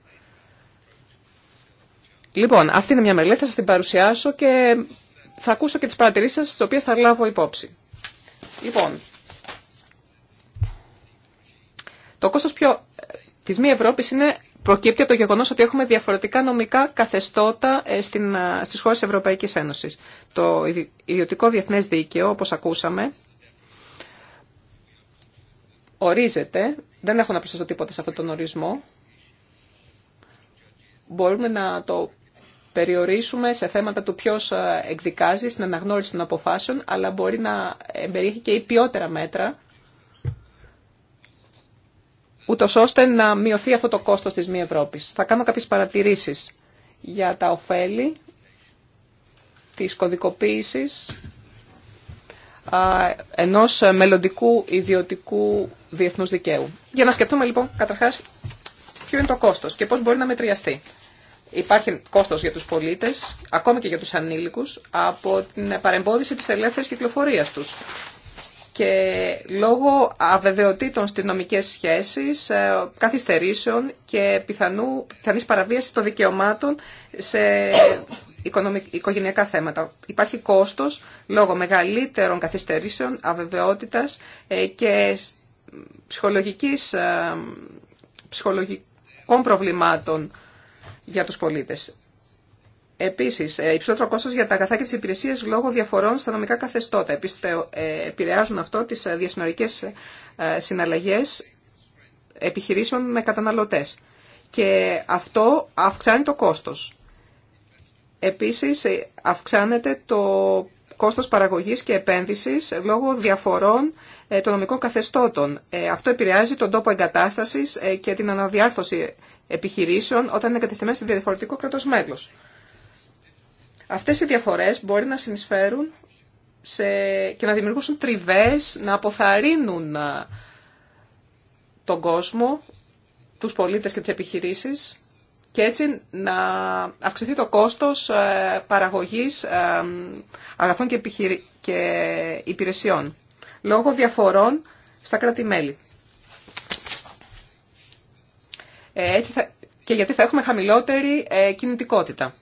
Λοιπόν, αυτή είναι μια μελέτη, θα σας την παρουσιάσω και θα ακούσω και τις παρατηρήσεις σας, τις οποίες θα λάβω υπόψη. Λοιπόν, το κόστος πιο... της μη Ευρώπης είναι προκύπτει από το γεγονός ότι έχουμε διαφορετικά νομικά καθεστώτα ε, στι ε, στις χώρες της Ευρωπαϊκής Ένωσης. Το ιδιωτικό διεθνέ δίκαιο, όπως ακούσαμε, ορίζεται, δεν έχω να προσθέσω τίποτα σε αυτόν τον ορισμό, μπορούμε να το περιορίσουμε σε θέματα του ποιος ε, εκδικάζει, στην αναγνώριση των αποφάσεων, αλλά μπορεί να περιέχει και υπιότερα μέτρα, ούτω ώστε να μειωθεί αυτό το κόστος τη μη Ευρώπης. Θα κάνω κάποιες παρατηρήσεις για τα ωφέλη της κωδικοποίησης ενός μελλοντικού ιδιωτικού διεθνούς δικαίου. Για να σκεφτούμε λοιπόν καταρχάς ποιο είναι το κόστος και πώς μπορεί να μετριαστεί. Υπάρχει κόστος για τους πολίτες, ακόμη και για τους ανήλικου από την παρεμπόδιση της ελεύθερης κυκλοφορίας του και λόγω αβεβαιοτήτων στις νομικές σχέσεις, ε, καθυστερήσεων και πιθανού, πιθανής παραβίασης των δικαιωμάτων σε οικογενειακά θέματα. Υπάρχει κόστος λόγω μεγαλύτερων καθυστερήσεων, αβεβαιότητας ε, και ψυχολογικής, ε, ψυχολογικών προβλημάτων για τους πολίτες. Επίσης, ε, υψηλότερο κόστο για τα αγαθά και τις υπηρεσίες λόγω διαφορών στα νομικά καθεστώτα. Επίσης, ε, ε, επηρεάζουν αυτό τις διασυνορικές συναλλαγέ επιχειρήσεων με καταναλωτέ. Και αυτό αυξάνει το κόστος. Επίσης, αυξάνεται το κόστος παραγωγής και επένδυσης λόγω διαφορών των νομικών καθεστώτων. Αυτό επηρεάζει τον τόπο εγκατάστασης και την αναδιάρθρωση επιχειρήσεων όταν είναι εγκατεστημένες σε διαφορετικό κράτος μέλος. Αυτές οι διαφορές μπορεί να συνεισφέρουν και να δημιουργούσουν τριβές, να αποθαρρύνουν τον κόσμο, τους πολίτες και τις επιχειρήσεις και έτσι να αυξηθεί το κόστος ε, παραγωγής ε, αγαθών και, και υπηρεσιών λόγω διαφορών στα κράτη-μέλη. Ε, έτσι Και γιατί θα έχουμε χαμηλότερη κινητικότητα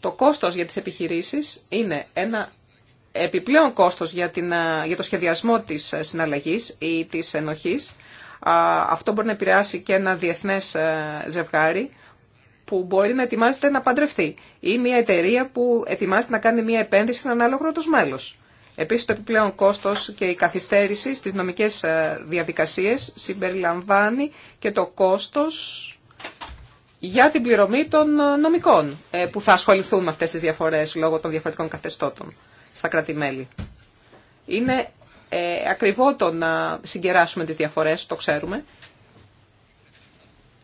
το κόστος για τις επιχειρήσεις είναι ένα επιπλέον κόστος για, την, για το σχεδιασμό της ε, συναλλαγής ή της ενοχής. Αυτό μπορεί να επηρεάσει και ένα διεθνές ε, ζευγάρι που μπορεί να ετοιμάζεται να παντρευτεί ή μια εταιρεία που ετοιμάζεται να κάνει μια επένδυση σε έναν άλλο Επίση, Επίσης το επιπλέον κόστος και η καθυστέρηση στις νομικές ε, διαδικασίες συμπεριλαμβάνει και το κόστος για την πληρωμή των ε, νομικών ε, που θα ασχοληθούν με αυτές τις διαφορές λόγω των διαφορετικών καθεστώτων στα κρατη Είναι ε, ακριβό το να συγκεράσουμε τις διαφορές, το ξέρουμε.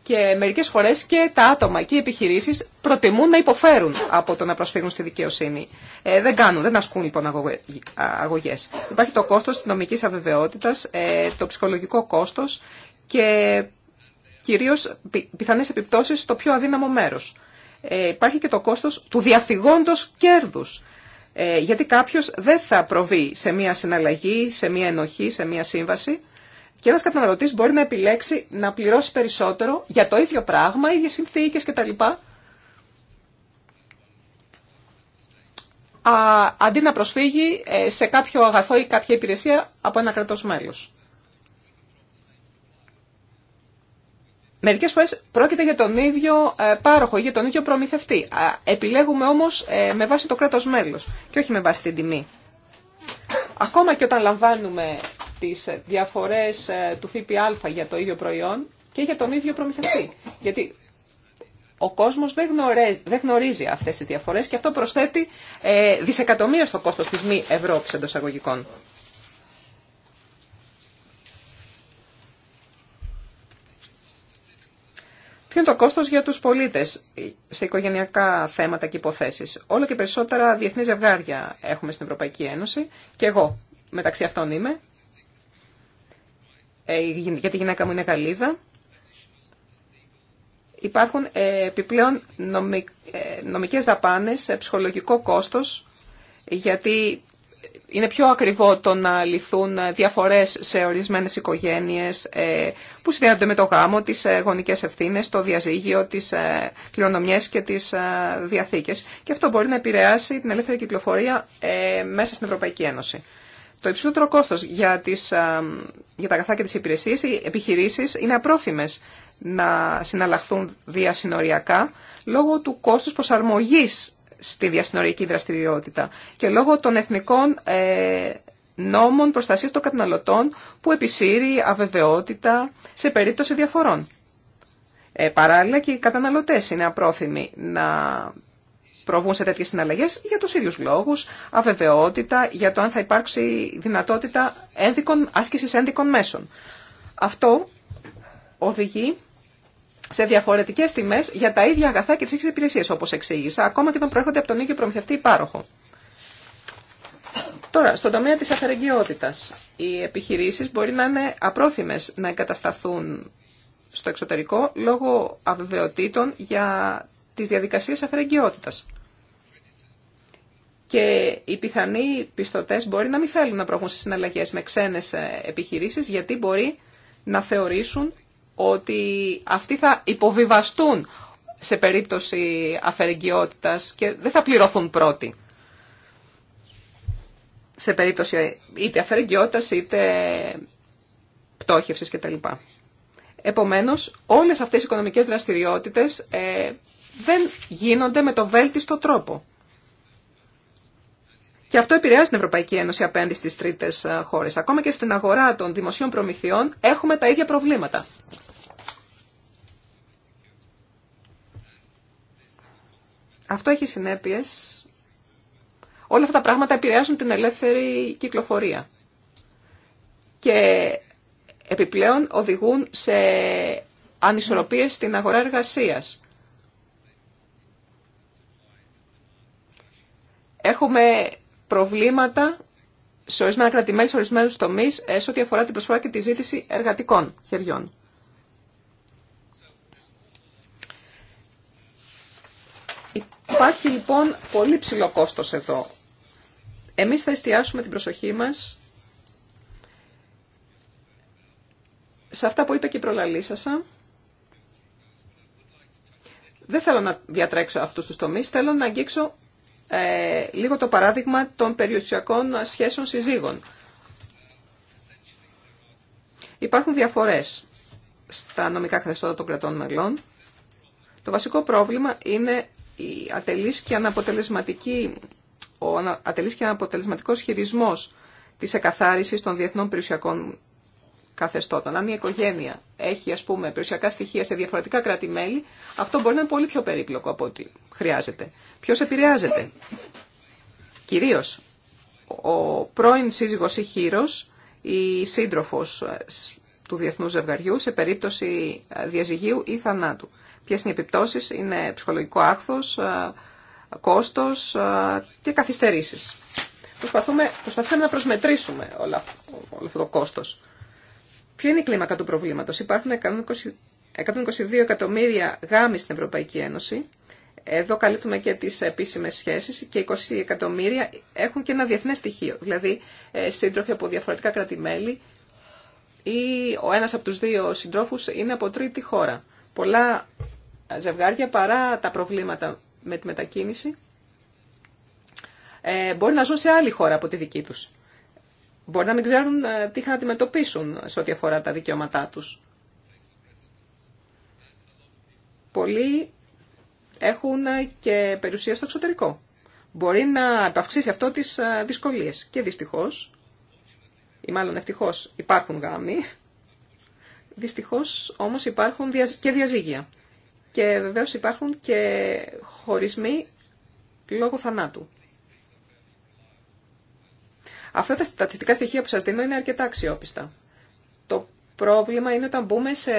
Και μερικές φορές και τα άτομα και οι επιχειρήσεις προτιμούν να υποφέρουν από το να προσφύγουν στη δικαιοσύνη. Ε, δεν κάνουν, δεν ασκούν λοιπόν αγωγές. Υπάρχει το κόστος της νομικής αβεβαιότητας, το ψυχολογικό κόστος και κυρίως πιθανές επιπτώσεις στο πιο αδύναμο μέρος. Ε, υπάρχει και το κόστος του διαφυγόντος κέρδους. Ε, γιατί κάποιος δεν θα προβεί σε μια συναλλαγή, σε μια ενοχή, σε μια σύμβαση και ένας καταναλωτής μπορεί να επιλέξει να πληρώσει περισσότερο για το ίδιο πράγμα, ίδιες συνθήκες κτλ. αντί να προσφύγει ε, σε κάποιο αγαθό ή κάποια υπηρεσία από ένα κρατός μέλος. Μερικές φορές πρόκειται για τον ίδιο ε, πάροχο, ή για τον ίδιο προμηθευτή. Επιλέγουμε όμως ε, με βάση το κράτος μέλος και όχι με βάση την τιμή. Ακόμα και όταν λαμβάνουμε τις διαφορές ε, του ΦΠΑ για το ίδιο προϊόν και για τον ίδιο προμηθευτή. Γιατί ο κόσμος δεν γνωρίζει, δεν γνωρίζει αυτές τις διαφορές και αυτό προσθέτει δισεκατομμύρια στο κόστος της μη Ευρώπης εντός αγωγικών. Ποιο είναι το κόστος για τους πολίτες σε οικογενειακά θέματα και υποθέσεις. Όλο και περισσότερα διεθνή ζευγάρια έχουμε στην Ευρωπαϊκή Ένωση και εγώ μεταξύ αυτών είμαι. Ε, γιατί η γυναίκα μου είναι Γαλλίδα. Υπάρχουν ε, επιπλέον ε, νομικές δαπάνες, ψυχολογικό κόστος, γιατί είναι πιο ακριβό το να λυθούν διαφορές σε ορισμένες οικογένειες ε, που συνδέονται με το γάμο, τις ε, γονικές ευθύνες, το διαζύγιο, τις ε, κληρονομιές και τις διαθήκες. Και αυτό μπορεί να επηρεάσει την ελεύθερη κυκλοφορία μέσα στην Ευρωπαϊκή Ένωση. Το υψηλότερο κόστος για, τις, για τα αγαθά και τις υπηρεσίες, οι επιχειρήσεις είναι απρόθυμες να συναλλαχθούν διασυνοριακά λόγω του κόστους προσαρμογής στη διασυνορική δραστηριότητα και λόγω των εθνικών ε, νόμων προστασίας των καταναλωτών που επισύρει αβεβαιότητα σε περίπτωση διαφορών. Ε, παράλληλα και οι καταναλωτές είναι απρόθυμοι να προβούν σε τέτοιες συναλλαγές για τους ίδιους λόγους, αβεβαιότητα για το αν θα υπάρξει δυνατότητα ένδικων, άσκησης ένδικων μέσων. Αυτό οδηγεί σε διαφορετικέ τιμέ για τα ίδια αγαθά και τι ίδιε υπηρεσίες, όπως εξήγησα, ακόμα και όταν προέρχονται από τον ίδιο προμηθευτή υπάροχο. Τώρα, στον τομέα τη αφαιρεγκαιότητα. οι επιχειρήσει μπορεί να είναι απρόθυμες να εγκατασταθούν στο εξωτερικό λόγω αβεβαιοτήτων για τι διαδικασίε αφαιρεγκαιότητα. Και οι πιθανοί πιστωτέ μπορεί να μην θέλουν να προχωρήσουν σε συναλλαγές με ξένε επιχειρήσει, γιατί μπορεί να θεωρήσουν ότι αυτοί θα υποβιβαστούν σε περίπτωση αφαιρεγγιότητας και δεν θα πληρωθούν πρώτοι. Σε περίπτωση είτε αφαιρεγγιότητας είτε πτώχευσης κτλ. Επομένως, όλες αυτές οι οικονομικές δραστηριότητες ε, δεν γίνονται με το βέλτιστο τρόπο. Και αυτό επηρεάζει την Ευρωπαϊκή Ένωση απέναντι στις τρίτες ε, χώρες. Ακόμα και στην αγορά των δημοσίων προμηθειών έχουμε τα ίδια προβλήματα. Αυτό έχει συνέπειες. Όλα αυτά τα πράγματα επηρεάζουν την ελεύθερη κυκλοφορία. Και επιπλέον οδηγούν σε ανισορροπίες στην αγορά εργασίας. Έχουμε προβλήματα σε ορισμένα κρατημέλη, σε ορισμένου τομεί, ε, σε ό,τι αφορά την προσφορά και τη ζήτηση εργατικών χεριών. Υπάρχει λοιπόν πολύ ψηλό κόστος εδώ. Εμείς θα εστιάσουμε την προσοχή μας σε αυτά που είπε και η προλαλήσασα. Δεν θέλω να διατρέξω αυτούς τους τομείς, θέλω να αγγίξω ε, λίγο το παράδειγμα των περιουσιακών σχέσεων συζύγων. Υπάρχουν διαφορές στα νομικά καθεστώτα των κρατών μελών. Το βασικό πρόβλημα είναι η ατελής και αναποτελεσματική, ο ατελής και αναποτελεσματικός χειρισμός της εκαθάρισης των διεθνών περιουσιακών καθεστώτων. Αν η οικογένεια έχει ας πούμε, περιουσιακά στοιχεία σε διαφορετικά κράτη-μέλη, αυτό μπορεί να είναι πολύ πιο περίπλοκο από ό,τι χρειάζεται. Ποιο επηρεάζεται. Κυρίω ο πρώην σύζυγος ή χείρος, η σύντροφος ε, του διεθνού ζευγαριού σε περίπτωση ε, διαζυγίου ή θανάτου ποιες είναι οι επιπτώσεις, είναι ψυχολογικό άκθος, ε, κόστος ε, και καθυστερήσεις. Προσπαθούμε, να προσμετρήσουμε όλο, όλο αυτό το κόστος. Ποια είναι η κλίμακα του προβλήματος. Υπάρχουν 122 εκατομμύρια γάμοι στην Ευρωπαϊκή Ένωση. Εδώ καλύπτουμε και τις επίσημες σχέσεις και 20 εκατομμύρια έχουν και ένα διεθνέ στοιχείο. Δηλαδή ε, σύντροφοι από διαφορετικά κρατημέλη ή ο ένας από τους δύο συντρόφους είναι από τρίτη χώρα. Πολλά ζευγάρια παρά τα προβλήματα με τη μετακίνηση ε, μπορεί να ζουν σε άλλη χώρα από τη δική τους. Μπορεί να μην ξέρουν ε, τι να αντιμετωπίσουν σε ό,τι αφορά τα δικαιώματά τους. Πολλοί έχουν ε, και περιουσία στο εξωτερικό. Μπορεί να αυξήσει αυτό τις δυσκολίες. Και δυστυχώς, ή μάλλον ευτυχώς, υπάρχουν γάμοι. Δυστυχώς όμως υπάρχουν και διαζύγια. Και βεβαίως υπάρχουν και χωρισμοί λόγω θανάτου. Αυτά τα στατιστικά στοιχεία που σας δίνω είναι αρκετά αξιόπιστα. Το πρόβλημα είναι όταν μπούμε σε,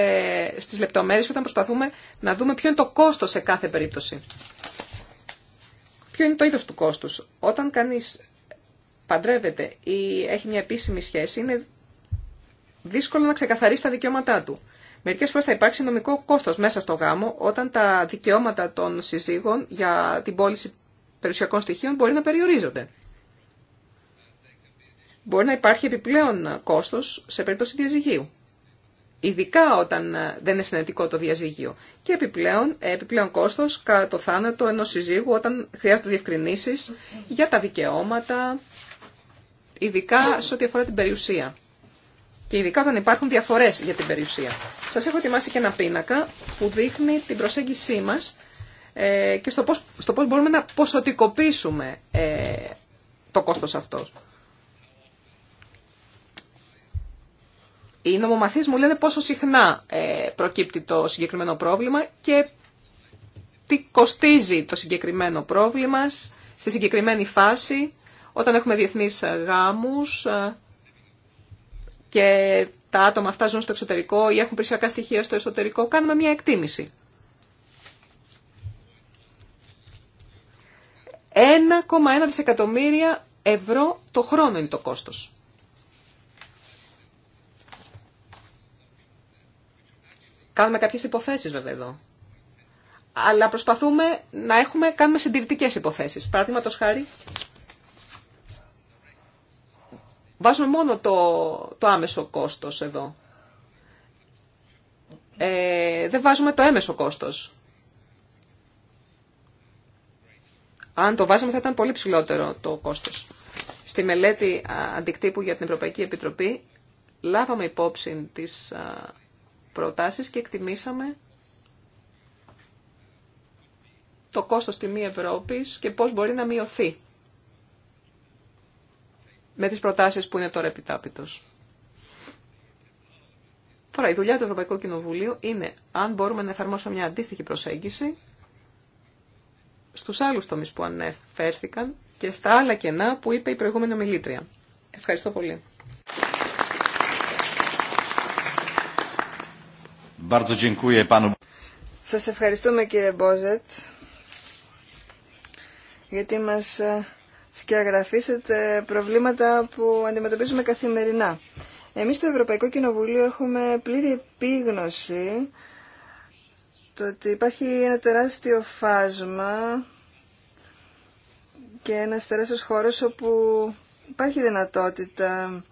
στις λεπτομέρειες, όταν προσπαθούμε να δούμε ποιο είναι το κόστος σε κάθε περίπτωση. Ποιο είναι το είδος του κόστους. Όταν κανείς παντρεύεται ή έχει μια επίσημη σχέση, είναι δύσκολο να ξεκαθαρίσει τα δικαιώματά του. Μερικές φορές θα υπάρξει νομικό κόστος μέσα στο γάμο όταν τα δικαιώματα των συζύγων για την πώληση περιουσιακών στοιχείων μπορεί να περιορίζονται. Μπορεί να υπάρχει επιπλέον κόστος σε περίπτωση διαζυγίου. Ειδικά όταν δεν είναι συνετικό το διαζύγιο. Και επιπλέον, επιπλέον κόστος κατά το θάνατο ενό συζύγου όταν χρειάζονται διευκρινήσει για τα δικαιώματα, ειδικά σε ό,τι αφορά την περιουσία και ειδικά όταν υπάρχουν διαφορές για την περιουσία. Σας έχω ετοιμάσει και ένα πίνακα που δείχνει την προσέγγισή μας ε, και στο πώ στο πώς μπορούμε να ποσοτικοποιήσουμε ε, το κόστος αυτό. Οι νομομαθεί μου λένε πόσο συχνά ε, προκύπτει το συγκεκριμένο πρόβλημα και τι κοστίζει το συγκεκριμένο πρόβλημα στη συγκεκριμένη φάση, όταν έχουμε διεθνείς γάμους, και τα άτομα αυτά ζουν στο εξωτερικό ή έχουν περισσιακά στοιχεία στο εσωτερικό, κάνουμε μια εκτίμηση. 1,1 δισεκατομμύρια ευρώ το χρόνο είναι το κόστος. Κάνουμε κάποιες υποθέσεις βέβαια εδώ. Αλλά προσπαθούμε να έχουμε, κάνουμε συντηρητικές υποθέσεις. Παραδείγματος χάρη, Βάζουμε μόνο το, το άμεσο κόστος εδώ. Ε, δεν βάζουμε το έμεσο κόστος. Αν το βάζαμε θα ήταν πολύ ψηλότερο το κόστος. Στη μελέτη αντικτύπου για την Ευρωπαϊκή Επιτροπή λάβαμε υπόψη τις προτάσεις και εκτιμήσαμε το κόστος τιμή Ευρώπης και πώς μπορεί να μειωθεί με τις προτάσεις που είναι τώρα επιτάπητος. Τώρα, η δουλειά του Ευρωπαϊκού Κοινοβουλίου είναι αν μπορούμε να εφαρμόσουμε μια αντίστοιχη προσέγγιση στους άλλους τομείς που ανεφέρθηκαν και στα άλλα κενά που είπε η προηγούμενη ομιλήτρια. Ευχαριστώ πολύ. Σας ευχαριστούμε κύριε Μπόζετ γιατί μας ε, σκιαγραφίσετε προβλήματα που αντιμετωπίζουμε καθημερινά. Εμείς στο Ευρωπαϊκό Κοινοβούλιο έχουμε πλήρη επίγνωση το ότι υπάρχει ένα τεράστιο φάσμα και ένας τεράστιος χώρος όπου υπάρχει δυνατότητα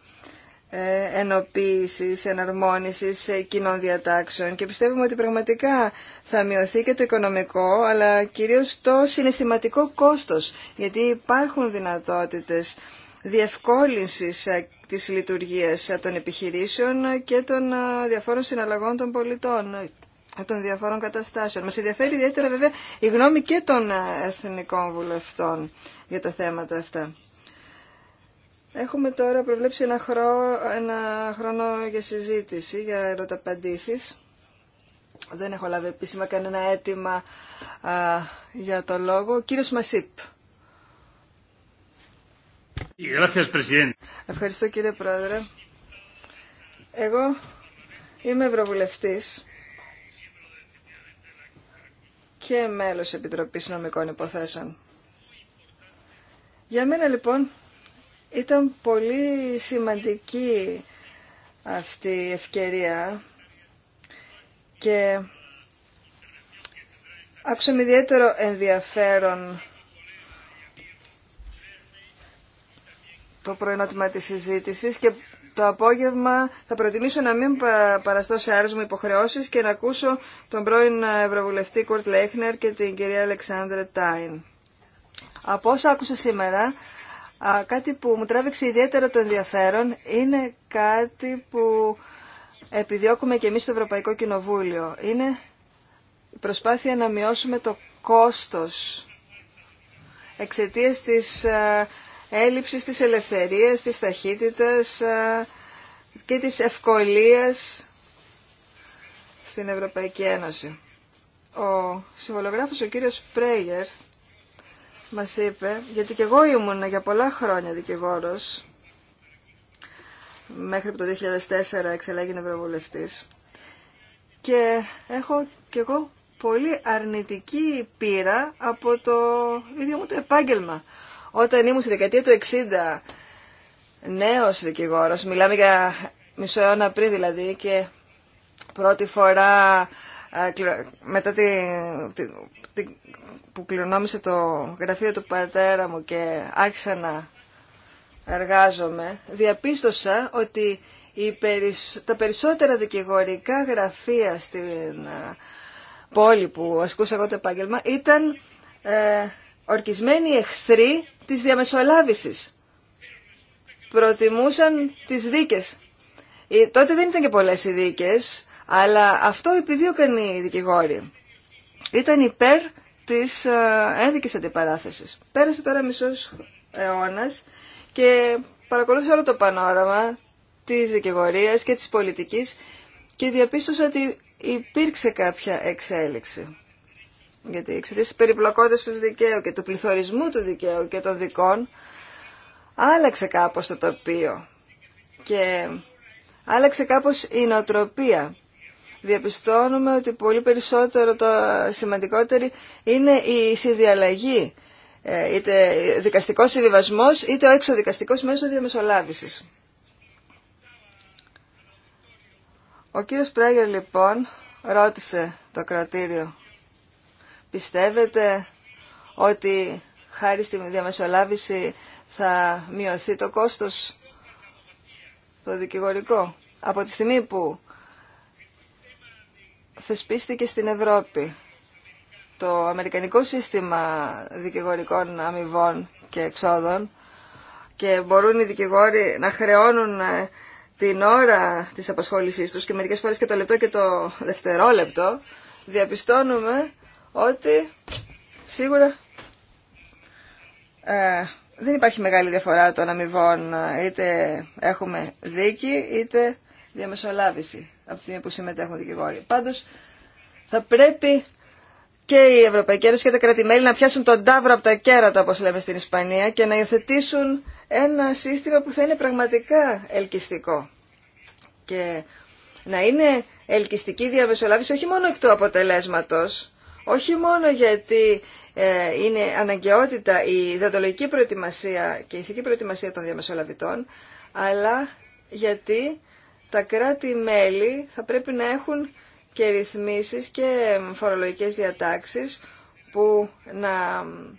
ε, ενοποίησης, εναρμόνισης ε, κοινών διατάξεων και πιστεύουμε ότι πραγματικά θα μειωθεί και το οικονομικό αλλά κυρίως το συναισθηματικό κόστος γιατί υπάρχουν δυνατότητες διευκόλυνσης ε, της λειτουργίας των επιχειρήσεων και των διαφόρων συναλλαγών των πολιτών των διαφόρων καταστάσεων. Μας ενδιαφέρει ιδιαίτερα βέβαια η γνώμη και των εθνικών βουλευτών για τα θέματα αυτά. Έχουμε τώρα προβλέψει ένα, χρόνο, ένα χρόνο για συζήτηση, για ερωταπαντήσεις. Δεν έχω λάβει επίσημα κανένα αίτημα για το λόγο. κύριος Μασίπ. Ευχαριστώ κύριε Πρόεδρε. Εγώ είμαι Ευρωβουλευτής και μέλος Επιτροπής Νομικών Υποθέσεων. Για μένα λοιπόν ήταν πολύ σημαντική αυτή η ευκαιρία και άκουσα με ιδιαίτερο ενδιαφέρον το πρωινό τμήμα της και το απόγευμα θα προτιμήσω να μην παραστώ σε άρισμα υποχρεώσεις και να ακούσω τον πρώην Ευρωβουλευτή Κουρτ Λέχνερ και την κυρία Αλεξάνδρε Τάιν. Από όσα άκουσα σήμερα Κάτι που μου τράβηξε ιδιαίτερα το ενδιαφέρον είναι κάτι που επιδιώκουμε και εμείς στο Ευρωπαϊκό Κοινοβούλιο. Είναι η προσπάθεια να μειώσουμε το κόστος εξαιτίας της ε, έλλειψης της ελευθερίας, της ταχύτητας ε, και της ευκολίας στην Ευρωπαϊκή Ένωση. Ο συμβολογράφος ο κύριος Πρέγερ μας είπε, γιατί και εγώ ήμουν για πολλά χρόνια δικηγόρος, μέχρι το 2004 εξελάγει Ευρωβουλευτής, και έχω και εγώ πολύ αρνητική πείρα από το ίδιο μου το επάγγελμα. Όταν ήμουν στη δεκαετία του 60 νέος δικηγόρος, μιλάμε για μισό αιώνα πριν δηλαδή και πρώτη φορά ε, μετά την, την, που κληρονόμησε το γραφείο του πατέρα μου και άρχισα να εργάζομαι, διαπίστωσα ότι τα περισσότερα δικηγορικά γραφεία στην ε, πόλη που ασκούσα εγώ το επάγγελμα ήταν ε, ορκισμένοι εχθροί της διαμεσολάβησης. Προτιμούσαν τις δίκες. Ε, τότε δεν ήταν και πολλές οι δίκες, αλλά αυτό επιδίωκαν οι δικηγόροι. Ήταν υπέρ της ε, ένδικης αντιπαράθεσης. Πέρασε τώρα μισός αιώνας και παρακολούθησα όλο το πανόραμα της δικηγορίας και της πολιτικής και διαπίστωσα ότι υπήρξε κάποια εξέλιξη. Γιατί εξαιτίας της περιπλοκότητας του δικαίου και του πληθωρισμού του δικαίου και των δικών άλλαξε κάπως το τοπίο και άλλαξε κάπως η νοοτροπία διαπιστώνουμε ότι πολύ περισσότερο το σημαντικότερο είναι η συνδιαλλαγή, ε, είτε δικαστικός συμβιβασμός, είτε ο εξωδικαστικός μέσω διαμεσολάβησης. Ο κύριος Πρέγερ λοιπόν ρώτησε το κρατήριο «Πιστεύετε ότι χάρη στη διαμεσολάβηση θα μειωθεί το κόστος το δικηγορικό» από τη στιγμή που θεσπίστηκε στην Ευρώπη. Το αμερικανικό σύστημα δικηγορικών αμοιβών και εξόδων και μπορούν οι δικηγόροι να χρεώνουν ε, την ώρα της απασχόλησής τους και μερικές φορές και το λεπτό και το δευτερόλεπτο, διαπιστώνουμε ότι σίγουρα ε, δεν υπάρχει μεγάλη διαφορά των αμοιβών, ε, είτε έχουμε δίκη είτε διαμεσολάβηση από τη στιγμή που συμμετέχουν δικηγόροι. Πάντως θα πρέπει και οι Ευρωπαϊκή Ένωση και τα κράτη-μέλη να πιάσουν τον τάβρο από τα κέρατα, όπως λέμε στην Ισπανία, και να υιοθετήσουν ένα σύστημα που θα είναι πραγματικά ελκυστικό. Και να είναι ελκυστική διαμεσολάβηση όχι μόνο εκ του αποτελέσματος, όχι μόνο γιατί ε, είναι αναγκαιότητα η διδατολογική προετοιμασία και η ηθική προετοιμασία των διαμεσολαβητών, αλλά γιατί τα κράτη-μέλη θα πρέπει να έχουν και ρυθμίσεις και φορολογικές διατάξεις που να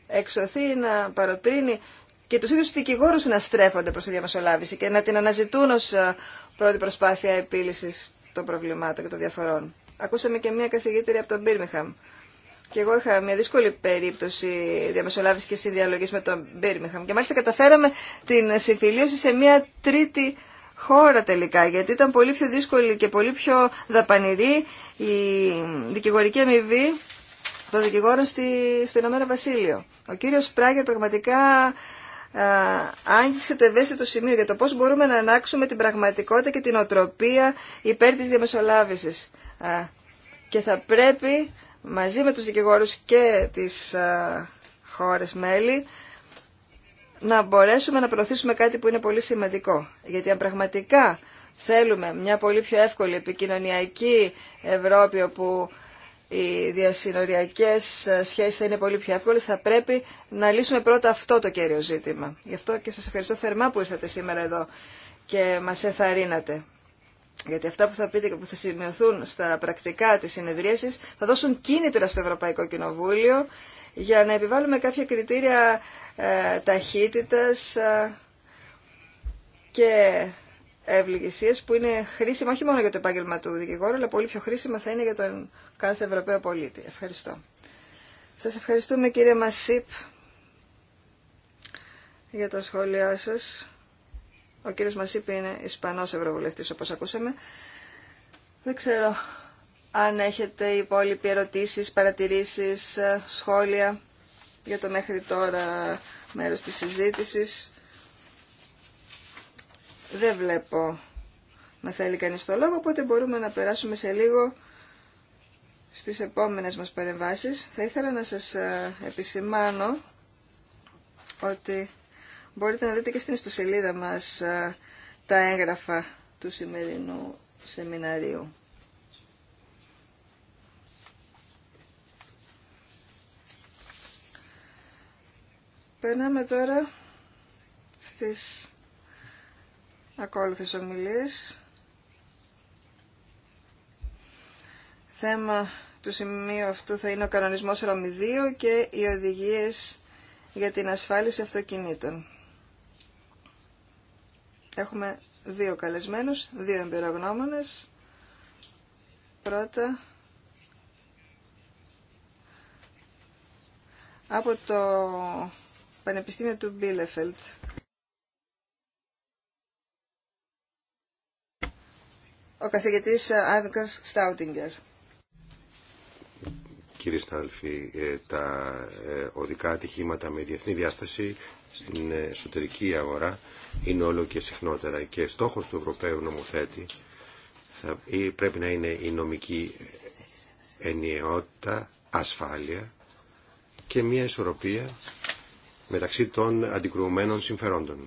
εξωθεί, να παροτρύνει και τους ίδιους δικηγόρους να στρέφονται προς τη διαμεσολάβηση και να την αναζητούν ως ε, πρώτη προσπάθεια επίλυσης των προβλημάτων και των διαφορών. Ακούσαμε και μία καθηγήτρια από τον Μπίρμιχαμ. Και εγώ είχα μια δύσκολη περίπτωση διαμεσολάβηση και εγω ειχα μια δυσκολη περιπτωση διαμεσολαβηση και συνδιαλογη με τον Μπίρμιχαμ. Και μάλιστα καταφέραμε την συμφιλίωση σε μια τρίτη χώρα τελικά, γιατί ήταν πολύ πιο δύσκολη και πολύ πιο δαπανηρή η δικηγορική αμοιβή των δικηγόρων στη, στο Ηνωμένο Βασίλειο. Ο κύριος Πράγερ πραγματικά άγγιξε το ευαίσθητο σημείο για το πώς μπορούμε να ανάξουμε την πραγματικότητα και την οτροπία υπέρ της διαμεσολάβησης. και θα πρέπει μαζί με τους δικηγόρους και τις χώρες μέλη να μπορέσουμε να προωθήσουμε κάτι που είναι πολύ σημαντικό. Γιατί αν πραγματικά θέλουμε μια πολύ πιο εύκολη επικοινωνιακή Ευρώπη όπου οι διασυνοριακές σχέσεις θα είναι πολύ πιο εύκολες, θα πρέπει να λύσουμε πρώτα αυτό το κέριο ζήτημα. Γι' αυτό και σας ευχαριστώ θερμά που ήρθατε σήμερα εδώ και μας εθαρρύνατε. Γιατί αυτά που θα πείτε και που θα σημειωθούν στα πρακτικά της συνεδρίασης θα δώσουν κίνητρα στο Ευρωπαϊκό Κοινοβούλιο για να επιβάλλουμε κάποια κριτήρια ε, ταχύτητας ε, και ευληγησίες που είναι χρήσιμα όχι μόνο για το επάγγελμα του δικηγόρου, αλλά πολύ πιο χρήσιμα θα είναι για τον κάθε Ευρωπαίο πολίτη. Ευχαριστώ. Σας ευχαριστούμε κύριε Μασίπ για τα σχόλιά σας. Ο κύριος Μασίπ είναι Ισπανός Ευρωβουλευτής όπως ακούσαμε. Δεν ξέρω αν έχετε υπόλοιποι ερωτήσεις, παρατηρήσεις, ε, σχόλια για το μέχρι τώρα μέρος της συζήτησης. Δεν βλέπω να θέλει κανείς το λόγο, οπότε μπορούμε να περάσουμε σε λίγο στις επόμενες μας παρεμβάσεις. Θα ήθελα να σας ε, επισημάνω ότι μπορείτε να δείτε και στην ιστοσελίδα μας ε, τα έγγραφα του σημερινού σεμιναρίου. Περνάμε τώρα στις ακόλουθες ομιλίες. Θέμα του σημείου αυτού θα είναι ο κανονισμός 2 και οι οδηγίες για την ασφάλιση αυτοκινήτων. Έχουμε δύο καλεσμένους, δύο εμπειρογνώμονες. Πρώτα από το Πανεπιστήμιο του Μπίλεφελτ. Ο καθηγητής Άδικας Στάουτιγκερ. Κύριε Στάλφη, ε, τα ε, οδικά ατυχήματα με διεθνή διάσταση στην εσωτερική αγορά είναι όλο και συχνότερα και στόχος του Ευρωπαίου νομοθέτη θα, ή πρέπει να είναι η νομική ενιαιότητα, ασφάλεια και μια ισορροπία μεταξύ των αντικρουωμένων συμφερόντων.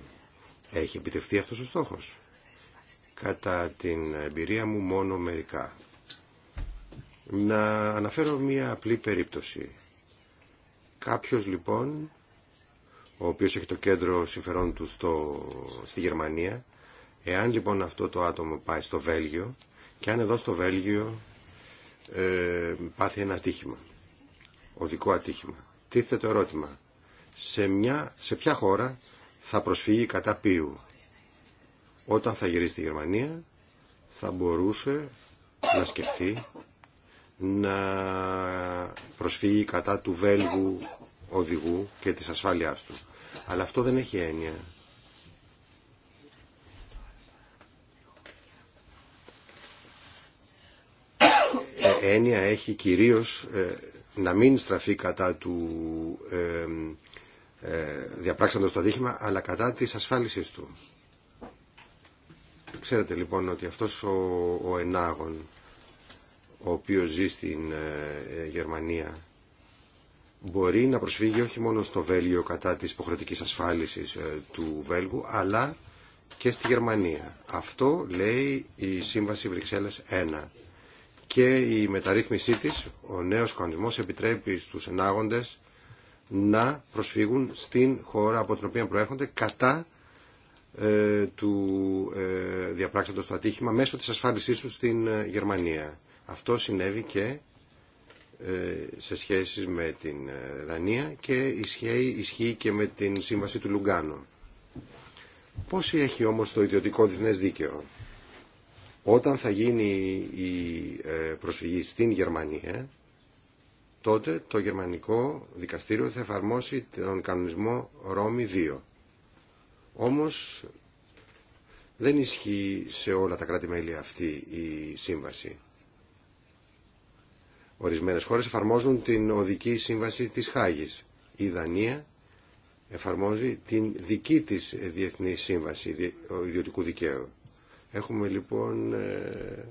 Έχει επιτευχθεί αυτός ο στόχος. Κατά την εμπειρία μου μόνο μερικά. Να αναφέρω μία απλή περίπτωση. Κάποιος λοιπόν, ο οποίος έχει το κέντρο συμφερόντου στο, στη Γερμανία, εάν λοιπόν αυτό το άτομο πάει στο Βέλγιο και αν εδώ στο Βέλγιο ε, πάθει ένα ατύχημα, οδικό ατύχημα, τίθεται το ερώτημα σε, σε ποια χώρα θα προσφύγει κατά ποιου. Όταν θα γυρίσει στη Γερμανία θα μπορούσε να σκεφτεί να προσφύγει κατά του Βέλγου οδηγού και της ασφάλειάς του. Αλλά αυτό δεν έχει έννοια. Ε, έννοια έχει κυρίως ε, να μην στραφεί κατά του ε, ε, διαπράξαντος το δίχημα, αλλά κατά της ασφάλισης του. Ξέρετε λοιπόν ότι αυτός ο, ο ενάγων, ο οποίος ζει στην ε, Γερμανία, μπορεί να προσφύγει όχι μόνο στο Βέλγιο κατά της υποχρεωτικής ασφάλισης ε, του Βέλγου, αλλά και στη Γερμανία. Αυτό λέει η Σύμβαση Βρυξέλλες 1. Και η μεταρρύθμισή της, ο νέος κανονισμός επιτρέπει στους ενάγοντες να προσφύγουν στην χώρα από την οποία προέρχονται κατά ε, του ε, διαπράξαντος το ατύχημα μέσω της ασφάλισής του στην ε, Γερμανία. Αυτό συνέβη και ε, σε σχέση με την Δανία και ισχύει, ισχύει και με την σύμβαση του Λουγκάνο. Πώς έχει όμως το ιδιωτικό διεθνές δίκαιο. Όταν θα γίνει η προσφυγή στην Γερμανία τότε το γερμανικό δικαστήριο θα εφαρμόσει τον κανονισμό Ρώμη 2. Όμως δεν ισχύει σε όλα τα κράτη-μέλη αυτή η σύμβαση. Ορισμένες χώρες εφαρμόζουν την οδική σύμβαση της Χάγης. Η Δανία εφαρμόζει την δική της διεθνή σύμβαση ιδιωτικού δικαίου. Έχουμε λοιπόν ε,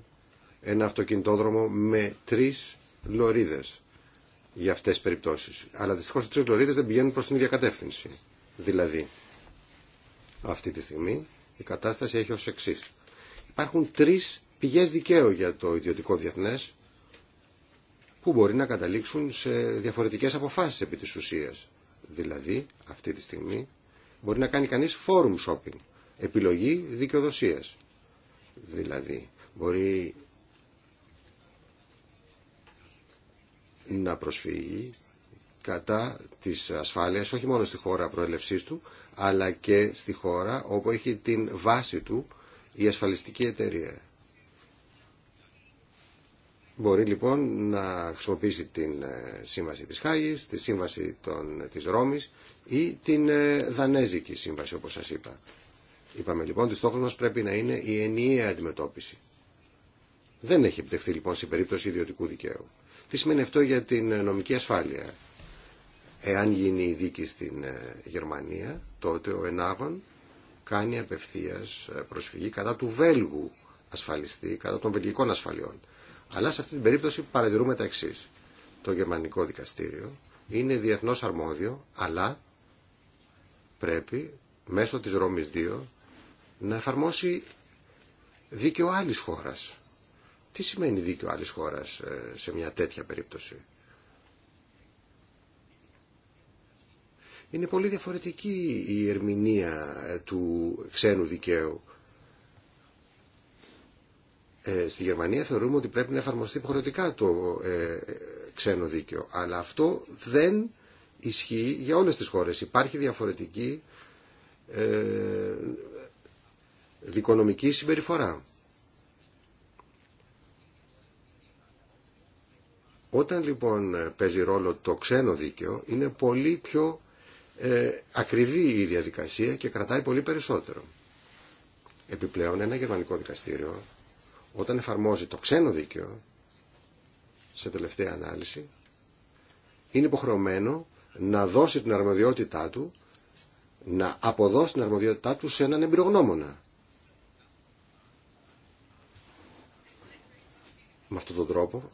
ένα αυτοκινητόδρομο με τρεις λωρίδες για αυτέ τι περιπτώσεις. Αλλά δυστυχώ οι τρει δεν πηγαίνουν προ την ίδια κατεύθυνση. Δηλαδή, αυτή τη στιγμή η κατάσταση έχει ω εξή. Υπάρχουν τρει πηγέ δικαίου για το ιδιωτικό διεθνέ που μπορεί να καταλήξουν σε διαφορετικές αποφάσεις επί της ουσίας. Δηλαδή, αυτή τη στιγμή μπορεί να κάνει κανείς forum shopping, επιλογή δικαιοδοσίας. Δηλαδή, μπορεί να προσφύγει κατά της ασφάλειας όχι μόνο στη χώρα προέλευσής του αλλά και στη χώρα όπου έχει την βάση του η ασφαλιστική εταιρεία. Μπορεί λοιπόν να χρησιμοποιήσει την ε, σύμβαση της Χάγης, τη σύμβαση των, της Ρώμης ή την ε, Δανέζικη σύμβαση όπως σας είπα. Είπαμε λοιπόν ότι στόχος μας πρέπει να είναι η ενιαία αντιμετώπιση. Δεν έχει επιτευχθεί λοιπόν σε περίπτωση ιδιωτικού δικαίου. Τι σημαίνει αυτό για την ε, νομική ασφάλεια. Εάν γίνει η δίκη στην ε, Γερμανία, τότε ο Ενάγων κάνει απευθεία ε, προσφυγή κατά του Βέλγου ασφαλιστή, κατά των βελγικών ασφαλιών. Αλλά σε αυτή την περίπτωση παρατηρούμε τα εξή. Το γερμανικό δικαστήριο είναι διεθνώ αρμόδιο, αλλά πρέπει μέσω της Ρώμης 2 να εφαρμόσει δίκαιο άλλης χώρας. Τι σημαίνει δίκαιο άλλης χώρας ε, σε μια τέτοια περίπτωση. Είναι πολύ διαφορετική η ερμηνεία ε, του ξένου δικαίου. Ε, στη Γερμανία θεωρούμε ότι πρέπει να εφαρμοστεί υποχρεωτικά το ε, ξένο δίκαιο. Αλλά αυτό δεν ισχύει για όλες τις χώρες. Υπάρχει διαφορετική ε, δικονομική συμπεριφορά. Όταν λοιπόν ε, παίζει ρόλο το ξένο δίκαιο είναι πολύ πιο ε, ακριβή η διαδικασία και κρατάει πολύ περισσότερο. Επιπλέον ένα γερμανικό δικαστήριο όταν εφαρμόζει το ξένο δίκαιο σε τελευταία ανάλυση είναι υποχρεωμένο να δώσει την αρμοδιότητά του να αποδώσει την αρμοδιότητά του σε έναν εμπειρογνώμονα. Με αυτόν τον τρόπο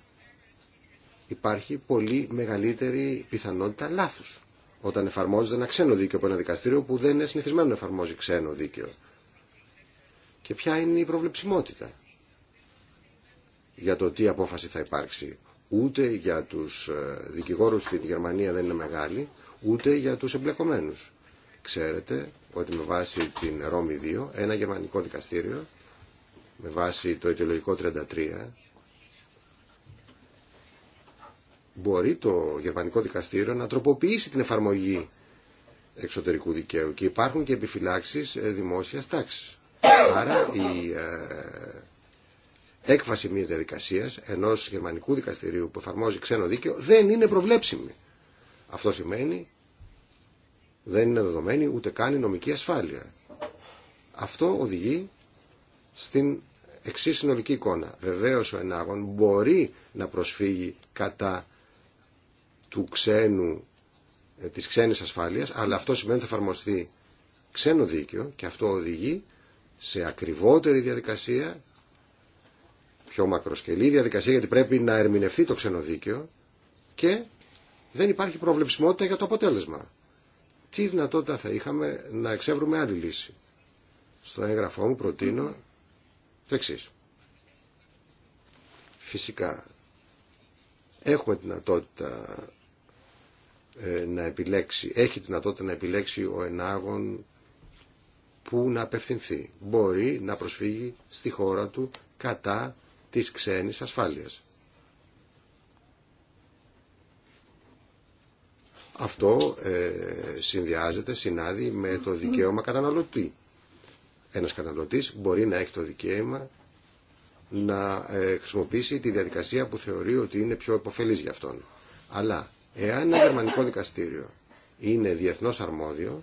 υπάρχει πολύ μεγαλύτερη πιθανότητα λάθους όταν εφαρμόζεται ένα ξένο δίκαιο από ένα δικαστήριο που δεν είναι συνηθισμένο να εφαρμόζει ξένο δίκαιο. Και ποια είναι η προβλεψιμότητα για το τι απόφαση θα υπάρξει. Ούτε για τους ε, δικηγόρους στην Γερμανία δεν είναι μεγάλη, ούτε για τους εμπλεκομένους. Ξέρετε ότι με βάση την Ρώμη 2, ένα γερμανικό δικαστήριο, με βάση το αιτιολογικό 33, μπορεί το γερμανικό δικαστήριο να τροποποιήσει την εφαρμογή εξωτερικού δικαίου και υπάρχουν και επιφυλάξεις ε, δημόσιας τάξης. Άρα η ε, έκβαση μιας διαδικασίας ενός γερμανικού δικαστηρίου που εφαρμόζει ξένο δίκαιο δεν είναι προβλέψιμη. Αυτό σημαίνει δεν είναι δεδομένη ούτε καν η νομική ασφάλεια. Αυτό οδηγεί στην εξή συνολική εικόνα. Βεβαίως ο ενάγων μπορεί να προσφύγει κατά του ξένου, ε, της ξένης ασφάλειας, αλλά αυτό σημαίνει ότι θα εφαρμοστεί ξένο δίκαιο και αυτό οδηγεί σε ακριβότερη διαδικασία, πιο μακροσκελή διαδικασία, γιατί πρέπει να ερμηνευτεί το ξένο δίκαιο και δεν υπάρχει προβλεψιμότητα για το αποτέλεσμα. Τι δυνατότητα θα είχαμε να εξεύρουμε άλλη λύση. Στο έγγραφό μου προτείνω το εξή. Φυσικά, έχουμε δυνατότητα ε, να επιλέξει, έχει δυνατότητα να επιλέξει ο ενάγων που να απευθυνθεί. Μπορεί να προσφύγει στη χώρα του κατά της ξένης ασφάλειας. Αυτό ε, συνδυάζεται, συνάδει με το δικαίωμα καταναλωτή. Ένας καταναλωτής μπορεί να έχει το δικαίωμα να ε, χρησιμοποιήσει τη διαδικασία που θεωρεί ότι είναι πιο επωφελής για αυτόν. Αλλά Εάν ένα γερμανικό δικαστήριο είναι διεθνώς αρμόδιο,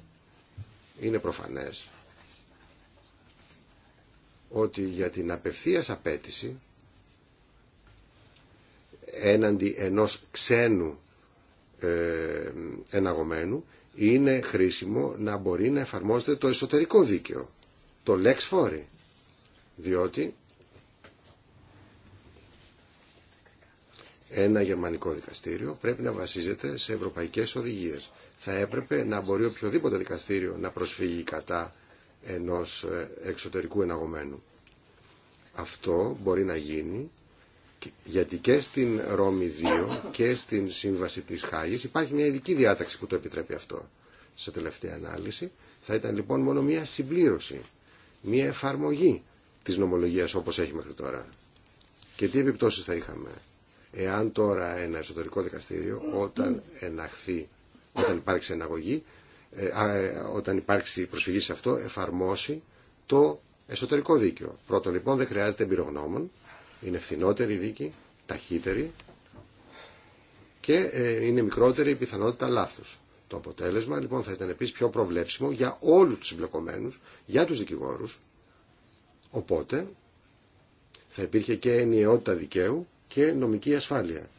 είναι προφανές ότι για την απευθείας απέτηση έναντι ενός ξένου ε, εναγωμένου είναι χρήσιμο να μπορεί να εφαρμόζεται το εσωτερικό δίκαιο, το lex fori, διότι ένα γερμανικό δικαστήριο πρέπει να βασίζεται σε ευρωπαϊκές οδηγίες. Θα έπρεπε να μπορεί οποιοδήποτε δικαστήριο να προσφύγει κατά ενός ε, εξωτερικού εναγωμένου. Αυτό μπορεί να γίνει γιατί και στην Ρώμη 2 και στην Σύμβαση της Χάγης υπάρχει μια ειδική διάταξη που το επιτρέπει αυτό σε τελευταία ανάλυση. Θα ήταν λοιπόν μόνο μια συμπλήρωση, μια εφαρμογή της νομολογίας όπως έχει μέχρι τώρα. Και τι επιπτώσεις θα είχαμε. Εάν τώρα ένα εσωτερικό δικαστήριο όταν εναχθεί, όταν υπάρξει εναγωγή, ε, ε, όταν υπάρξει προσφυγή σε αυτό, εφαρμόσει το εσωτερικό δίκαιο. Πρώτον λοιπόν δεν χρειάζεται εμπειρογνώμων, είναι φθηνότερη δίκη, ταχύτερη και ε, είναι μικρότερη η πιθανότητα λάθους. Το αποτέλεσμα λοιπόν θα ήταν επίσης πιο προβλέψιμο για όλους τους εμπλεκομένους, για τους δικηγόρους. Οπότε θα υπήρχε και ενιαιότητα δικαίου και νομική ασφάλεια.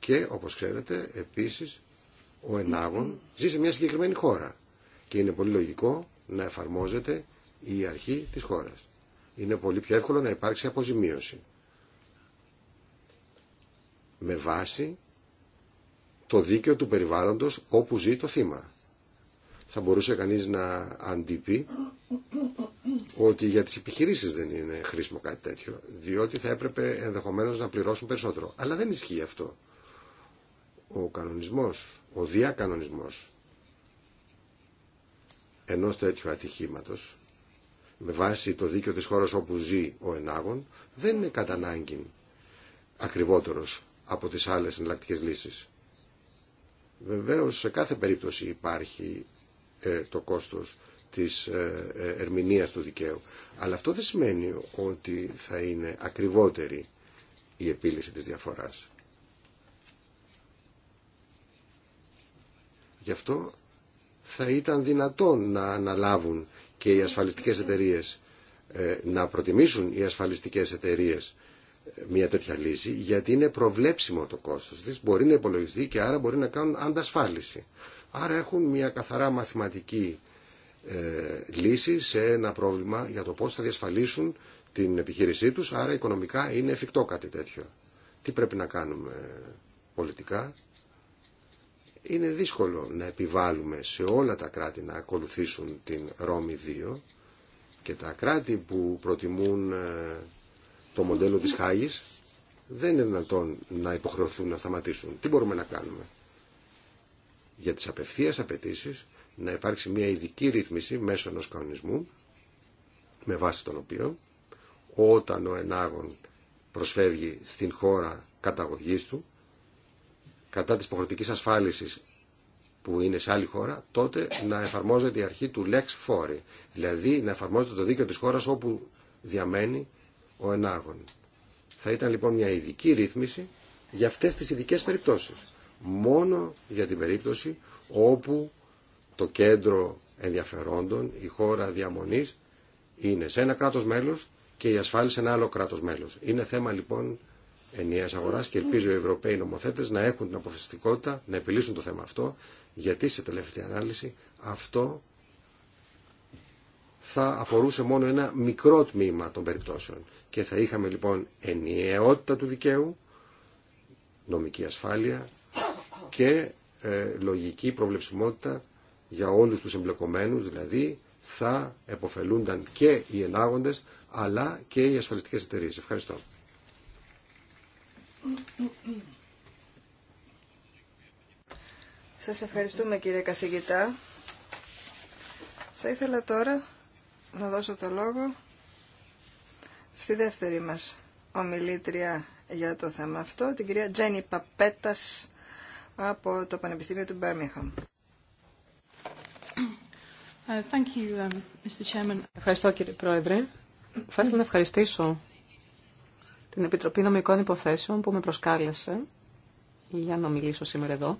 Και, όπως ξέρετε, επίσης, ο ενάγων ζει σε μια συγκεκριμένη χώρα και είναι πολύ λογικό να εφαρμόζεται η αρχή της χώρας. Είναι πολύ πιο εύκολο να υπάρξει αποζημίωση με βάση το δίκαιο του περιβάλλοντος όπου ζει το θύμα θα μπορούσε κανείς να αντιπεί ότι για τις επιχειρήσεις δεν είναι χρήσιμο κάτι τέτοιο, διότι θα έπρεπε ενδεχομένως να πληρώσουν περισσότερο. Αλλά δεν ισχύει αυτό. Ο κανονισμός, ο διακανονισμός ενός τέτοιου ατυχήματος, με βάση το δίκαιο της χώρας όπου ζει ο ενάγων, δεν είναι κατά ανάγκη ακριβότερος από τις άλλες εναλλακτικές λύσεις. Βεβαίως σε κάθε περίπτωση υπάρχει ε, το κόστος της ε, ε, ερμηνείας του δικαίου. Αλλά αυτό δεν σημαίνει ότι θα είναι ακριβότερη η επίλυση της διαφοράς. Γι' αυτό θα ήταν δυνατόν να αναλάβουν και οι ασφαλιστικές εταιρείες, να προτιμήσουν οι ασφαλιστικές εταιρείες μια τέτοια λύση, γιατί είναι προβλέψιμο το κόστος της, μπορεί να υπολογιστεί και άρα μπορεί να κάνουν αντασφάλιση. Άρα έχουν μια καθαρά μαθηματική ε, λύση σε ένα πρόβλημα για το πώς θα διασφαλίσουν την επιχείρησή τους, άρα οικονομικά είναι εφικτό κάτι τέτοιο. Τι πρέπει να κάνουμε πολιτικά. Είναι δύσκολο να επιβάλλουμε σε όλα τα κράτη να ακολουθήσουν την Ρώμη 2 και τα κράτη που προτιμούν ε, το μοντέλο της Χάγης δεν είναι δυνατόν να υποχρεωθούν να σταματήσουν. Τι μπορούμε να κάνουμε για τις απευθείας απαιτήσει να υπάρξει μια ειδική ρύθμιση μέσω ενός κανονισμού με βάση τον οποίο όταν ο ενάγων προσφεύγει στην χώρα καταγωγής του κατά της υποχρεωτικής ασφάλισης που είναι σε άλλη χώρα, τότε να εφαρμόζεται η αρχή του lex fori, δηλαδή να εφαρμόζεται το δίκαιο της χώρας όπου διαμένει ο ενάγων. Θα ήταν λοιπόν μια ειδική ρύθμιση για αυτές τις ειδικές περιπτώσεις μόνο για την περίπτωση όπου το κέντρο ενδιαφερόντων, η χώρα διαμονής, είναι σε ένα κράτος μέλος και η ασφάλεια σε ένα άλλο κράτος μέλος. Είναι θέμα λοιπόν ενιαίας αγοράς και ελπίζω οι Ευρωπαίοι νομοθέτες να έχουν την αποφασιστικότητα να επιλύσουν το θέμα αυτό, γιατί σε τελευταία ανάλυση αυτό θα αφορούσε μόνο ένα μικρό τμήμα των περιπτώσεων και θα είχαμε λοιπόν ενιαιότητα του δικαίου, νομική ασφάλεια και ε, λογική προβλεψιμότητα για όλους τους εμπλεκομένους, δηλαδή θα εποφελούνταν και οι ενάγοντες αλλά και οι ασφαλιστικές εταιρείες. Ευχαριστώ. Σας ευχαριστούμε κύριε καθηγητά. Θα ήθελα τώρα να δώσω το λόγο στη δεύτερη μας ομιλήτρια για το θέμα αυτό, την κυρία Τζένι Παπέτας από το Πανεπιστήμιο του Μπέρμιχαμ. Uh, um, Ευχαριστώ κύριε Πρόεδρε. Θα ήθελα να ευχαριστήσω την Επιτροπή Νομικών Υποθέσεων που με προσκάλεσε για να μιλήσω σήμερα εδώ.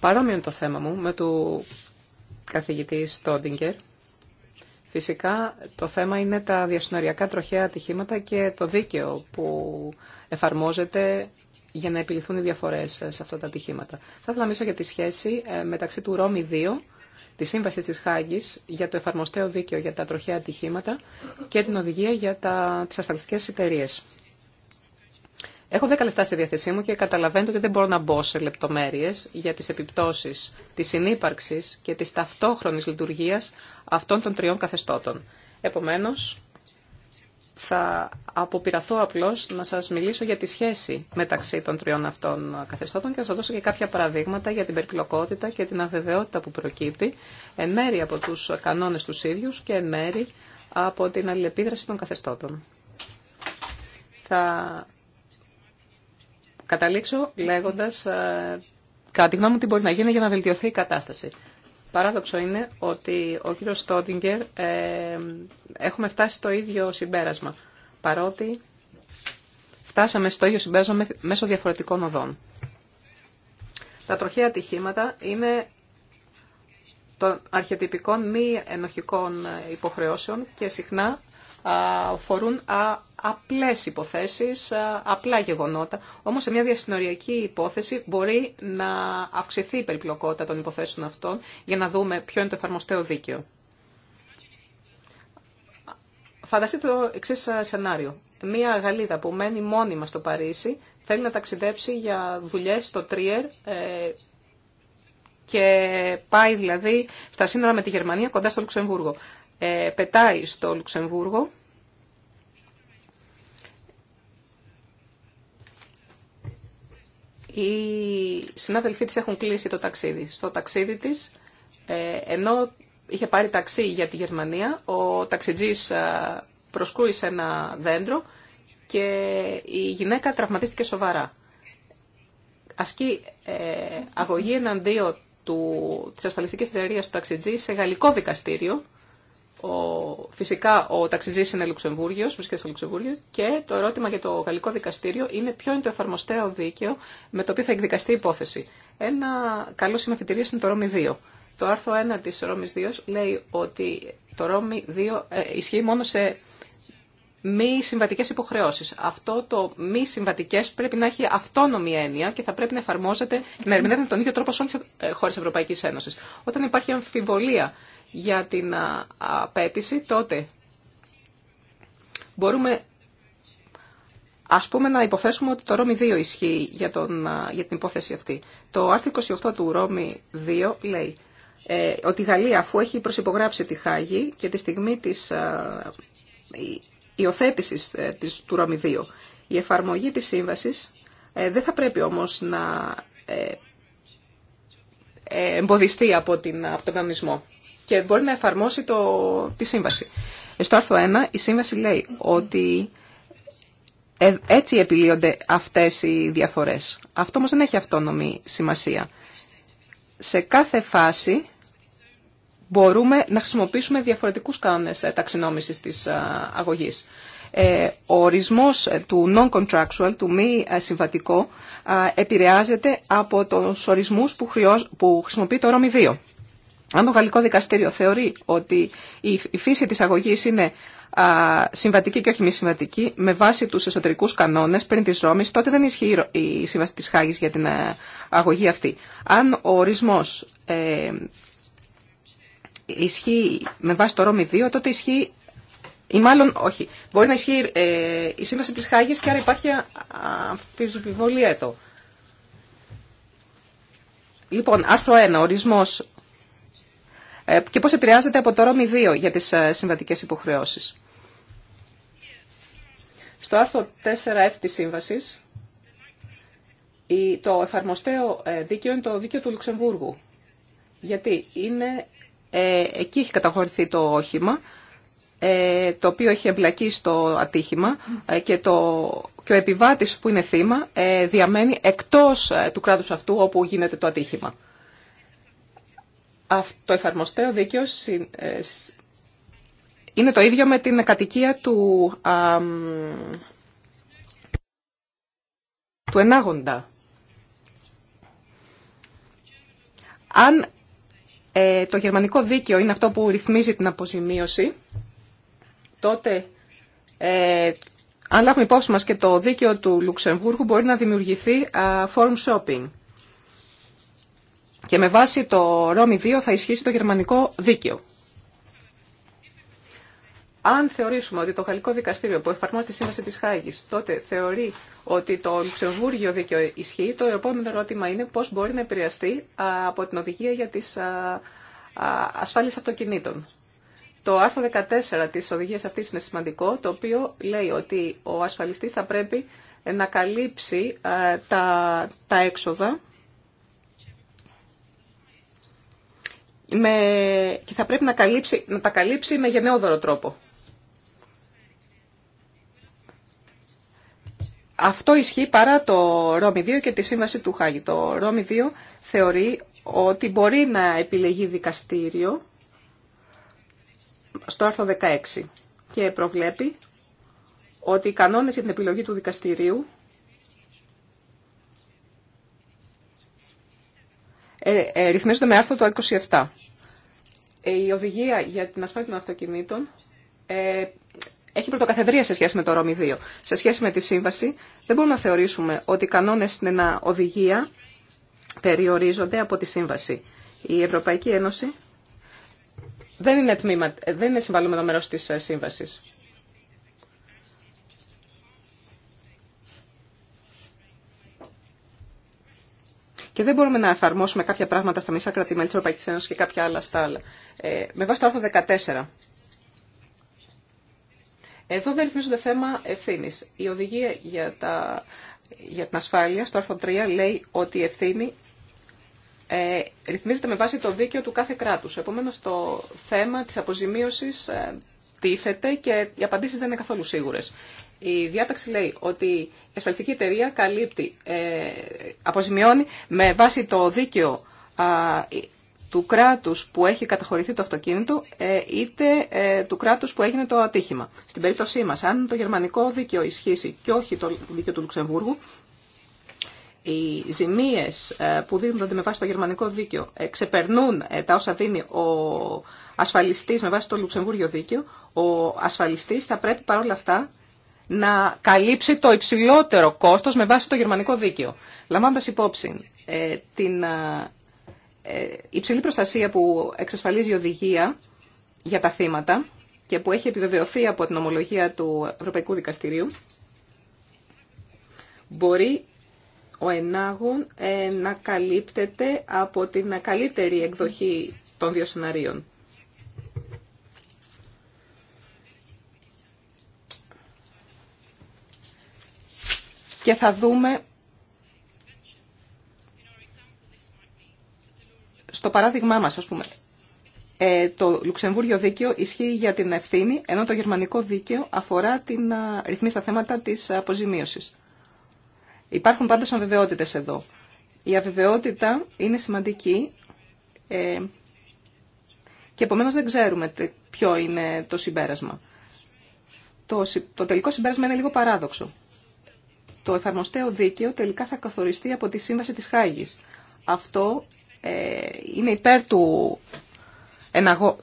Παρόμοιο είναι το θέμα μου με του καθηγητή Στόντιγκερ. Φυσικά το θέμα είναι τα διασυνοριακά τροχαία ατυχήματα και το δίκαιο που εφαρμόζεται για να επιληθούν οι διαφορές ε, σε αυτά τα ατυχήματα. Θα ήθελα να για τη σχέση ε, μεταξύ του Ρώμη 2, τη Σύμβαση της Χάγης για το εφαρμοστέο δίκαιο για τα τροχαία ατυχήματα και την οδηγία για τα, τις ασφαλιστικές εταιρείε. Έχω δέκα λεφτά στη διάθεσή μου και καταλαβαίνετε ότι δεν μπορώ να μπω σε λεπτομέρειες για τις επιπτώσεις της συνύπαρξης και της ταυτόχρονης λειτουργίας αυτών των τριών καθεστώτων. Επομένως, θα αποπειραθώ απλώς να σας μιλήσω για τη σχέση μεταξύ των τριών αυτών καθεστώτων και θα σας δώσω και κάποια παραδείγματα για την περιπλοκότητα και την αβεβαιότητα που προκύπτει εν μέρη από τους κανόνες του ίδιους και εν μέρη από την αλληλεπίδραση των καθεστώτων. Θα καταλήξω λέγοντας ε, κατά τη γνώμη μου τι μπορεί να γίνει για να βελτιωθεί η κατάσταση. Παράδοξο είναι ότι ο κύριος Στόντιγκερ ε, έχουμε φτάσει στο ίδιο συμπέρασμα, παρότι φτάσαμε στο ίδιο συμπέρασμα μέσω διαφορετικών οδών. Τα τροχαία ατυχήματα είναι των αρχιετυπικών μη ενοχικών υποχρεώσεων και συχνά φορούν α, απλές υποθέσεις, απλά γεγονότα. Όμως σε μια διασυνοριακή υπόθεση μπορεί να αυξηθεί η περιπλοκότητα των υποθέσεων αυτών για να δούμε ποιο είναι το εφαρμοστέο δίκαιο. Φανταστείτε το εξή σενάριο. Μία Γαλλίδα που μένει μόνιμα στο Παρίσι θέλει να ταξιδέψει για δουλειές στο Τρίερ και πάει δηλαδή στα σύνορα με τη Γερμανία κοντά στο Λουξεμβούργο. Ε, πετάει στο Λουξεμβούργο Οι συνάδελφοί της έχουν κλείσει το ταξίδι. Στο ταξίδι της, ε, ενώ είχε πάρει ταξί για τη Γερμανία, ο ταξιτζής ε, προσκούησε ένα δέντρο και η γυναίκα τραυματίστηκε σοβαρά. Ασκεί ε, αγωγή εναντίον του, της ασφαλιστικής εταιρείας του ταξιτζή σε γαλλικό δικαστήριο ο, φυσικά ο ταξιζής είναι Λουξεμβούργιος, βρίσκεται στο Λουξεμβούργιο και το ερώτημα για το γαλλικό δικαστήριο είναι ποιο είναι το εφαρμοστέο δίκαιο με το οποίο θα εκδικαστεί η υπόθεση. Ένα καλό σήμα είναι το Ρώμη 2. Το άρθρο 1 της Ρώμης 2 λέει ότι το Ρώμη 2 ε, ισχύει μόνο σε μη συμβατικές υποχρεώσεις. Αυτό το μη συμβατικές πρέπει να έχει αυτόνομη έννοια και θα πρέπει να εφαρμόζεται και να ερμηνεύεται τον ίδιο τρόπο σε όλες τις ε, χώρες Ευρωπαϊκής Ένωσης. Όταν υπάρχει αμφιβολία για την απέτηση, τότε μπορούμε, ας πούμε, να υποθέσουμε ότι το Ρώμη 2 ισχύει για, τον, για την υπόθεση αυτή. Το άρθρο 28 του Ρώμη 2 λέει ε, ότι η Γαλλία, αφού έχει προσυπογράψει τη Χάγη και τη στιγμή της υιοθέτηση υιοθέτησης ε, της, του Ρώμη 2, η εφαρμογή της σύμβασης ε, δεν θα πρέπει όμως να εμποδιστεί από, την, από τον κανονισμό και μπορεί να εφαρμόσει το, τη σύμβαση. Ε, στο άρθρο 1 η σύμβαση λέει ότι ε, έτσι επιλύονται αυτές οι διαφορές. Αυτό όμως δεν έχει αυτόνομη σημασία. Σε κάθε φάση μπορούμε να χρησιμοποιήσουμε διαφορετικούς κανόνες ε, ταξινόμησης της αγωγής. Ο ορισμός του non-contractual, του μη συμβατικό, επηρεάζεται από τους ορισμούς που χρησιμοποιεί το 2. Αν το Γαλλικό Δικαστήριο θεωρεί ότι η φύση της αγωγής είναι α, συμβατική και όχι μη συμβατική, με βάση τους εσωτερικούς κανόνες πριν της Ρώμης, τότε δεν ισχύει η Σύμβαση της Χάγης για την αγωγή αυτή. Αν ο ορισμός ε, ισχύει με βάση το Ρώμη 2, τότε ισχύει, ή μάλλον όχι, μπορεί να ισχύει ε, η Σύμβαση της Χάγης και άρα υπάρχει αμφισβηβολία εδώ. Λοιπόν, άρθρο 1, ορισμός ε, και πώς επηρεάζεται από το Ρώμη 2 για τις ε, συμβατικές υποχρεώσεις. Στο άρθρο 4F της Σύμβασης, το εφαρμοστέο ε, δίκαιο είναι το δίκαιο του Λουξεμβούργου. Γιατί είναι, ε, εκεί έχει καταχωρηθεί το όχημα, το οποίο έχει εμπλακεί στο ατύχημα και, το, και ο επιβάτης που είναι θύμα διαμένει εκτός του κράτους αυτού όπου γίνεται το ατύχημα το εφαρμοστέο δίκαιο ε, είναι το ίδιο με την κατοικία του, του ενάγοντα. Αν ε, το γερμανικό δίκαιο είναι αυτό που ρυθμίζει την αποζημίωση, τότε ε, αν λάβουμε υπόψη μας και το δίκαιο του Λουξεμβούργου μπορεί να δημιουργηθεί α, forum shopping. Και με βάση το Ρώμη 2 θα ισχύσει το γερμανικό δίκαιο. Αν θεωρήσουμε ότι το Γαλλικό Δικαστήριο που εφαρμόζει τη Σύμβαση τη Χάγη τότε θεωρεί ότι το Λουξεμβούργιο δίκαιο ισχύει, το επόμενο ερώτημα είναι πώ μπορεί να επηρεαστεί από την οδηγία για τι ασφάλειε αυτοκινήτων. Το άρθρο 14 τη οδηγία αυτής είναι σημαντικό, το οποίο λέει ότι ο ασφαλιστή θα πρέπει να καλύψει τα, τα έξοδα με, και θα πρέπει να, καλύψει, να τα καλύψει με γενναιόδωρο τρόπο. Αυτό ισχύει παρά το Ρώμη 2 και τη σύμβαση του Χάγη. Το Ρώμη 2 θεωρεί ότι μπορεί να επιλεγεί δικαστήριο στο άρθρο 16 και προβλέπει ότι οι κανόνες για την επιλογή του δικαστηρίου ε, ε, ρυθμίζονται με άρθρο το 27. Ε, η οδηγία για την ασφάλεια των αυτοκινήτων ε, έχει πρωτοκαθεδρία σε σχέση με το Ρώμη 2. Σε σχέση με τη σύμβαση, δεν μπορούμε να θεωρήσουμε ότι οι κανόνε στην ένα οδηγία περιορίζονται από τη σύμβαση. Η Ευρωπαϊκή Ένωση δεν είναι, τμήμα, δεν είναι συμβαλλόμενο μέρο τη ε, σύμβαση. δεν μπορούμε να εφαρμόσουμε κάποια πράγματα στα μισά κρατημέλη τη Ευρωπαϊκή Ένωση και κάποια άλλα στα άλλα. Ε, με βάση το άρθρο 14. Εδώ δεν ρυθμίζονται θέμα ευθύνη. Η οδηγία για, τα, για την ασφάλεια στο άρθρο 3 λέει ότι η ευθύνη ε, ρυθμίζεται με βάση το δίκαιο του κάθε κράτου. Επομένω, το θέμα τη αποζημίωση ε, τίθεται και οι απαντήσει δεν είναι καθόλου σίγουρε. Η διάταξη λέει ότι η ασφαλιστική εταιρεία καλύπτει, ε, αποζημιώνει με βάση το δίκαιο του κράτους που έχει καταχωρηθεί το αυτοκίνητο ε, είτε ε, του κράτους που έγινε το ατύχημα. Στην περίπτωσή μας, αν το γερμανικό δίκαιο ισχύσει και όχι το δίκαιο του Λουξεμβούργου, οι ζημίες που δίνονται με βάση το γερμανικό δίκαιο ξεπερνούν τα όσα δίνει ο ασφαλιστής με βάση το Λουξεμβούργιο δίκαιο, ο ασφαλιστής θα πρέπει παρόλα αυτά να καλύψει το υψηλότερο κόστος με βάση το γερμανικό δίκαιο. Λαμβάνοντας υπόψη ε, την ε, ε, υψηλή προστασία που εξασφαλίζει η οδηγία για τα θύματα και που έχει επιβεβαιωθεί από την ομολογία του Ευρωπαϊκού Δικαστηρίου, μπορεί ο ενάγων να καλύπτεται από την καλύτερη εκδοχή των δύο σενάριων. και θα δούμε στο παράδειγμά μας, ας πούμε, ε, το Λουξεμβούργιο δίκαιο ισχύει για την ευθύνη, ενώ το γερμανικό δίκαιο αφορά την ρυθμή στα θέματα της αποζημίωσης. Υπάρχουν πάντως αβεβαιότητες εδώ. Η αβεβαιότητα είναι σημαντική ε, και επομένως δεν ξέρουμε ποιο είναι το συμπέρασμα. Το, το τελικό συμπέρασμα είναι λίγο παράδοξο το εφαρμοστέο δίκαιο τελικά θα καθοριστεί από τη Σύμβαση της Χάγης. Αυτό ε, είναι υπέρ του,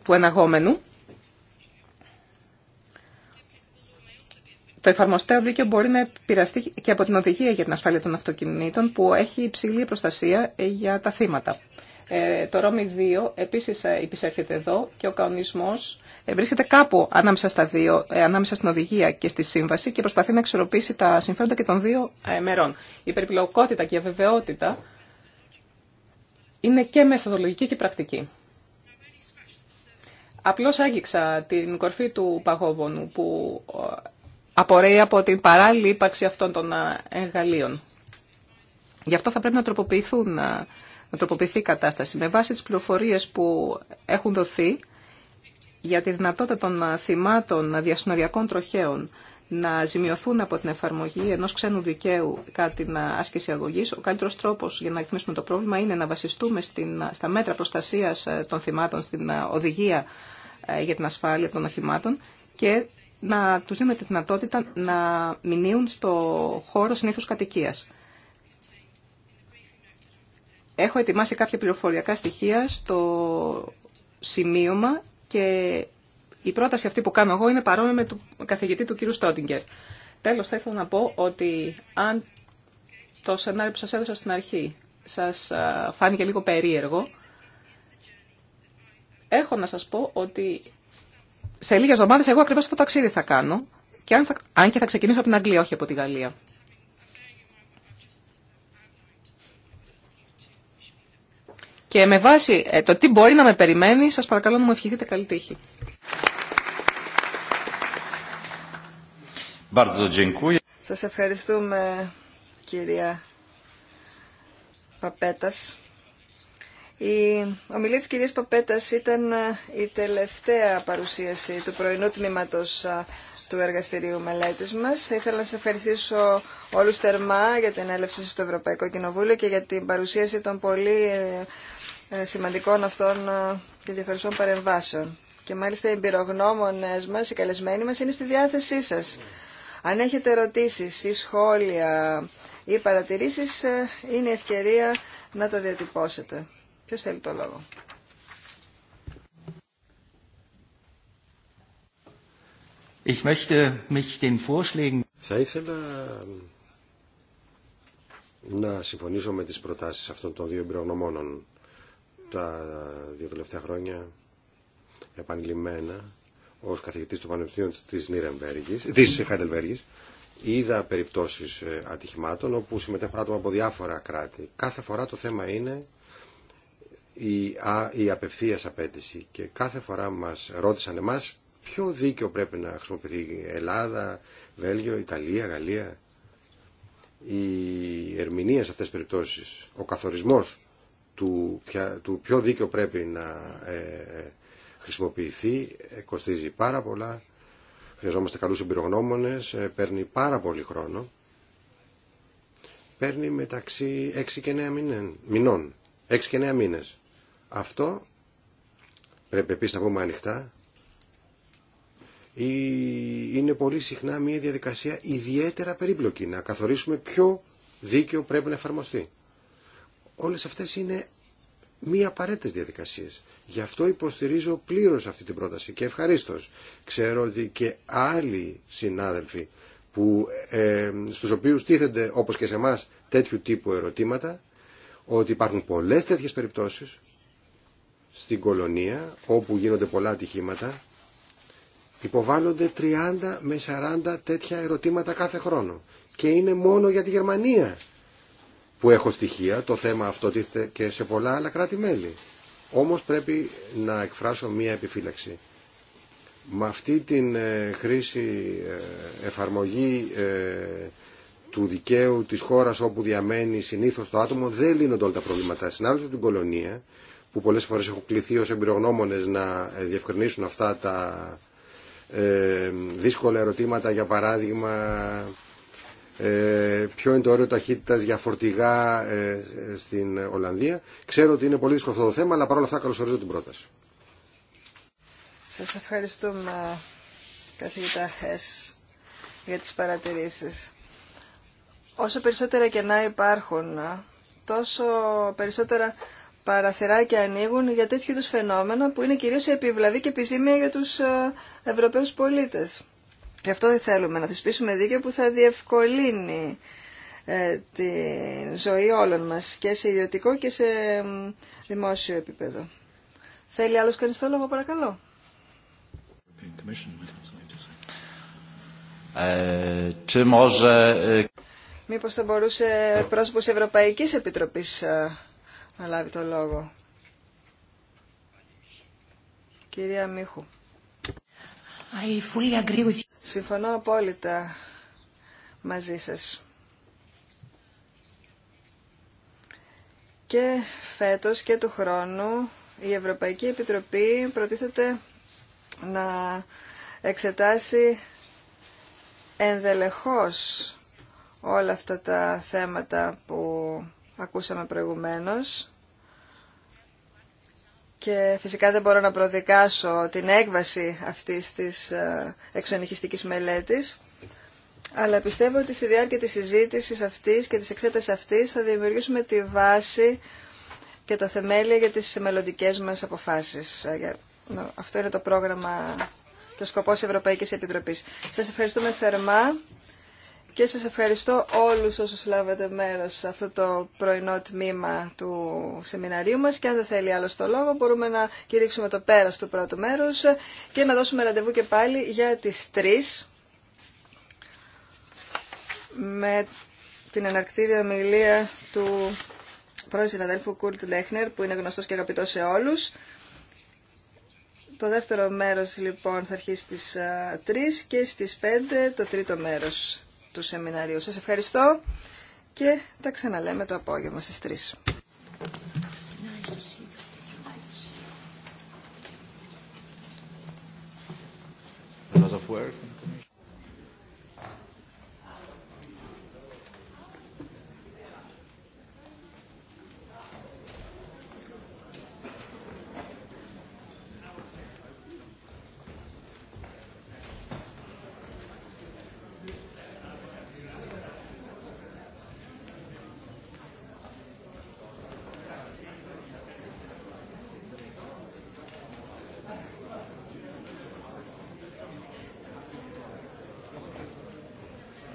του εναγόμενου. Το εφαρμοστέο δίκαιο μπορεί να επηρεαστεί και από την οδηγία για την ασφάλεια των αυτοκινήτων που έχει υψηλή προστασία ε, για τα θύματα. Ε, το ρόμι 2 επίσης επισέρχεται εδώ και ο κανονισμός ε, βρίσκεται κάπου ανάμεσα, στα δύο, ε, ανάμεσα στην οδηγία και στη σύμβαση και προσπαθεί να εξορροπήσει τα συμφέροντα και των δύο ε, μερών. Η περιπλοκότητα και η αβεβαιότητα είναι και μεθοδολογική και πρακτική. Απλώς άγγιξα την κορφή του παγόβονου που απορρέει από την παράλληλη ύπαρξη αυτών των εργαλείων. Γι' αυτό θα πρέπει να να τροποποιηθεί η κατάσταση. Με βάση τις πληροφορίες που έχουν δοθεί για τη δυνατότητα των θυμάτων διασυνοριακών τροχαίων να ζημιωθούν από την εφαρμογή ενό ξένου δικαίου κατά την άσκηση αγωγή, ο καλύτερο τρόπο για να ρυθμίσουμε το πρόβλημα είναι να βασιστούμε στην, στα μέτρα προστασία ε, των θυμάτων, στην ε, οδηγία ε, για την ασφάλεια των οχημάτων και να του δίνουμε τη δυνατότητα να μηνύουν στο χώρο συνήθω κατοικία. Έχω ετοιμάσει κάποια πληροφοριακά στοιχεία στο σημείωμα και η πρόταση αυτή που κάνω εγώ είναι παρόμοια με τον καθηγητή του κ. Στόντιγκερ. Τέλος, θα ήθελα να πω ότι αν το σενάριο που σας έδωσα στην αρχή σας φάνηκε λίγο περίεργο, έχω να σας πω ότι σε λίγες εβδομάδες εγώ ακριβώς αυτό το ταξίδι θα κάνω, και αν, αν και θα ξεκινήσω από την Αγγλία, όχι από τη Γαλλία. Και με βάση ε, το τι μπορεί να με περιμένει, σας παρακαλώ να μου ευχηθείτε καλή τύχη. Σας ευχαριστούμε κυρία Παπέτας. Η ομιλία της κυρίας Παπέτας ήταν ε, η τελευταία παρουσίαση του πρωινού τμήματος ε, του εργαστηρίου μελέτης μας. Θα ήθελα να σας ευχαριστήσω όλους θερμά για την έλευση στο Ευρωπαϊκό Κοινοβούλιο και για την παρουσίαση των πολύ ε, σημαντικών αυτών ε, και διαφορετικών παρεμβάσεων. Και μάλιστα οι εμπειρογνώμονε μα, οι καλεσμένοι μα είναι στη διάθεσή σα. Αν έχετε ερωτήσει ή σχόλια ή παρατηρήσει, ε, είναι η ευκαιρία να τα διατυπώσετε. Ποιο θέλει το λόγο. Ich möchte mich den Vorschlägen... Θα ήθελα να συμφωνήσω με τις προτάσεις αυτών των δύο εμπειρογνωμόνων τα δύο τελευταία χρόνια επανειλημμένα ως καθηγητής του Πανεπιστήμιου της, Νίρεμβέργης, της Χάιντελβέργης είδα περιπτώσεις ε, ατυχημάτων όπου συμμετέχουν άτομα από διάφορα κράτη. Κάθε φορά το θέμα είναι η, α, η απευθείας απέτηση και κάθε φορά μας ρώτησαν εμάς ποιο δίκαιο πρέπει να χρησιμοποιηθεί Ελλάδα, Βέλγιο, Ιταλία, Γαλλία. Η ερμηνεία σε αυτές τις περιπτώσεις, ο καθορισμός του, ποιο δίκαιο πρέπει να ε, ε, χρησιμοποιηθεί ε, κοστίζει πάρα πολλά χρειαζόμαστε καλούς εμπειρογνώμονες παίρνει πάρα πολύ χρόνο παίρνει μεταξύ 6 και 9 μηνών 6 και 9 μήνες αυτό πρέπει επίσης να πούμε ανοιχτά είναι πολύ συχνά μια διαδικασία ιδιαίτερα περίπλοκη να καθορίσουμε ποιο δίκαιο πρέπει να εφαρμοστεί Όλες αυτές είναι μη απαραίτητες διαδικασίες. Γι' αυτό υποστηρίζω πλήρως αυτή την πρόταση και ευχαρίστω. Ξέρω ότι και άλλοι συνάδελφοι που, ε, στους οποίους τίθενται όπως και σε εμά τέτοιου τύπου ερωτήματα ότι υπάρχουν πολλές τέτοιες περιπτώσεις στην κολονία όπου γίνονται πολλά ατυχήματα υποβάλλονται 30 με 40 τέτοια ερωτήματα κάθε χρόνο και είναι μόνο για τη Γερμανία που έχω στοιχεία, το θέμα αυτό τίθεται και σε πολλά άλλα κράτη-μέλη. Όμως πρέπει να εκφράσω μία επιφύλαξη. Με αυτή την ε, χρήση ε, εφαρμογή ε, του δικαίου της χώρας όπου διαμένει συνήθως το άτομο δεν λύνονται όλα τα προβλήματα. Συνάδελφοι από την κολονία, που πολλές φορές έχω κληθεί ως εμπειρογνώμονες να διευκρινίσουν αυτά τα δύσκολα ερωτήματα, για παράδειγμα ε, ποιο είναι το όριο ταχύτητα για φορτηγά ε, στην Ολλανδία. Ξέρω ότι είναι πολύ δύσκολο αυτό το θέμα, αλλά παρόλα αυτά καλωσορίζω την πρόταση. Σας ευχαριστούμε καθηγητά Χες για τι παρατηρήσεις. Όσο περισσότερα κενά υπάρχουν, τόσο περισσότερα παραθυράκια ανοίγουν για τέτοιου είδου φαινόμενα που είναι κυρίως επιβλαβή και επιζήμια για τους ε, Ευρωπαίους πολίτες. Γι' αυτό δεν θέλουμε να θεσπίσουμε δίκαιο που θα διευκολύνει ε, τη ζωή όλων μας και σε ιδιωτικό και σε δημόσιο επίπεδο. Θέλει άλλος κανείς το λόγο, παρακαλώ. Ε, ε Μήπως θα μπορούσε πρόσωπος Ευρωπαϊκής Επιτροπής ε, να λάβει το λόγο. Κυρία Μίχου. I fully Συμφωνώ απόλυτα μαζί σας. Και φέτος και του χρόνου η Ευρωπαϊκή Επιτροπή προτίθεται να εξετάσει ενδελεχώς όλα αυτά τα θέματα που ακούσαμε προηγουμένως και φυσικά δεν μπορώ να προδικάσω την έκβαση αυτής της ε, εξονυχιστικής μελέτης, αλλά πιστεύω ότι στη διάρκεια της συζήτησης αυτής και της εξέτασης αυτής θα δημιουργήσουμε τη βάση και τα θεμέλια για τις μελλοντικέ μας αποφάσεις. Ε, αυτό είναι το πρόγραμμα και ο σκοπός Ευρωπαϊκής Επιτροπής. Σας ευχαριστούμε θερμά και σας ευχαριστώ όλους όσους λάβατε μέρος σε αυτό το πρωινό τμήμα του σεμιναρίου μας και αν δεν θέλει άλλο το λόγο μπορούμε να κηρύξουμε το πέρας του πρώτου μέρους και να δώσουμε ραντεβού και πάλι για τις 3 με την αναρκτήρια ομιλία του πρώην συναδέλφου Κουρτ Λέχνερ που είναι γνωστός και αγαπητός σε όλους. Το δεύτερο μέρος λοιπόν θα αρχίσει στις 3 ε, και στις 5 το τρίτο μέρος του σεμιναρίου. Σας ευχαριστώ και τα ξαναλέμε το απόγευμα στις 3. work.